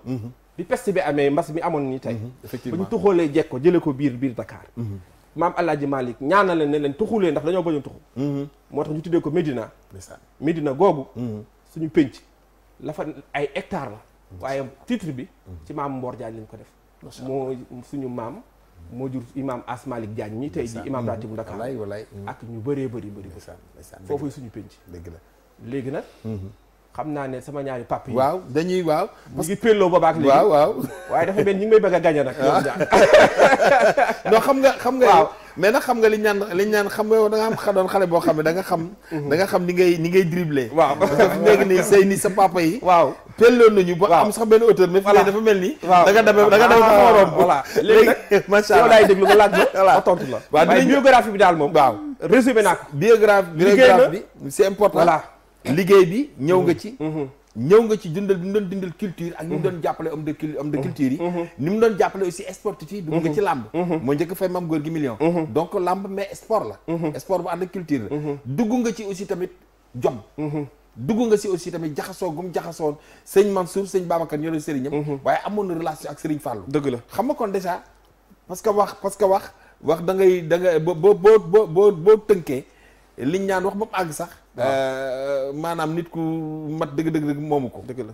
bi peste bi amee mbas mi amoon ni tey effectivement ba ñu tuxoolee ko jële ko biir biir Dakar maam Alaaji Malick ñaanal leen ne leen tuxulee ndax dañoo bañu tuxu moo tax ñu tuddee ko Médina Médina googu suñu penc la ay hectare la waaye titre bi mm-hmm. ci maam Mboor Diagne lañ ko def moo suñu maam moo jur imaam Asmalik Diagne ñi tey ji imaam raatibu Ndakaar mm-hmm. ak ñu bëree bëri bëri foofu suñu pénc dëgg la léegi nag mm-hmm. xam naa ne sama ñaari pap yi. waaw dañuy waaw. ñu ngi pelloo boobaak léegi waaw waaw. waaye dafa mel ñu may bëgg a gañe nag. non xam nga xam nga. waaw mais nag xam nga li ñaan li ñaan xam nga da nga am doon xale boo xam ne da xam. Mhm. da nga xam ni ngay ni ngay dribblé. waaw parce que fi nekk sa papa waaw pelloon nañu. ba am sax benn hauteur mais. voilà dafa mel ni. waaw da nga demee da nga demee ba xorom. Ah, voilà léegi nag macha allah yow daay déglu ba laaj ma. voilà tontu la. waaw dinañ biographie bi daal moom. waaw résumé naa ko. bi c'est important liggéey bi ñëw nga mhm. ci mhm. ñëw nga ci dundal bi mu doon dundal culture ak ni mu mhm. doon jàppale homme de homme de culture yi ni mu doon jàppale aussi sportif dugg nga ci làmb moo njëkk fay mam góor gi million donc làmb mais sport la sport bu ànd ak culture la dugg nga ci aussi tamit jom dugg nga si aussi tamit jaxasoo gum jaxasoon sëñ Mansour sëñ Babacar ñoo leen sëriñam waaye amoon na relation ak sëriñ Fallou dëgg la xam nga kon déjà parce que wax parce que wax wax da ngay da boo boo liñ ñaan wax ba mu àgg sax. Euh, maanaam nit ku mat dëgg dëgg dëgg moomu ko. dëgg la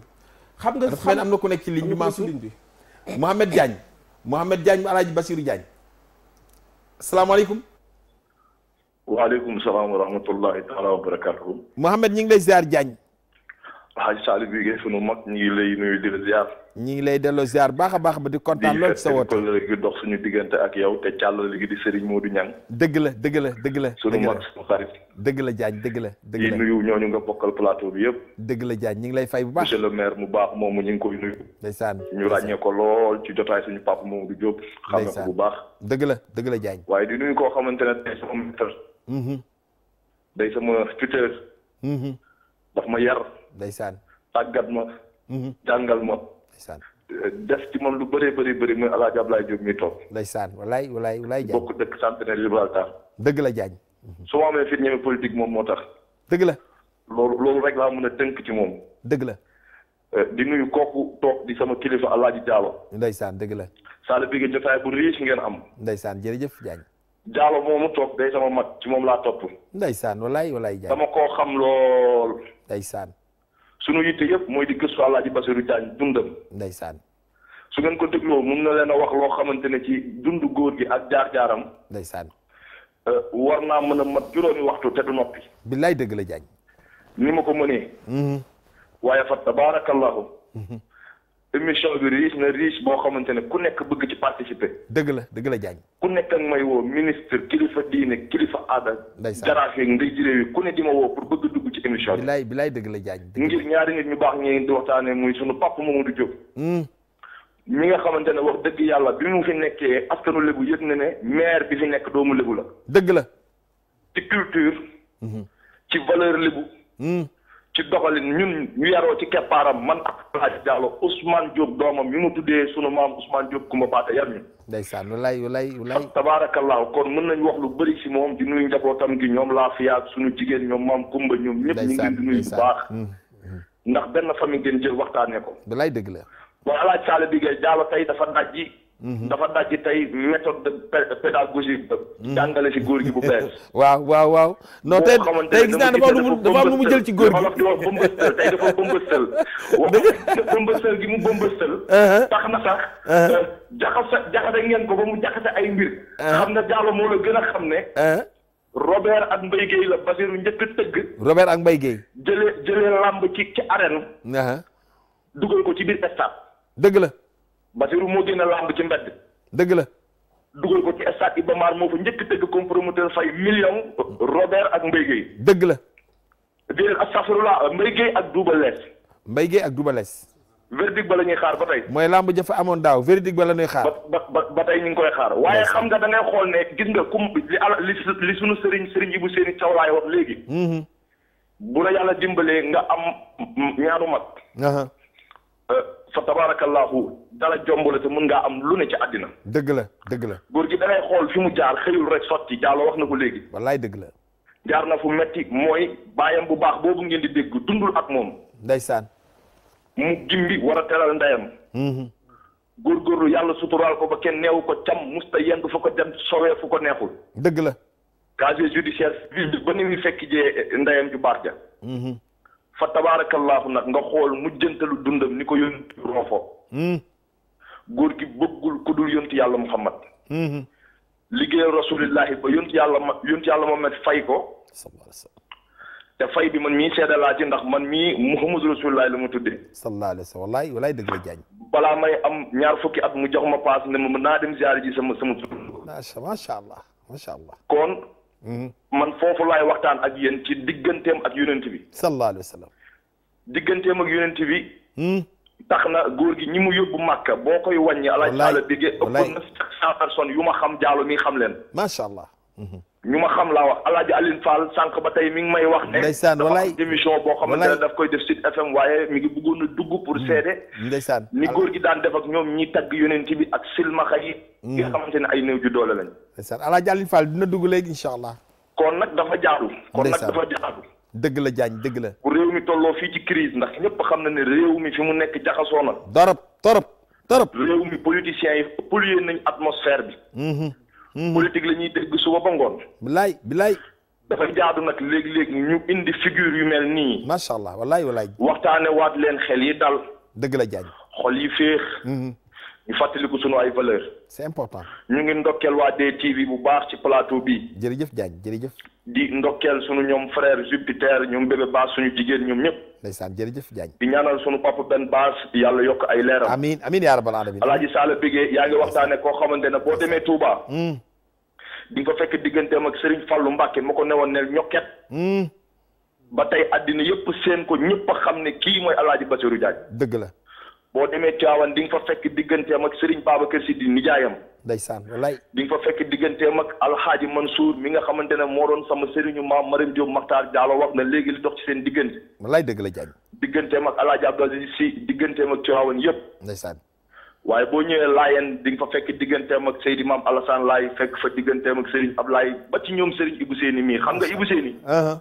xam nga xam am na ku nekk ci ligne bi Mansour ligne bi. mu Diagne Mohamed Diagne mu Alaaji jaañ Diagne. salaamaaleykum. waaleykum salaam wa rahmatullahi wa barakaatuhu. Mohamed ñu ngi lay ziar Diagne. Hadj Salif bi ngeen sunu mag ñu ngi lay nuyu di la ziar. ngi lay delloo ziar baax a baax ba di kontaan lool sa woote di dox suñu diggante ak yow te càllale gi di Serigne Modou Niang. dëgg la dëgg la dëgg la. sunu mag sunu xarit. dëgg la Diagne dëgg la. dëgg la di nuyu ñooñu nga bokkal plateau bi yëpp. dëgg la Diagne ñu ngi lay fay bu baax monsieur le mu baax moomu ñu ngi koy nuyu. ndeysaan ñu ràññee ko lool ci jotaay suñu papa Mamadou Diop. ndeysaan xam na bu baax. dëgg la dëgg la jaañ waaye di nuyu koo xamante ne tey sama maître. Mm-hmm. day sama tuteur. Mm-hmm. daf ma yar day saan tàggat ma mhm. jàngal ma ndeysaan def ci moom lu bëree bëri bëri muy alaaji Ablaye Diop mi toog ndeysaan walaay walaay walaay Diagne bokk dëkk centenaire Gibraltar dëgg la Diagne mhm. su ma amee fit ñeme politique moom moo tax dëgg la loolu loolu rek laa mën a tënk ci moom dëgg la eh, di nuyu kooku toog di sama kilifa alaaji Diallo ndeysaan dëgg la saala bi nga jotaay bu riche ngeen am ndeysaan jërëjëf Diagne Diallo moomu toog day sama mag ci moom laa topp ndeysaan walaay walaay Diagne dama koo xam lool ndeysaan suñu yitte yëpp mooy di gëstu Alaaji Basiru Jaañ dundam. saan su ngeen ko dégloo mun na leen a wax loo xamante ne ci dund góor gi ak jaar-jaaram. ndeysaan. Euh, war naa mën a mat juróomi waxtu te du noppi. billaay dëgg la Jaañ. ni ma ko mënee. Mm-hmm. waaye fa tabaarakallahu mm-hmm. émission bi riche na riche boo xamante ne ku nekk bëgg ci participer. dëgg la dëgg la Diagne. ku nekk ak may woo ministre kilifa diine kilifa aada. ndeysaan jaraaf yeeg ndey jiree yi ku ne di ma woo pour bëgg dugg ci émission bi. bilaay bilaay dëgg la Diagne. ngir ñaari nit ñu baax ñi di waxtaanee muy sunu papa Mamadou Diop. Hmm. mi nga xamante ne wax dëgg yàlla bi mu fi nekkee askanu lébu yëg na ne maire bi fi nekk doomu lébu la. dëgg la. ci culture. Hmm. ci valeur lébu. Hmm. ci doxalin ñun ñu yaroo ci keppaaram man ak Alaaji Diallo Ousmane Diop doomam yi ma tuddee sunu maam Ousmane Diop Kumba Paate yar ñu. ndeysaan lu lay lu lay lu kon mën nañu wax lu bëri si moom di nuyu njabootam gi ñoom laafiya ak sunu jigéen ñoom maam Kumba ñoom. ñëpp ñu ngi di nuyu baax. Mm, mm. ndax benn famille ngeen jël waxtaanee ko. lu lay dëgg la. waaw Alaaji Sall bi Diallo tey dafa daj Mhm. dafa daj tey méthode pédagogique bi. jàngale si góor gi bu bees. waaw waaw waaw. non tey tey gis naa dafa am lu mu mu jël ci góor gi. dafa wax bëmbëstal tey dafa bëmbëstal. wax mu bëmbëstal. Uh-huh. tax na sax. Uh-huh. Euh, jaxase jaxase ko ba mu jaxase ay uh-huh. gën a xam ne. njëkk a tëgg. Robert ak Mbaye Guèye. jëlee jëlee làmb ci ci arène. ko ci biir stade. dëgg la. Basiru moo génne làmb ci mbedd. dëgg la. dugal ko ci stade Iba Mar fa njëkk ak Mbaye dëgg la. déedéet astafurlah Mbaye ak Double Less. ak Double Less. ba la ñuy xaar ba tey. mooy làmb jafa amoon daaw verdict ba la ñuy xaar. ba ba ba tey ñu ngi koy xaar. waaye xam nga da xool ne gis nga kum li ala li sunu sëriñ sëriñ yi bu seen cawlaay wax léegi. Mm-hmm. bu la yàlla dimbalee nga am ñaaru mag. fa tabaarakallaahu dara jombale te mën ngaa am lu ne ci àddina. dëgg la dëgg la. góor gi da xool fi mu jaar xëyul rek sotti jaallo wax na ko léegi. wallaay dëgg la. jaar na fu metti mooy baayam bu baax boobu ngeen di dégg dundul ak moom. ndeysaan. mu gimbi war a teral ndeyam. Mhm. góorgóorlu yàlla suturaal ko ba kenn neewu ko cam musta yendu fa ko dem sowee fu ko neexul. dëgg la. casier judiciaire ba ni muy fekk jee eh, ndeyam ju baax ja. Mhm. fa tabaarakallaahu nag nga xool mu jëntalu dundam ni ko yónni roofo hmm. góor gi bëggul ku dul yonti yàlla muhammad hmm. liggéeyal rasulillahi ba yonti yàlla ma yonti yàlla muhammad fay ko te fay bi man mii seede laa ci ndax man mii muhammadu rasulillahi lu ma tuddee sa alayhi wasallam wallaay wallaay dëgg la jaañ balaa may am ñaar fukki at mu jox ma paas ne ma naa dem ziyaare ji sama sama tur masha allah masha allah kon man foofu laay waxtaan ak yéen ci digganteem ak yonent bi. sallallahu alayhi wa sallam. digganteem ak yonent bi. Hmm? tax na góor gi ñi mu yóbbu màkka boo koy wàññi. wallaay wallaay alaaj ala bige ëpp na cent personnes yu ma xam jaalo mi xam leen. macha allah. ñu ma xam laa wax El Hadj Aline Fall sànq ba tey mi ngi may wax. ndeysaan walaay dafa émission boo xamante ne daf koy def Sud FM waaye mi ngi a dugg pour mm, seede. ndeysaan ni góor gi daan def ak ñoom ñi tagg yonent bi ak silmaxa yi. yi mm. nga xamante ne ay néew ju doole lañ. ndeysaan El Hadj Aline dina dugg léegi incha allah. kon nag dafa jaadu. kon nag dafa jaadu. dëgg la Diagne dëgg la. bu réew mi tolloo fii ci crise ndax ñëpp xam na ne réew mi fi mu nekk jaxasoo na. torop torop torop. réew mi politiciens yi pollué nañ atmosphère bi mm-hmm. Hmm. politique la ñuy dégg suba ba ngoon. bilaay bilaay. dafay jaadu nag léeg-léeg ñu indi figure yu mel nii. macha allah walaay walaay. waxtaane waat leen xel yi dal. dëgg la Diagne. xol yi féex. Hmm. ñu fàttaliku sunu ay valeur c'est important ñu ngi ndokkeel waa DTV bu baax ci plateau bi. jërëjëf Diagne jërëjëf. di ndokkeel sunu ñoom frère Jupiter ñoom bébé baas suñu jigéen ñoom ñëpp. ndeysaan jërëjëf Diagne. di ñaanal sunu papa benn baas yàlla yokk ay leeram. amiin amiin yaa rabbal alamin. alaaji Saala Bigé yaa ngi waxtaane koo xamante ne boo demee Touba. Mm. di nga ko fekk digganteem ak Serigne Fallou Mbacke ma ko newoon ne ñokket. Mm. ba tey àddina yëpp seen ko ñëpp xam ne kii mooy alaaji Basirou Diagne. dëgg la boo demee Tiwaawan di nga fa fekk digganteem ak Serigne Babacar Sy di nijaayam. ndeysaan wallaay. di nga fa fekk digganteem ak Alxaaji Mansour mi nga xamante ne moo doon sama Serigne maam Maram Diop Makhtar Diallo wax na léegi li dox ci seen diggante. wallaay dëgg la Diagne. digganteem ak El Hadj Abdou Aziz Sy digganteem ak Tiwaawan yëpp. saan waaye boo ñëwee Laayeen di nga fa fekk digganteem ak Seydi Maam Alassane Laay fekk fa digganteem ak Serigne Ablaye ba ci ñoom Serigne Ibou Séni mii xam nga Ibou Séni. Uh-huh.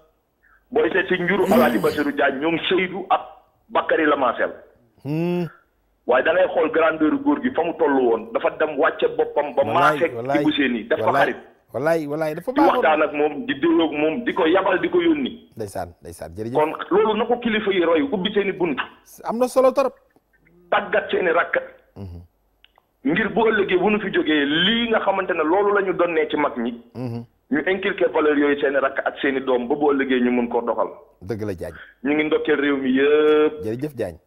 boo seet si njuru Alaaji Basiru Diagne ñoom Seydou ak Bakary la waaye da xool grandeur góor gi fa mu toll woon dafa dem wàcce boppam. ba maaseeg ci bu seen yi def ko xarit. wallaay wallaay dafa baaxoon di waxtaan ak moom di déwéog moom di ko yabal di ko yónni. ndeysaan ndeysaan jërëjëf kon loolu na ko kilifa yi roy ubbi seen i bunt. am na solo trop. tàggat seen i rakkat. Mhm. ngir bu ëllëgee bu nu fi jógee lii nga xamante ne loolu la ñu donnee ci mag ñi. Mhm. ñu inculquer valeur yooyu seeni i rakk ak seeni doom ba bu ëllëgee ñu mën koo doxal. dëgg la Diagne. ñu ngi ndokkeel réew mi yëpp. jërëjëf Diagne.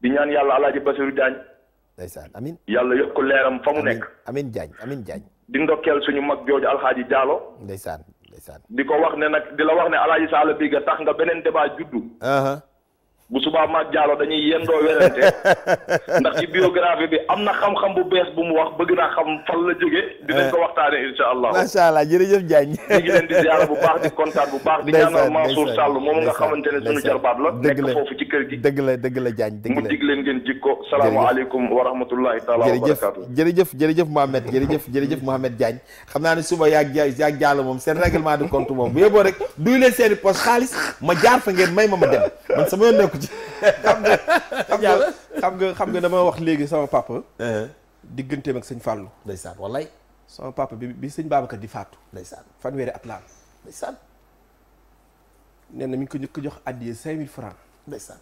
di ñaan yàlla alaaji Basiru Jaañ ndeysaan amin yàlla yokk leeram fa mu nekk amin Jaañ amin Jaañ di ndokkeel suñu mag jooju alxaaji Jaalo ndeysaan ndeysaan di ko wax ne nag di la wax ne alaaji Saala bi nga tax nga beneen débat juddu bu subaa maag Diallo dañuy yendoo werante ndax ci biographie bi am na xam-xam bu bees bu mu wax bëgg naa xam fan la jóge dinañ ko eh. waxtaanee insha allah macha allah jërëjëf Diagne ñu ngi leen di ziar bu baax di kontaan bu baax di ñaanal Mansour Sall moom nga xamante ne suñu jarbaat la nekk foofu ci kër gi dëgg la dëgg la Diagne dëgg la mu dig leen ngeen jikko salaamaaleykum wa rahmatullahi taala wa barakatu jërëjëf jërëjëf Mohamed jërëjëf jërëjëf Mohamed Diagne xam naa ne suba yaag yaag Diallo moom seen règlement de compte moom bu yeboo rek duy leen seeni poche xaalis ma jaar fa ngeen may ma ma dem man sama yoon nekk xam nga xam nga xam nga dama wax léegi sama papa. Uh-huh. digganteem ak sëñ Fallou. ndeysaan wallaay. sama papa bi bi sëñ Babacar di faatu. ndeysaan fanweeri at laal. ndeysaan. nee na mi ngi ko njëkk jox addiya cinq mille francs. ndeysaan.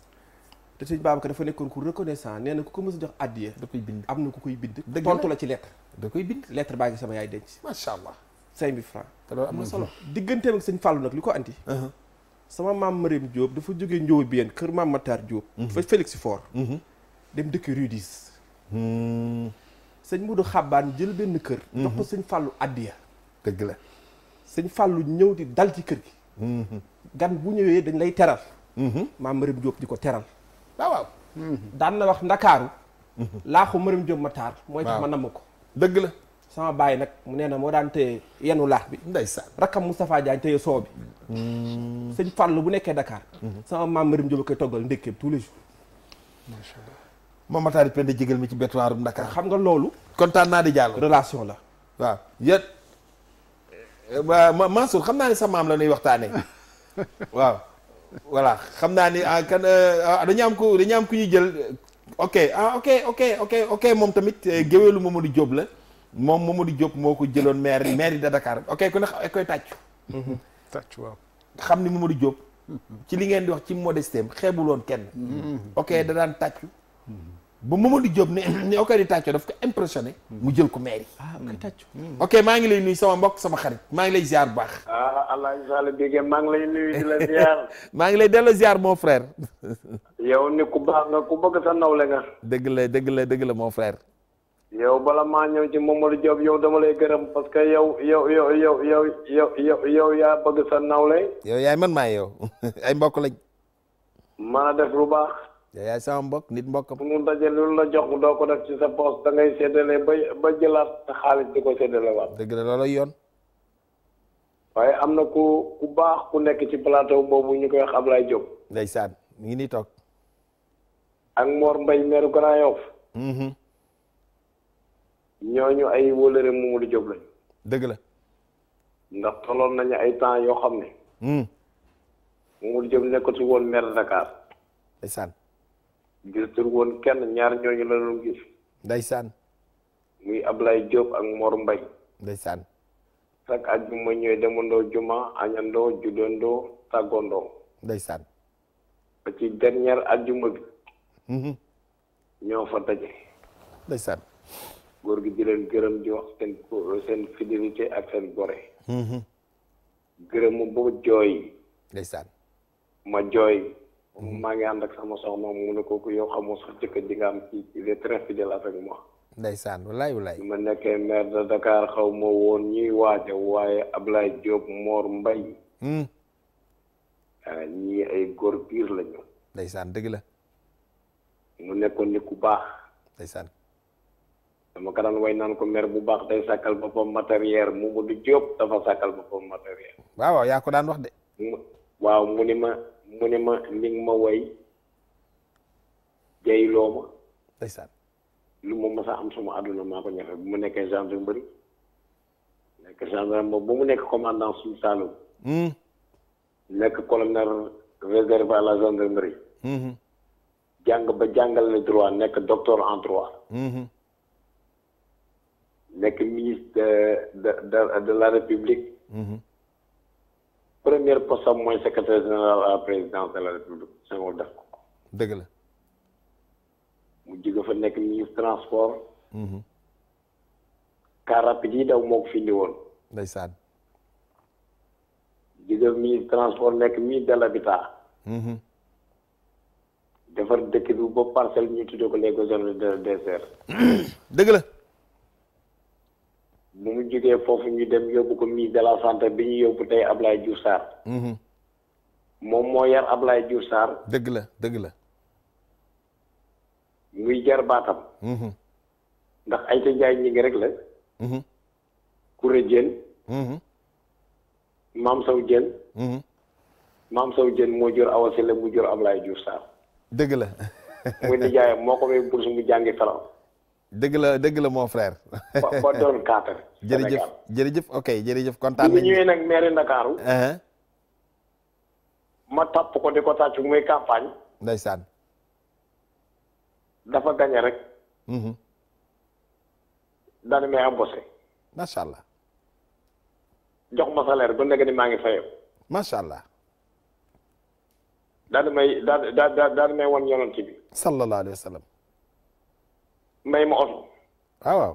te sëñ Babacar dafa nekkoon ku reconnaissant nee na ko mës a jox addiya. na ku koy bind. tontu la ci lettre. da koy bind lettre baa ngi sama yaay denc. macha allah cinq mille francs. te am na solo digganteem ak sëñ Fallou nag li ko andi. Uh-huh. sama maam Marim Diop dafa jóge bi yenn kër maam Matar Diop. Mhm. fa Félix Faure. Mhm. dem dëkk Rue 10. Hmm. sëñ Modou jël benn kër. Mhm. jox ko sëñ Fallou dëgg la sëñ Fallou ñëw di dal ci kër gi. gan bu ñëwee dañ lay teral. maam Marim Diop di ko teral. waaw waaw. daan na wax ndakaaru laaxu Marim Diop Matar. waaw mooy tax ma namm ko dëgg la. sama bàyyi nag mu nee na moo daan téye yenu laax bi. ndeysaan rakkam Moustapha Diagne téye soow bi. Mm. sëñ Fallou bu nekkee Dakar. Mm-hmm. sama maam Marim Diop koy toggal ndékkeem tous les jours. macha allah xam nga loolu. kontaan naa di jàll. relation la. waaw yéen ma xam naa ne sa maam la nuy waxtaanee waaw. voilà xam naa ni ah kan euh, ah, dañu am ku dañu am ku ñuy jël. ok ah ok ok ok moom tamit euh, géwélu Mamadou Diop la. mom Mamadou Diop job ko jëloon maire yi maire yi de Dakar ok ku ne koy tàccu mhm. tàccu waaw xamni ni Mamadou Diop ci li ngeen di wax ci modestem xébul won kenn mhm. ok da daan tàccu bu Mamadou Diop ne ni ok di tàccu daf ko impressionné mu jël ko maire ah, mhm. ok ok ngi lay nuy sama mbokk sama xarit ma ngi lay ziar bu baax ah Alaaji Sall bege ma ngi lay nuy di la ziar ma ngi lay delo ziar mon frère yow ni ku baax nga ku bëgg sa nawle nga deug la deug la deug la mon frère yow bala maa ñëw ci moom Mamadou Diop yow dama lay gërëm parce que yow yow yow yow yow yow yaa bëgg sa nawle. yow yaay man maa yow ay mbokk lañ. mën a def lu baax. yow yaay sama mbokk nit mbokk. bu mu daje lu la jox doo ko def ci sa poos da ngay séddale ba ba jëlaat sa xaalis di ko séddale waat. dëgg la looloo yoon. waaye am na ku ku baax ku nekk ci plateau boobu ñu koy wax Ablaye Diop. saan mi ngi nii toog. ak Mor Mbaye meeru Grand Yoff. Mm-hmm. ñooñu ay wóolëre Mamadou Diop lañu. dëgg la. ndax tolloon nañu ay temps yoo xam ne. Hmm. Mamadou Diop nekkatul woon maire Dakar. ndeysaan. gisatul woon kenn ñaar ñooñu la doon gis. ndeysaan. muy Ablaye Diop ak Mor mbay ndeysaan. chaque àjjuma ñooy demandoo tàggandoo. ndeysaan. ba ci dernière àjjuma bi. Hmm. ñoo fa daje. ndeysaan. góor gi di leen gërëm di wax seen seen fidélité ak seen gore mm-hmm. gërëm mu boobu jooy ndeysaan ma jooy mm-hmm. maa ngi ànd ak sama soxna mu ne kooku yow xamoo sax jëkkër di nga am ci il est très fidèle avec moi ndeysaan walaay walaay ma nekkee maire de Dakar xaw ma woon ñuy waaja waaye Ablaye Diop Mor Mbay mm. ah, ñii ay gor biir lañu ndeysaan dëgg la mu nekkoon ku baax ndeysaan dama ko daan way nan ko mer bu baax day sakal boppam matériel ya mu mu Diop dafa sakal boppam matériel. waaw waaw yaa ko dan wax de. waaw munima munima ning ma way jey loma ma. lu mo ma sa am suma aduna mako ko bu mu nekkee gendarmerie nekk gendarme bu mu nekk commandant salu hmm nekk colonel réserve à la gendarmerie. hmm jang ba jangal le droit nekk docteur en droit. hmm nekk ministre de de de la république. Mhm. première poste am mooy secrétaire général à la de la république Senghor def ko. dëgg la. mu jóge fa nekk ministre transport. Mhm. car rapide yi daw moo ko fi indi woon. ministre transport nekk ministre de l'habitat. Mhm. defar dëkk bi ba parcelle ñu tuddee ko les de désert. dëgg la. bu mu jógee foofu ñu dem yóbbu ko ministre de la santé bi ñu yóbbu tey Ablaye Diouf Sarr. Mhm. moom moo yar Ablaye Diouf Sarr. dëgg la dëgg la. muy jar baatam. Mhm. ndax ay ca jaay ñi ngi rek la. Kouré mhm. Diène. Maam Sow jën Maam Sow Diène moo jur Awa mu jur Ablaye Diouf Sarr. dëgg la. muy nijaayam moo ko may bourse mu jàngi faraw. dëgg la dégg la mon frère. fa doon kaatar. jërëjëf jërëjëf ok jërëjëf kontaan nañu. bu ñu ñëwee nag maire Ndakaaru. Uh-huh. ma topp ko di ko tàccu muy campagne. ndeysaan. dafa gañe rek. Mm-hmm. daan may embauché. macha allah. jox ma salaire ba nekk ni maa ngi fayoo. macha allah. daan may daal daan daan may wan ci bi. sallallahu alayhi may ma oto. waaw ah, waaw.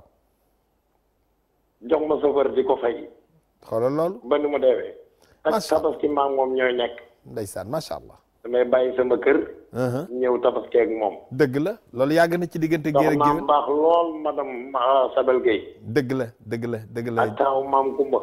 jox ma chauffeur di ko fay. xoolal loolu. ba nu mu deewee. macha allah tabaski maa moom ñooy nekk. ndeysaan macha allah. damay bàyyi sama kër. Uh-huh. ñëw tabaski ak moom. dëgg la loolu yàgg na ci diggante. géer ak géer maam baax lool madame ah, Sabel Gueye. dëgg la dëgg la dëgg la. ak taaw maam Kumba.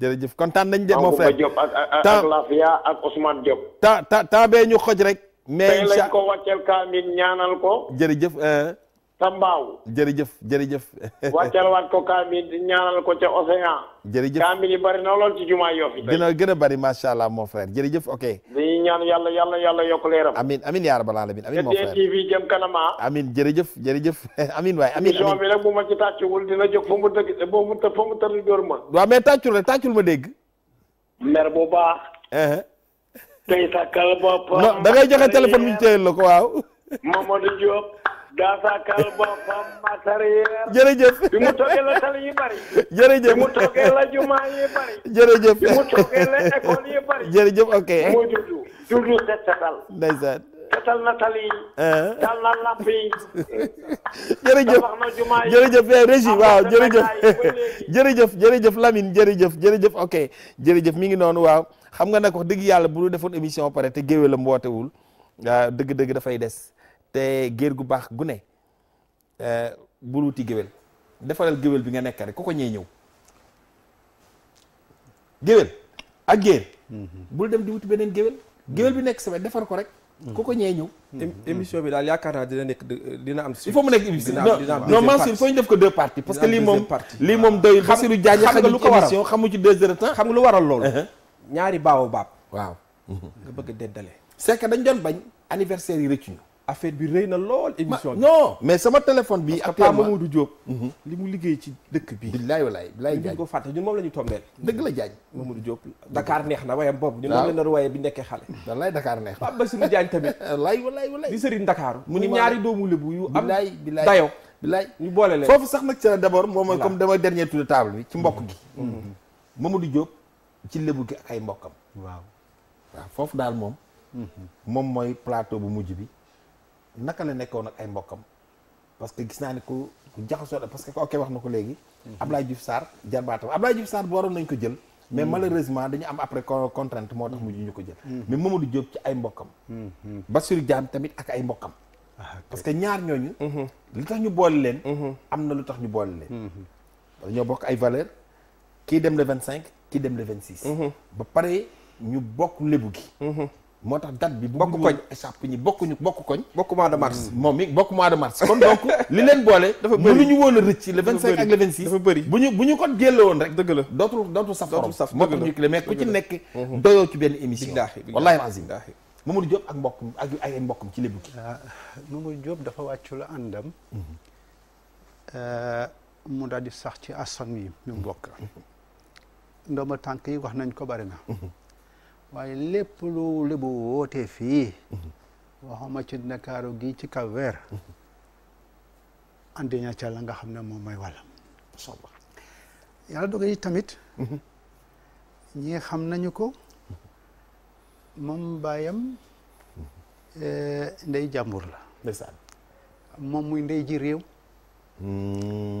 jërëjëf kontaan nañ de mo frère Kumba Diop ak ak ak Lafia ak Ousmane Diop. ta ta ta bee ñu xoj rek. mais tey lañ ko waccel kaamil ñaanal ko. jërëjëf. Euh, Tambaaw jërëjëf jërëjëf wat ko kaamil ñaanal ko ci océan jërëjëf kami yi bari na lol ci jumaa Yoff dina gëna bari ma sha allah mo frère jërëjëf ok di ñaan yalla yalla yalla yok leeram amin amin ya rabbal alamin amin mo frère TV jëm kanama ah. amin jërëjëf jërëjëf amin way amin amin bi nag bu ma ci taccu wul dina jox fu mu dëgg bo mu ta fu mu ta jóor ma wa mais taccu rek tàccul ma dégg mer bu baax uh-huh. tey sàkkal bopp non da ngay joxe téléphone bi ñu téyel lako waw Mamadou Diop daasakaal boppam jërëjëf bi mu toogee jërëjëf jërëjëf bi jërëjëf ok. Ah. jërëjëf tabax na eh, waaw jërëjëf. jërëjëf jërëjëf jërëjëf ok jërëjëf mi ngi noonu waaw xam nga nag wax dëgg yàlla bu ñu defoon émission pare te géwélam wootewul dëgg-dëgg dafay des. te géer gu baax gu ne euh, bul wuti géwél defaral géwél bi nga nekk rek ku ko ñee ñëw géwél ak géer mhm. bul dem di wuti beneen géwél géwél bi nekk sama defar ko rek ku ko ñee ñëw mhm. émission bi daal yaakaar naa dina nekk dina am il faut mu nekk émission non Mansour foo ñu def ko deux parties parce que lii moom lii moom doy Bassirou Diagne xam nga lu ko waral xamu ci deux heures temps xam nga lu waral loolu uh-huh. ñaari baaw baab waaw nga bëgg a deddale c'est dañ doon bañ anniversaire yi rëccuñu affaire bi rëy na lool émission bi. mais sama téléphone bi. actuellement parce que Mamadou mhm. li mu liggéey ci dëkk bi. billaay walaay billaay Diagne ñu ko fàtte ñun la ñu tombeel. dëgg la Diagne. Mamadou Diop Dakar neex na wayam boobu. waaw ñun moom la ñu waaye bi nekkee xale. wallaay Dakar neex na Pape Bassirou Diagne tamit. wallaay wallaay wallaay. di sëriñ Dakar. mu ni ñaari doomu Lebu yu am. billaay billaay dayo billaay ñu boole leen foofu sax nag ci la d' abord moom mooy comme damay dernier tour de table bi ci mbokk gi. Mm-hmm. Mm-hmm. Mamadou Diop ci Lebu ak ay mbokkam. waaw waaw daal moom. Mm-hmm. moom mooy plateau bu mujj bi naka la nekkoon ak ay mbokkam parce que gis naa ne ku ku jaxasoo parce que ok wax na ko léegi. Mhm. Ablaye Diouf Sarr jarbaatam Ablaye Diouf Sarr ko jël. mais mhm. malheureusement dañu am après mhm. ñu ko jël. mais Mamadou Diop ci ay mbokkam. Bassirou Diam tamit ak ay mbokkam. Ah, parce que ñaar ñooñu. li tax ñu boole leen. am na lu tax ñu boole leen. ñoo bokk ay valeur kii dem le vingt cinq kii dem le vingt six. ba pare ñu bokk lébu gi. moo tax date bi. bokk koñ échappe ñi bokk ñu bokk koñ. bokk mois de mars. moom mi bokk mois de mars. kon donc li leen boole. dafa bëri mënuñu woon a rëcc le 25 ak le 26. dafa bëri bu ñu bu ñu ko jëlee woon rek. dëgg la dootul dootul saf. dootul saf dëgg la moo tax ñu mais ku ci nekk. Mhm. doyoo ci benn émission. wallaahi azim Mamadou Diop ak mbokkum ak ay mbokkum ci lébu gi. Ah, Mamadou Diop dafa wàccul àndam. Mhm. Euh, mu daal di sax ci askan wi. ñu mhm. bokk ndooma tànk yi wax nañ ko bari na waaye lépp lu lébu wootee fii waxuma ci Ndakaaru gi ci kaw weer andi ña ca la nga xam ne moom mooy wàllam yàlla dogal yi tamit mhm. ñi xam nañu ko moom baayam eh, ndey jàmbur la ndeysaan moom muy ndey ji réew hmm.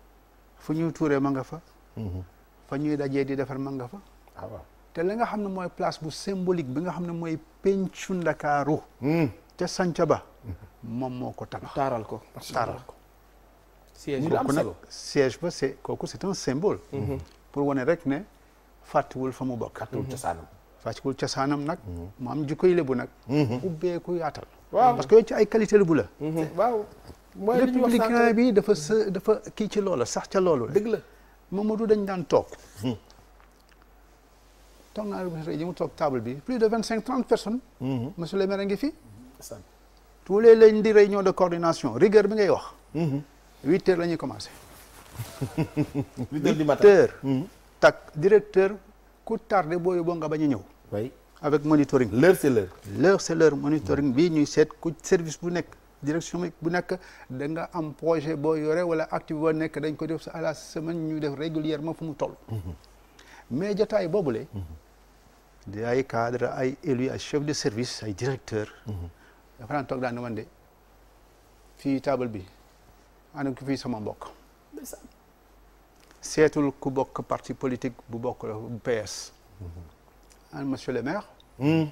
fu ñuy tuuree ma nga fa mhm. fa ñuy dajee di defar ma nga fa ah, te la nga xam ne mooy place bu symbolique bi nga xam ne mooy pencu Ndakaaru mhm. ca sanca ba mhm. moom moo ko tabax taaral ko taaral ko siège bu am solo siège ba c'est kooku c'est un symbole pour wane rek ne fàttiwul fa mu bokk fàttiwul cosaanam fàttiwul cosaanam nag mu am jikkoy lebu nag ubbeeku yaatal parce que yooyu ay qualité lebu la le public bi dafa dafa ki ci loolu sax ca loolu dëgg la mamadou dañ daan toog hmm. toog naa rek ji mu toog table bi plus de 25 30 personnes. Hmm. monsieur le maire a ngi tous les lundi réunion de coordination rigueur bi ngay wax. 8 hmm. h la ñuy commencé. 8 h du matin 8 heures. directeur ku tardé booyu boo nga bañ a ñëw. avec monitoring. L'heure, c'est l'heure. L'heure, c'est l'heure. Le monitoring bii ñuy ku service bu direction bu nek da nga projet wala dañ ko def à la semaine ñu régulièrement mm-hmm. mais jotaay mm-hmm. y di ay cadre ay élu ay chef de service ay directeur mm-hmm. tok table bi sama parti politique PS monsieur le maire mm.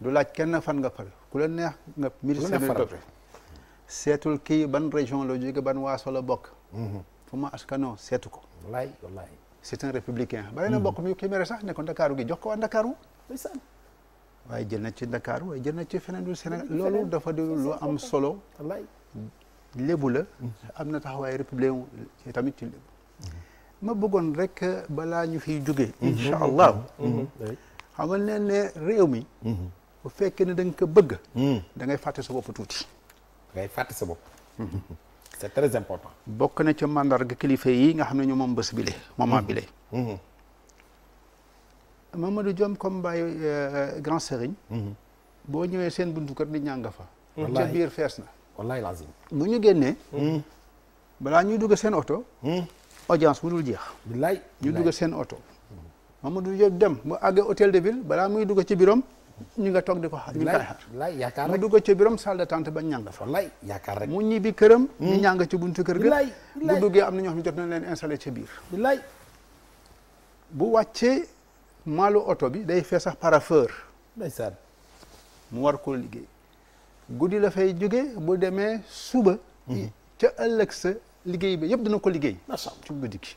du kenn fan nga la neex nga ministre seetul kii ban région la jóge ban waa solo bokk. Mhm. fu ma askanoo seetu ko. wallaay wallaay. c'est un républicain. bari na mhm. bokk mi kii mere sax ne ko Ndakaaru gi jox ko waa Ndakaaru. waaye jël na ci Ndakaaru waaye jël na ci feneen du Sénégal loolu dafa di lu am solo. wallaay. la. Mhm. am na taxawaay républicain tamit ci lébu. ma bëggoon rek balaa ñu fi jóge. incha allah. xam ne ne réew mi. bu fekkee ne da ko bëgg. da ngay fàtte sa bopp tuuti. ngay fàtte sa bopp. c'est très important. bokk na ca mandarga kilifa yi nga xam ne ñu moom bés bile moment bile. Mm-hmm. Mamadou Diom comme Baye euh, grand Serigne. Mm-hmm. boo ñëwee seen buntu kër di ñànga fa. ca biir fees na. wallaay ñu génnee. Mm-hmm. balaa ñuy dugg seen oto. audience bu dul jeex. billaay ñu dugg seen oto. Mamadou Diop dem bu àggee hôtel de ville balaa muy dugg ci biirom. ñu nga toog di ko xaar ñu koy xaar yaakaar mu dugg ci biiram salle tant ba ñàng fa lay yaakaar rek mu ñibbi këram ñu hmm. ñàng ci buntu kër ga bu duggee am na ñoo xam ne jot nañ leen installé ci biir lay bu wàccee maalu oto bi day fee sax paraffeur ndeysaan mu war koo liggéey guddi la fay jóge bu demee suba hmm. ca ëllëg sa liggéey bi yëpp na ko liggéey ci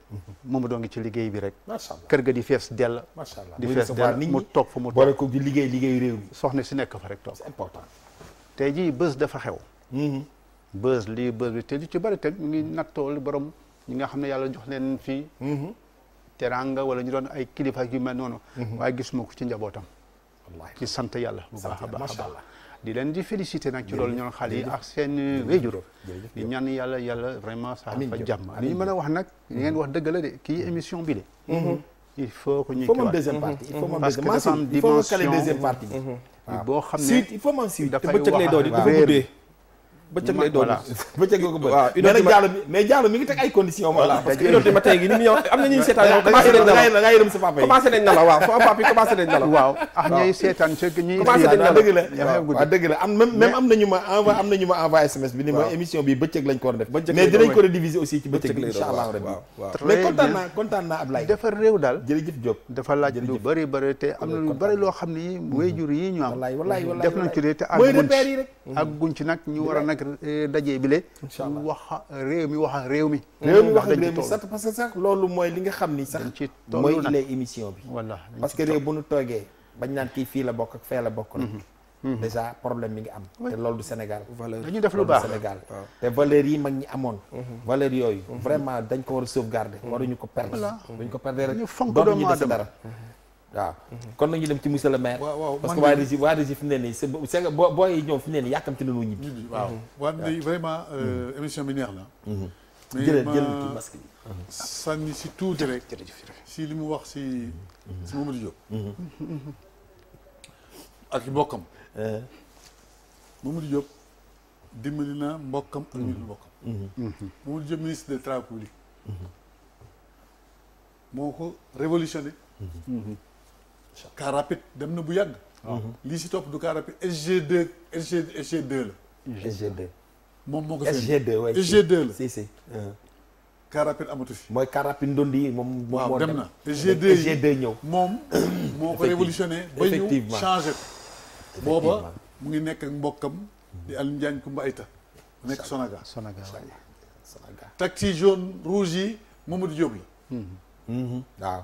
moom doo ngi ci liggéey bi rek. macha allah kër ga di fees dell. macha allah di fees dell mu toog fa mu. boole ko di liggéey liggéey réew mi. soxna si nekk fa rek toog. c'est important. tey jii bës dafa xew. Mm-hmm. bës lii bës bi te li ci bari tamit ñu ngi nattool borom ñi nga xam ne yàlla jox leen fii. Mm-hmm. teraanga wala ñu doon ay kilifa yu mel noonu. Mm-hmm. waaye gisuma ko ci njabootam. wallaahi ci sant yàlla bu baax a baax a di leen di félicité nag ci loolu ñoom xale ak seen wéjur di ñaan yàlla yàlla vraiment sax fa jàmm li ñu mën a wax nag li ngeen wax dëgg de kii mm-hmm. émission bi de mm-hmm. il faut que ñu ko wax deuxième partie il faut moom mm-hmm. parce que dafa am dimension deuxième partie il faut moom si dafay bëccëg lay na ñuy seetaan. lañ ko war mais dinañ ko rediviser aussi ci bëccëg bi allah rabbi mais kontaan naa kontaan naa Ablaye dafa réew daal jërëjëf Diop dafa laaj te am na lu bëri loo xam ne mhm. wéyjur yi ñu am def nañ ci te ak guñ nag ñu war a nag Eh, dajee bi le wax réew mi wax ak réew mi réew mi wax ak réew mi sax parce que sax loolu mooy li nga xam ni sax mooy ilee émission bi walla parce que réew bu nu toogee bañ naan kii fii la bokk ak fee la bokk mhm. Mhm. déjà problème mi ngi am te loolu du Sénégal dañuy def lu baax Sénégal te valeurs yi mag ñi amoon mhm. valeurs yooyu vraiment dañ ko war a sauvegarder waruñu ko perdre buñ ko perdre rek dootuñu waaw kon nañu dem ci monsieur le maire. parce que waa Régis waa Régis fi mu c'est nii c' est boo boo yi ñoom fi mu ne nañu ñibbi. waaw mm-hmm. waaw waaw vraiment euh, mm-hmm. émission bi neex na. Mm-hmm. jëlal jëlal ci masque bi. sànni si tuuti rek si limu wax ci si Mamadou Diop. ak bokkam euh Mamadou Diop dimbali na mbokkam ak ñu mbokkam. Mamadou Diop ministre des travaux publics. moo ko révolutionné. car rapide dem na bu yàgg. lii si topp du car rapide SG2 SG la. sg moom moo ko si uh-huh. amatu fi. mooy car rapide ndondi yi moom. moom moo dem na sg ñëw. moom moo ko révolutionné. ba changé ko. booba mu ngi nekk ak mbokkam. di Alioune Diagne Koumba Aïta. nekk Sonaga Sonaga Sonaga. jaune rouge yi Mamadou Diop la. Mm-hmm. Mm-hmm. waaw.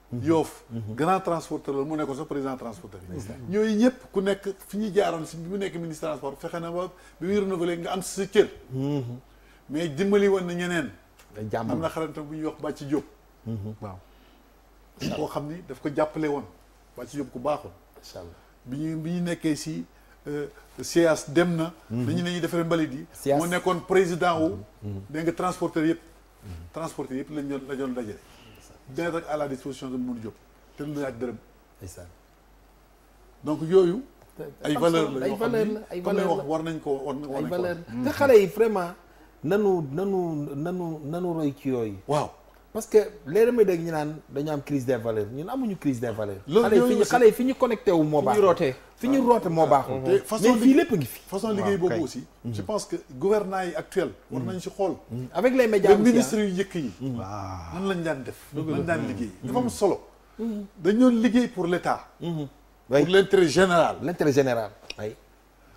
yoof grand transporteur la mu nekkoon sax président transporteur yi ñooyu ñëpp ku nekk fi ñu jaaroon si bi mu nekk ministre transport fexe na ba bi muy renouvelé nga am si sa cër mhm. mais dimbali woon na ñeneen am na xaritam bu ñuy wax Bàcci Diop mhm. waaw koo xam ni daf ko jàppale woon Bàcci Diop ku baaxoon incha allah bi ñu bi ñu nekkee si CIAS euh, dem na mhm. dañu ne ñuy defaree mbalit yi moo nekkoon président wu da nga transporteur yëpp transporteur yëpp lañ doon la doon dajale à la disposition de mon donc ay valeur valeur vraiment nanu roy ci parce que les damay dégg ñu naan dañu am crise des valeurs ñun amuñu crise des valeurs. Les ñu xale yi fi ñu connecté wu moo baax. fi ñu rootee fi ñu roote baax. Mhm. façon mais fi. façon aussi. Mhm. je pense que gouvernement actuel. Mhm. war nañ si xool. avec les médias ministres ministre hein. njëkk yi. waaw nan lañ daan def. lañ daan liggéey dafa am solo. dañoo liggéey pour l'État. pour l' général. L'intérêt général oui.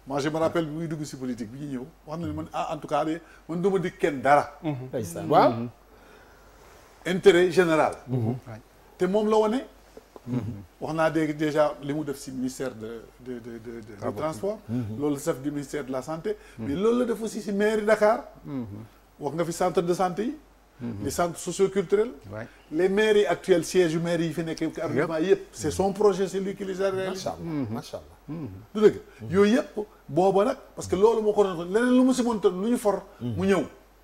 moi je me rappelle bi du coup si politique bi ñu wax nañu man ah, en tout cas de man duma dikk kenn dara. waaw intérêt général. Mhm. On mhm. a déjà le ministère de ah transport. Mhm. le chef du ministère de la santé. mais le le aussi mairie Dakar. wax centre de santé les centres socioculturels. les mairies actuelles sièges mairie c'est son projet c'est lui qui les a réalisés.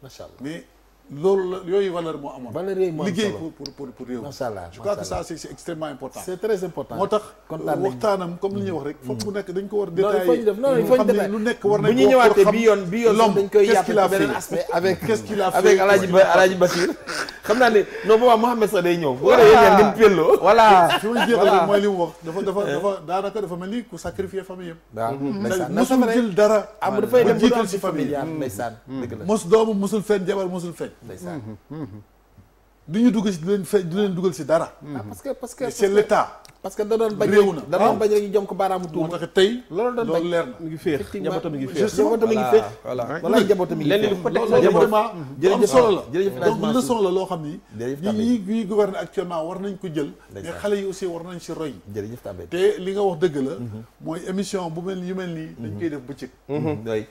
parce que loolu la yooyu valeur moo amoon. valeur yooyu moo liggéey pour pour pour réew. moo tax. waxtaanam comme li ñuy wax rek. Mm. foog nekk dañ ko war a détaillé. non il faut ñu def lu nekk war nañ ko bu ñu ñëwaatee bi yoon bi yoon dafa dafa eh. dafa dafa mel ni ku sacrifier famille am. waaw mm. jël dara. am ah, dafay dem ba doon ci famille am mm. feeñ jabar mosul feeñ ndeysaan mhm, mhm. du ñu dugg si du leen fay du leen dugal si dara. Ah, parce que parce que c'est l'état parce que da doon bañ réew na da doon ah. bañ rek ñu jom ko baaraamu tuuma moo tax tey loolu doon bañ leer na mi ngi féex ngi féex loo xam ni ñi ñuy gouverner actuellement war nañ ko jël mais xale yi aussi war nañ si roy te li nga wax dëgg la mhm. mooy émission bu mel yu mel nii dañ koy def bëccëg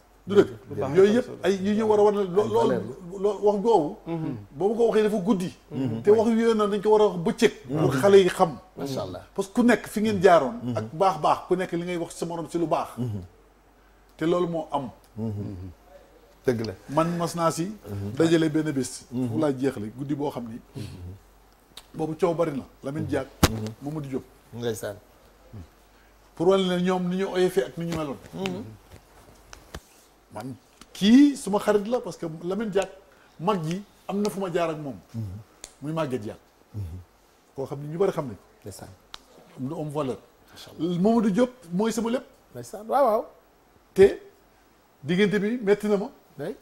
du dëkk yooyu yëpp ay yu ñu war a war a loolu loolu wax joowu mhm. boobu ko waxee dafa guddi mhm. te wax yooyu noonu dañ ko war a wax bëccëg mhm. pour xale yi xam macha allah parce que ku nekk fi ngeen jaaroon ak baax baax ku nekk li ngay wax sa morom si lu baax te loolu moo am dëgg la man mas naa si dajale benn bés fu laa jeexle guddi boo xam ni boobu coow bari na Lamine Diack mu Diop ndeysaan pour wane ne ñoom ni ñu oyee fee ak ni ñu meloon man ki suma xarit la parce que Lamine Diack mag ji am na jaar ak mom mm-hmm. muy Maguette Diack. Mm-hmm. ko xamni ñu bari xamni nañ. am lu homme voleur macha Diop moy sama lepp ndeysaan waaw waaw. té digënté bi metti na ma. day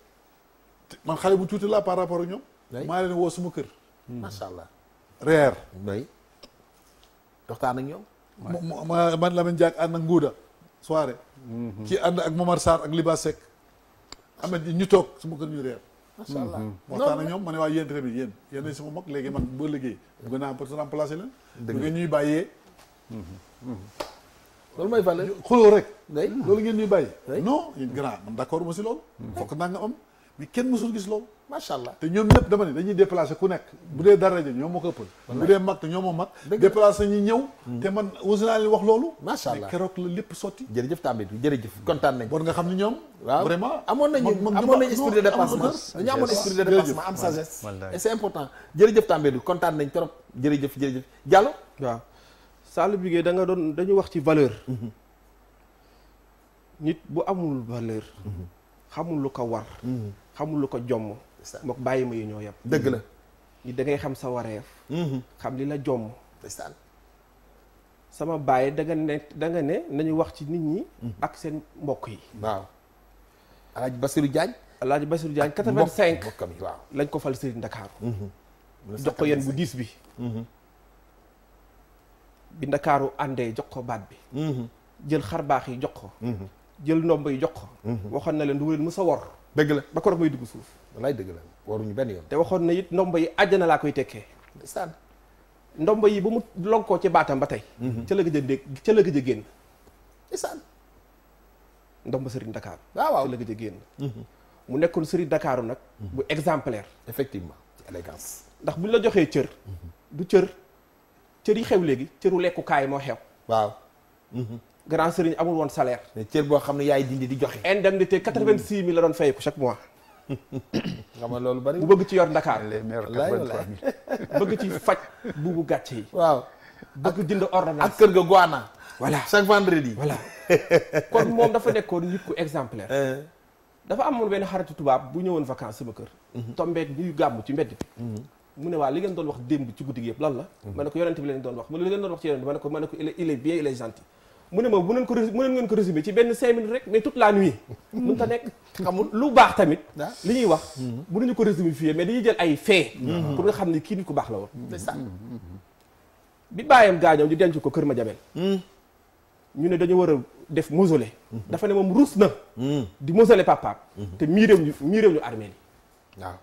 man xalé bu tuti la par rapport ak ñoom. maa leen wo suma kër. Mm-hmm. macha allah. day waxtaan ak ñom man Lamine Diack and ak Ngouda. soirée. kii and ak Momar sar ak Liba am na ñu toog sama kër ñu reer macha allah mhm. waxtaan ak ñoom ma ne waa yéen tamit yéen yéen ay suma mag léegi man boo liggéey bëgg naa peut-être remplacer leen bu ngeen ñuy bàyyee mhm. Mhm. loolu mooy fale xuloo rek loolu ngeen ñuy bàyyi non yéen grand man d'accord ma si loolu fokk naa nga am mais kenn mësul gis loolu macha allah te ñoom ñëpp dama ne dañuy déplacé ku nekk bu dee dara ja ñoo ma ko ëppal bu dee mag te ñoo mag déplacé ñi ñëw hmm. te man wax loolu macha allah keroog la lépp sotti jërëjëf tàmbit jërëjëf kontaan nañ war nga xam ne ñoom waaw vraiment amoon nañu amoon nañu esprit de dépassement dañu amoon esprit de dépassement am sagesse et c'est important jërëjëf tàmbit kontaan nañ trop jërëjëf jërëjëf Diallo waaw Sall Bigué da nga doon dañu wax ci valeur mhm. nit bu amul valeur mhm. xamul lu ko war mhm. xamul lu ko jomm mook bàyyi ma yu ñoo yem dëgg la ñi mm-hmm. da xam sa wareef mm-hmm. xam li la jomm sama bàyyi da nga ne nañu wax ci nit ñi mm-hmm. ak seen mbokk yi waaw alaaji Basiru Jaañ alaaji Basiru Jaañ quatre-vingt-cinq mbokkam yi waaw lañ ko fal sëriñ Ndakaaru jox ko yéen bu diis bi bi Ndakaaru àndee jox ko baat bi jël xar baax yi jox ko jël ndomb yi jox ko waxoon na leen du leen mu sa wor dëgg la ba koroog may dugg suuf walaay dëgg la waruñu benn yoon. te waxoon na it ndomba yi àjjana laa koy tekkee. ndomba yi ba mu lonkoo ci baatam ba tey. Mhm. ca la gëj a dégg ca la gëj a génn. ndeysaan. ndomba Serigne Dakar. waaw ah, waaw ca la gëj a génn. Mhm. mu nekkoon Serigne ndakaaru nag. Mhm. bu exemplaire. effectivement ci élégance. ndax buñ la joxee cër. du cër cër yi xew léegi cëru lekkukaay moo xew. waaw. grand sëriñ amul woon salaire. mais cër boo xam ne yaay dindi di joxe. indemnité quatre-vingt-six mille la doon fay ko chaque mois. xam nga loolu bari bu bëgg ci yor Ndakaar. bëgg ci faj yi. waaw bëgg jënd ordonnance ak kër ga Guana. voilà chaque vendredi. voilà kon moom dafa nekkoon nit ku exemplaire. dafa amoon benn xaritu tubaab bu ñëwoon vacances sama kër. Mhm. tombeek ñuy gàmm ci mbedd bi. Mhm. mu ne waa li doon wax démb ci guddi gi yëpp lan la. Mhm. ma ne ko yonent bi leen doon wax mu ne li doon wax ci yonent ma ne ko ma ne ko il est il est gentil Je ne ma bu si ko mu mais toute la nuit mën ta nek xamul lu baax tamit ah. li ñuy wax mhm. ko mais jël ay fait mhm. pour nga xamni ne nit la mhm. bi ñu denc ko keur ma jabel ñu ne dañu def dafa ne di te mirem, ñu ñu armée waaw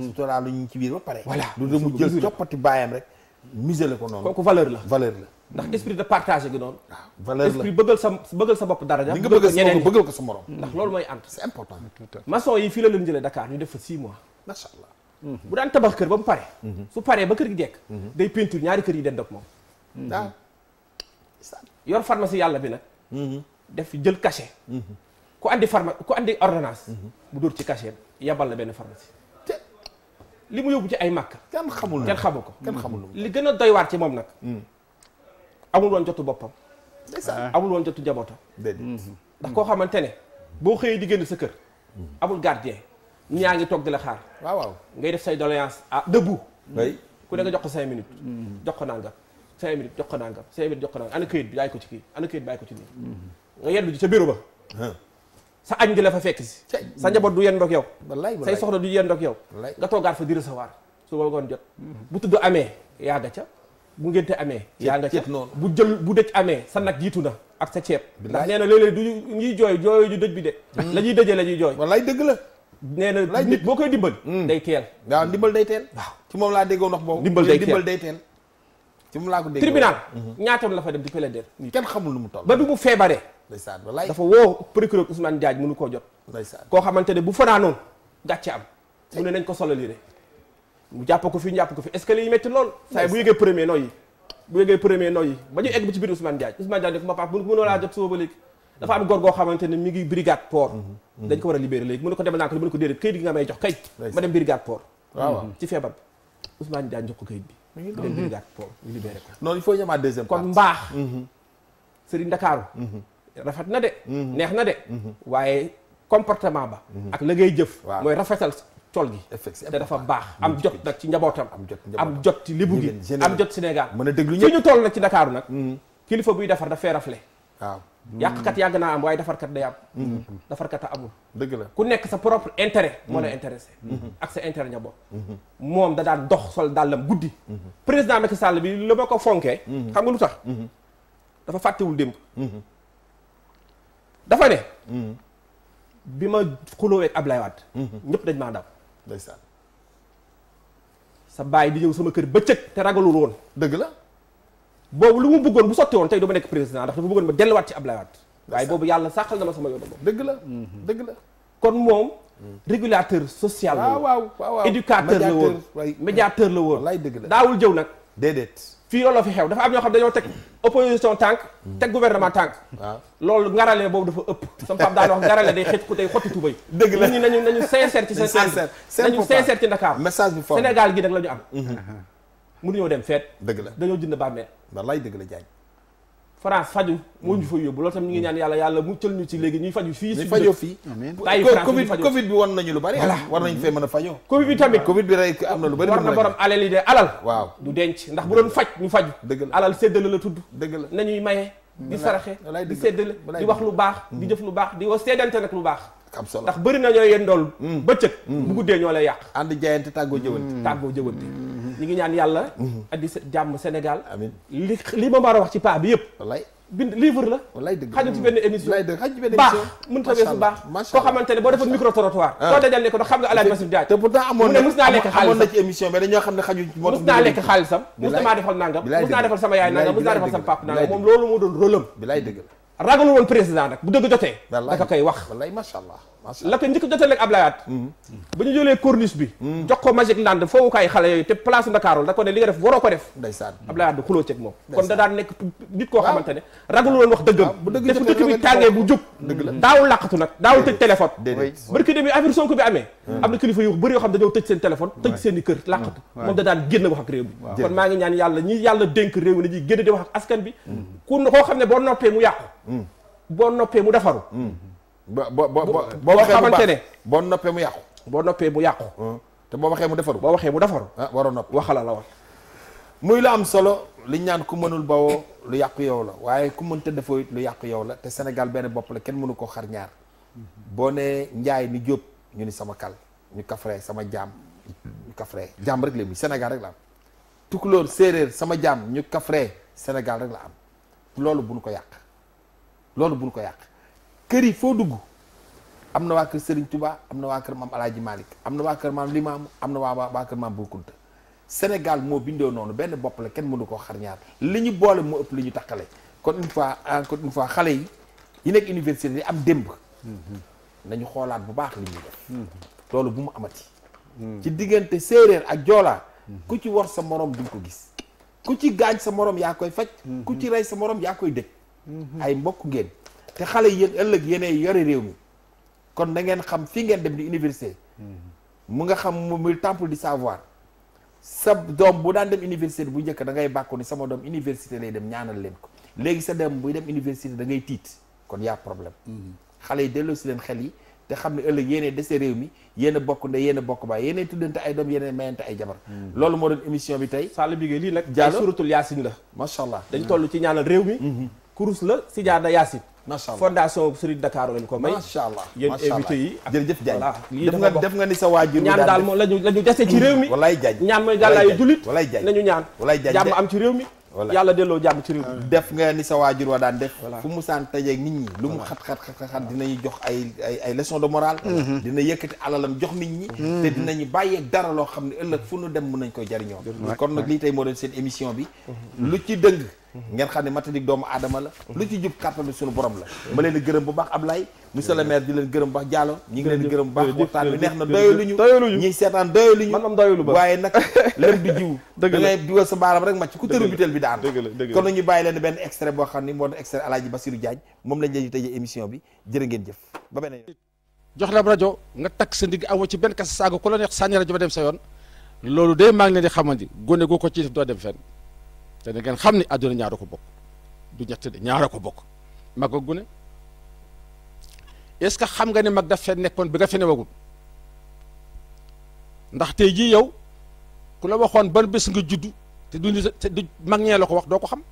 surtout lu ci biir ba pare voilà lu mu jël coppati bayam rek musée la ko valeur la la ndax esprit de partage gi noonu. Ah, valeur la esprit bëggal sa bëggal sa bopp daraja. li nga bëggal sa bopp bëggal ko sa morom. ndax loolu mooy ànd. c'est important. maçon yi fii la leen jëlee Dakar ñu def fa 6 mois. Mm-hmm. bu daan tabax kër ba mu pare. Mm-hmm. su paree ba kër gi jekk. Mm-hmm. day peinture ñaari kër yi den dog moom. waaw. Ah. yor pharmacie yàlla bi nag. def jël cachet. ku andi pharma ku andi ordonnance. bu dóor ci cachet yabal la benn pharmacie. li mu yóbbu ci ay màkk. kenn xamul kenn xamu ko. kenn xamul li gën a doy waar ci moom nag. Mm. amul woon jotu boppam. Ah. amul woon jotu njabootam. Mhm. Mhm. ndax koo xamante ne boo xëyee di génn sa kër. Mhm. amul gardien ñaa ngi toog di la xaar. waaw ngay def say doléance ah debout. ku ne nga jox ko cinq minutes. jox ko nangam cinq minutes jox ko nangam cinq minutes jox ko nangam ana bi bàyyi ko ci kii ana këyit bàyyi ko ci nii. nga yeddu ji ca bureau ba. sa añ di la fa fekk si. sa njaboot du yendoog yow. say soxna du yendoog yow. nga toogaat fa sa recevoir su boogoon jot. bu tudd amee yàgga ca. bu ngénte amee yaa nga ca noonu bu jël bu dëj amee sa nag jiitu na ak sa ceeb ndax nee na léeg-léeg du ñuy jooy jooyo ju dëj bi de hmm. la ñuy dëjee la ñuy jooy wallaay dëgg la nee na nit boo koy dimbal hmm. day teel waaw dimbal day teel waaw ci moom laa déggoo boobu dimbal day teel dimbal day teel ci moom laa ko dégg tribunal hmm. ñaatam la fa dem di plaider kenn xamul lu mu toll ba du mu feebaree ndeysaan wallaay dafa woo procureur Ousmane jaaj mënu koo jot ndeysaan koo xamante ne bu fanaanoon gàcce am mu ne nañ ko solali de mu jàpp ko fi ñu jàpp ko fi est-ce que liy métti lool saa bu yëgee premier noyyi bu yëgee premier noyyi ba ñu egg ba ci biir Ousmane Diagne Ousmane Diagne ne ko ma pap mënoo laa jot suba léegi dafa am góor goo xamante ne mi ngi brigade port mhm. Mhm. dañ ko war a libéré léegi mu ne ko demal naa ko li mu ne ko déedéet këyit gi nga may jox kay ma dem brigade port waaw mhm. ko kon mbaax sëriñ Ndakaaru rafet na de neex na de waaye comportement ba ak la ngay jëf mooy rafetal col gi te dafa baax am jot nag ci njabootam am jot ci libu gi am jot Sénégal mën a déglu ñu toll nag ci Ndakaaru nag mm. kilifa buy defar dafay rafle waaw yàqkat yàgg naa am waaye defarkat day am mm. defarkat amul dëgg la ku nekk sa propre intérêt mm. moo la intéressé mm-hmm. ak sa intérêt njaboot mm-hmm. moom da daan dox sol dàllam guddi mm-hmm. président Macky sàll bi lu ma ko fonkee xam nga lu tax dafa fàttewul démb dafa ne bi ma xulóowee ak Ablaye Wade ñëpp dañ maa daw ndeysaan sa baay di ñëw sama kër bëccëg te ragalul woon dëgg la boobu lu mu bëggoon bu sotti woon tey du ma nekk président ndax dafa bëggoon ma delluwaat ci Ablaye Wade waaye boobu yàlla sàqal na sama yoon boobu dëgg la mhm. dëgg la kon moom régulateur social la waaw waaw waaw éducateur la woon médiateur la woon wallaay dëgg la daawul jëw nag déedéet fii loolu fi xew dafa am ñoo xam dañoo teg opposition tànk teg gouvernement tànk waaw loolu ngarale boobu dafa ëpp sama pap ngarale day xëcc ku tey xotti tubay dëgg la nit ñi nañu nañu sincère ci seen ànd ci Dakar message gi nag la ñu am mhm. mënuñoo dem feet dëgg la dañoo jënd bàmmeel wallaay dëgg la Diagne France faju moo ñu mm. fa yóbbu loolu tam ñu ngi mm. ñaan yàlla yàlla mu cël ñu ci léegi ñuy faju fii. ñu fajoo fii ay Covid Covid bi wan nañu lu bari. voilà war nañ fee mën a fajoo. Covid bi tamit Covid bi rek am na lu bari. war na borom alal yi de alal. waaw du denc ndax bu doon faj ñu faju alal séddale la tudd. nañuy maye. di saraxe di séddale di wax lu baax. di mm. jëf lu baax di wa séddante nag lu baax. am solo ndax bëri na ñoo yendool mm. bëccëg mm. bu guddee ñoo lay yàq ànd jaayante tàggoo jëwante mm. tàggoo jëwante mm-hmm. ñi ngi ñaan yàlla mm-hmm. andi jàmm Sénégal amiin li li ma war a wax ci paa bi yëpp wallaay bind livre la wallaay dëgg benn émission baax mën tawee su baax koo xamante boo defoon micro trottoir ah. soo dajal ne naa lekk xaalisam amoon naa lekk xaalisam mës naa defal nangam mës naa defal sama yaay nangam mës naa defal sama pap nangam moom loolu moo doon rôlam la ragalul woon président nag bu dëgg jotee. da ko koy wax wallaay macha allah. la ko njëkk jotale ak Ablaye Wade mm-hmm. ba ñu jëlee corniche bi mm-hmm. jox ko Magic Land foowukaay xale yooyu te place Ndakaaru da ko ne li nga def waroo ko def ndeysaan Ablaye Wade xuloo ceeg moom kon da daan nekk nit koo xamante ne ragul woon wax dëggam te fu dëkk bi tàngee bu jóg mm-hmm. daawul làqatu nag daawul tëj téléphone barki dem yi affaire Sonko bi amee am na kilifa yu bëri yoo xam dañoo tëj seen téléphone tëj seen kër làqatu moom da daan génn wax ak réew bi kon maa ngi koo xam ne boo noppee mu boo noppee mu defaru ba ba ba boo xamante ne boo noppee mu yàqu boo noppee mu yàqu te boo waxee mu defaru boo waxee mu defaru ah waroo wax waxala la war muy lu am solo liñ naan ku mënul bawoo lu yàqu yow la waaye ku mënta defoo it lu yàqu yow la te Sénégal benn bopp la kenn mënu ko xar ñaar boo ne njaay ni jóob ñu ni sama kal ñu kafre sama jaam ñu kafre jaam rek la Sénégal rek la am tukulóor séeréer sama jaam ñu kafre Sénégal rek am loolu buñ ko yàq loolu buñ ko yàq kër yi foo dugg am na waa kër sëriñ tubaa am na waa kër maam alaaji Hadj am na waa kër maam Limaamu am na waa waa kër maam Boukounta Sénégal moo bindoo noonu benn bopp la kenn mënu ko xar ñaar li ñu boole moo ëpp li ñu takkale kon une fois encore une fois xale yi yi nekk université yi am démb. nañu xoolaat bu baax li ñuy def. loolu bu mu amati. Hmm. ci diggante séeréer ak joolaa. ku ci war sa moroom duñ ko gis. ku ci gaañ sa moroom yaa koy faj. Hmm. ku ci rey sa moroom yaa koy dëj hmm. mbokk ngeen. te xale yéen ëllëg yene yori réew mi kon na ngeen xam fi ngeen dem di université mhm. mu nga xam mu muy temple du savoir sa doom bu daan dem université bu njëkk da ngay bàkku ni sama doom université lay dem ñaanal leen ko léegi sa dem buy dem université da ngay tiit kon yaa problème mhm. xale yi delloo si leen xel yi te xam ne ëllëg yéene dese réew mi yéen a bokk nde yéen a bokk baa yéene tuddante ay doom yéene mayante ay jabar mhm. loolu moo doon émission bi tey Sall Bigué lii nag jaal suratul yaasin la macha allah dañ toll ci ñaanal réew mi kurus la si da yaasin macha allah fondation Serigne Dakar lañ ko may. macha allah yéen invité yi. jërëjëf Diagne voilà sa waajur. ñaan daal moom lañu lañu dese ci réew mi. yàlla delloo jàmm ci réew mi. def nga ni sa waajur wa daan def. fu mu saan tëjee nit ñi. lu mu xat xat xat xat dinañu jox ay ay de morale. Mm-hmm. dina yëkkati alalam jox nit ñi. Mm-hmm. te dinañu bàyyee dara loo xam ne ëllëg fu nu dem mën nañ koy jariñoo. kon nag lii tey moo doon seen émission bi. Mm-hmm. lu ci dëng ngeen xam ne matadik doomu aadama la lu ci jub kàttan bi suñu borom la ma leen gërëm bu baax Ablaye monsieur le maire di leen gërëm bu baax ñi leen di gërëm bu baax waxtaan bi neex na doyaluñu doyaluñu ñiy seetaan doyaluñu man am doyalu ba waaye nag lem du jiw dangay diwal sa baaram rek màcc ku tëru butéel bi daan kon nañu bàyyi leen benn extrait boo xam ni moom leen tëjee émission bi jërë ngeen jëf ba beneen jox la rajo nga takk sa ndigg amoo ci benn kasa saago ku la neex sànni rajo ba dem sa yoon loolu de maa ngi leen di xamandi goo ko ci def te da ngeen xam ni àdduna ñaara ko bokk du ñett ñaara ko bokk mag ak gune est-ce que xam nga ne mag daf fee nekkoon bi nga fi newagul ndax tey jii yow ku la waxoon ban bés nga juddu te du te du mag ñee la ko wax doo ko xam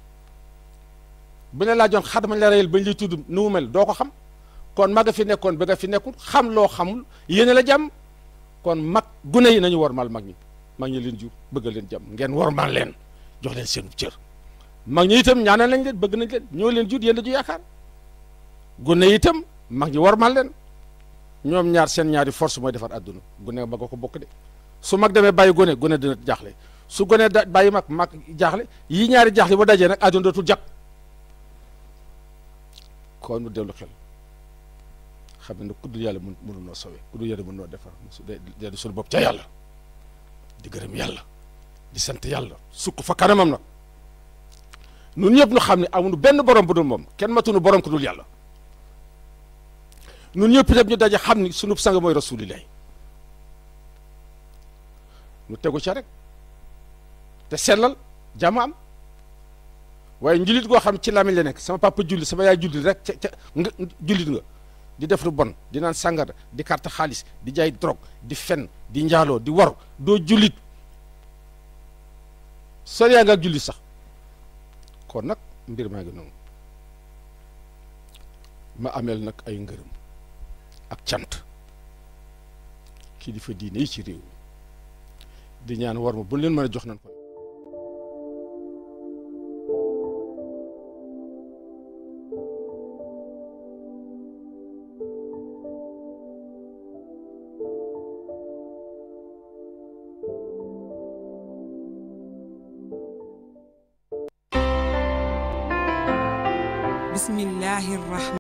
bu ne laajoon xadmañ la reyal bañ lay tudd nu mu mel doo ko xam kon mag a fi nekkoon bi nga fi nekkul xam loo xamul yéene la jàmm kon mag gune yi nañu mal mag ñi mag ñi leen jur bëgg leen jàmm ngeen wormaal leen jox len seen cieur mag ñi itam ñaanal nañ leen bëgg nañ leen ñoo leen jut yéen Nyom yaakar gune itam mag ñi warmal leen ñom ñaar seen ñaari force moy defar aduna gune ba ko bokk de su mag deme bàyyi gune gune dina jaxlé su gune da mag mag jaxlé yi ñaari jaxlé ba dajé nak aduna dootul jax kon nu delu xel xam na ku yalla mun mënu no sawé ku yalla mënu no defar su de suñu bop ca yalla di gërëm yalla di sant yalla sukk fa kanamam nak nun ñepp ñu xamni amu ben borom bu dul moom kenn ñu borom ku dul yalla nun ñepp itam ñu daje xamni sunu sang moy rasulillah nu teggu ci rek te selal jamam way njulit go xam ci lamine la nek sama papa julli sama yaay julli rek julit nga di def lu bon di nan sangar di carte di jay drogue di fen di njaalo di war do julit sariya nga ak julli sax kon nag mbir maa ngi noonu ma ameel nag ay ngërëm ak cant kilifa diine yi ci réew di ñaan war ma bu leen mën a jox nañ ko الله الرحمن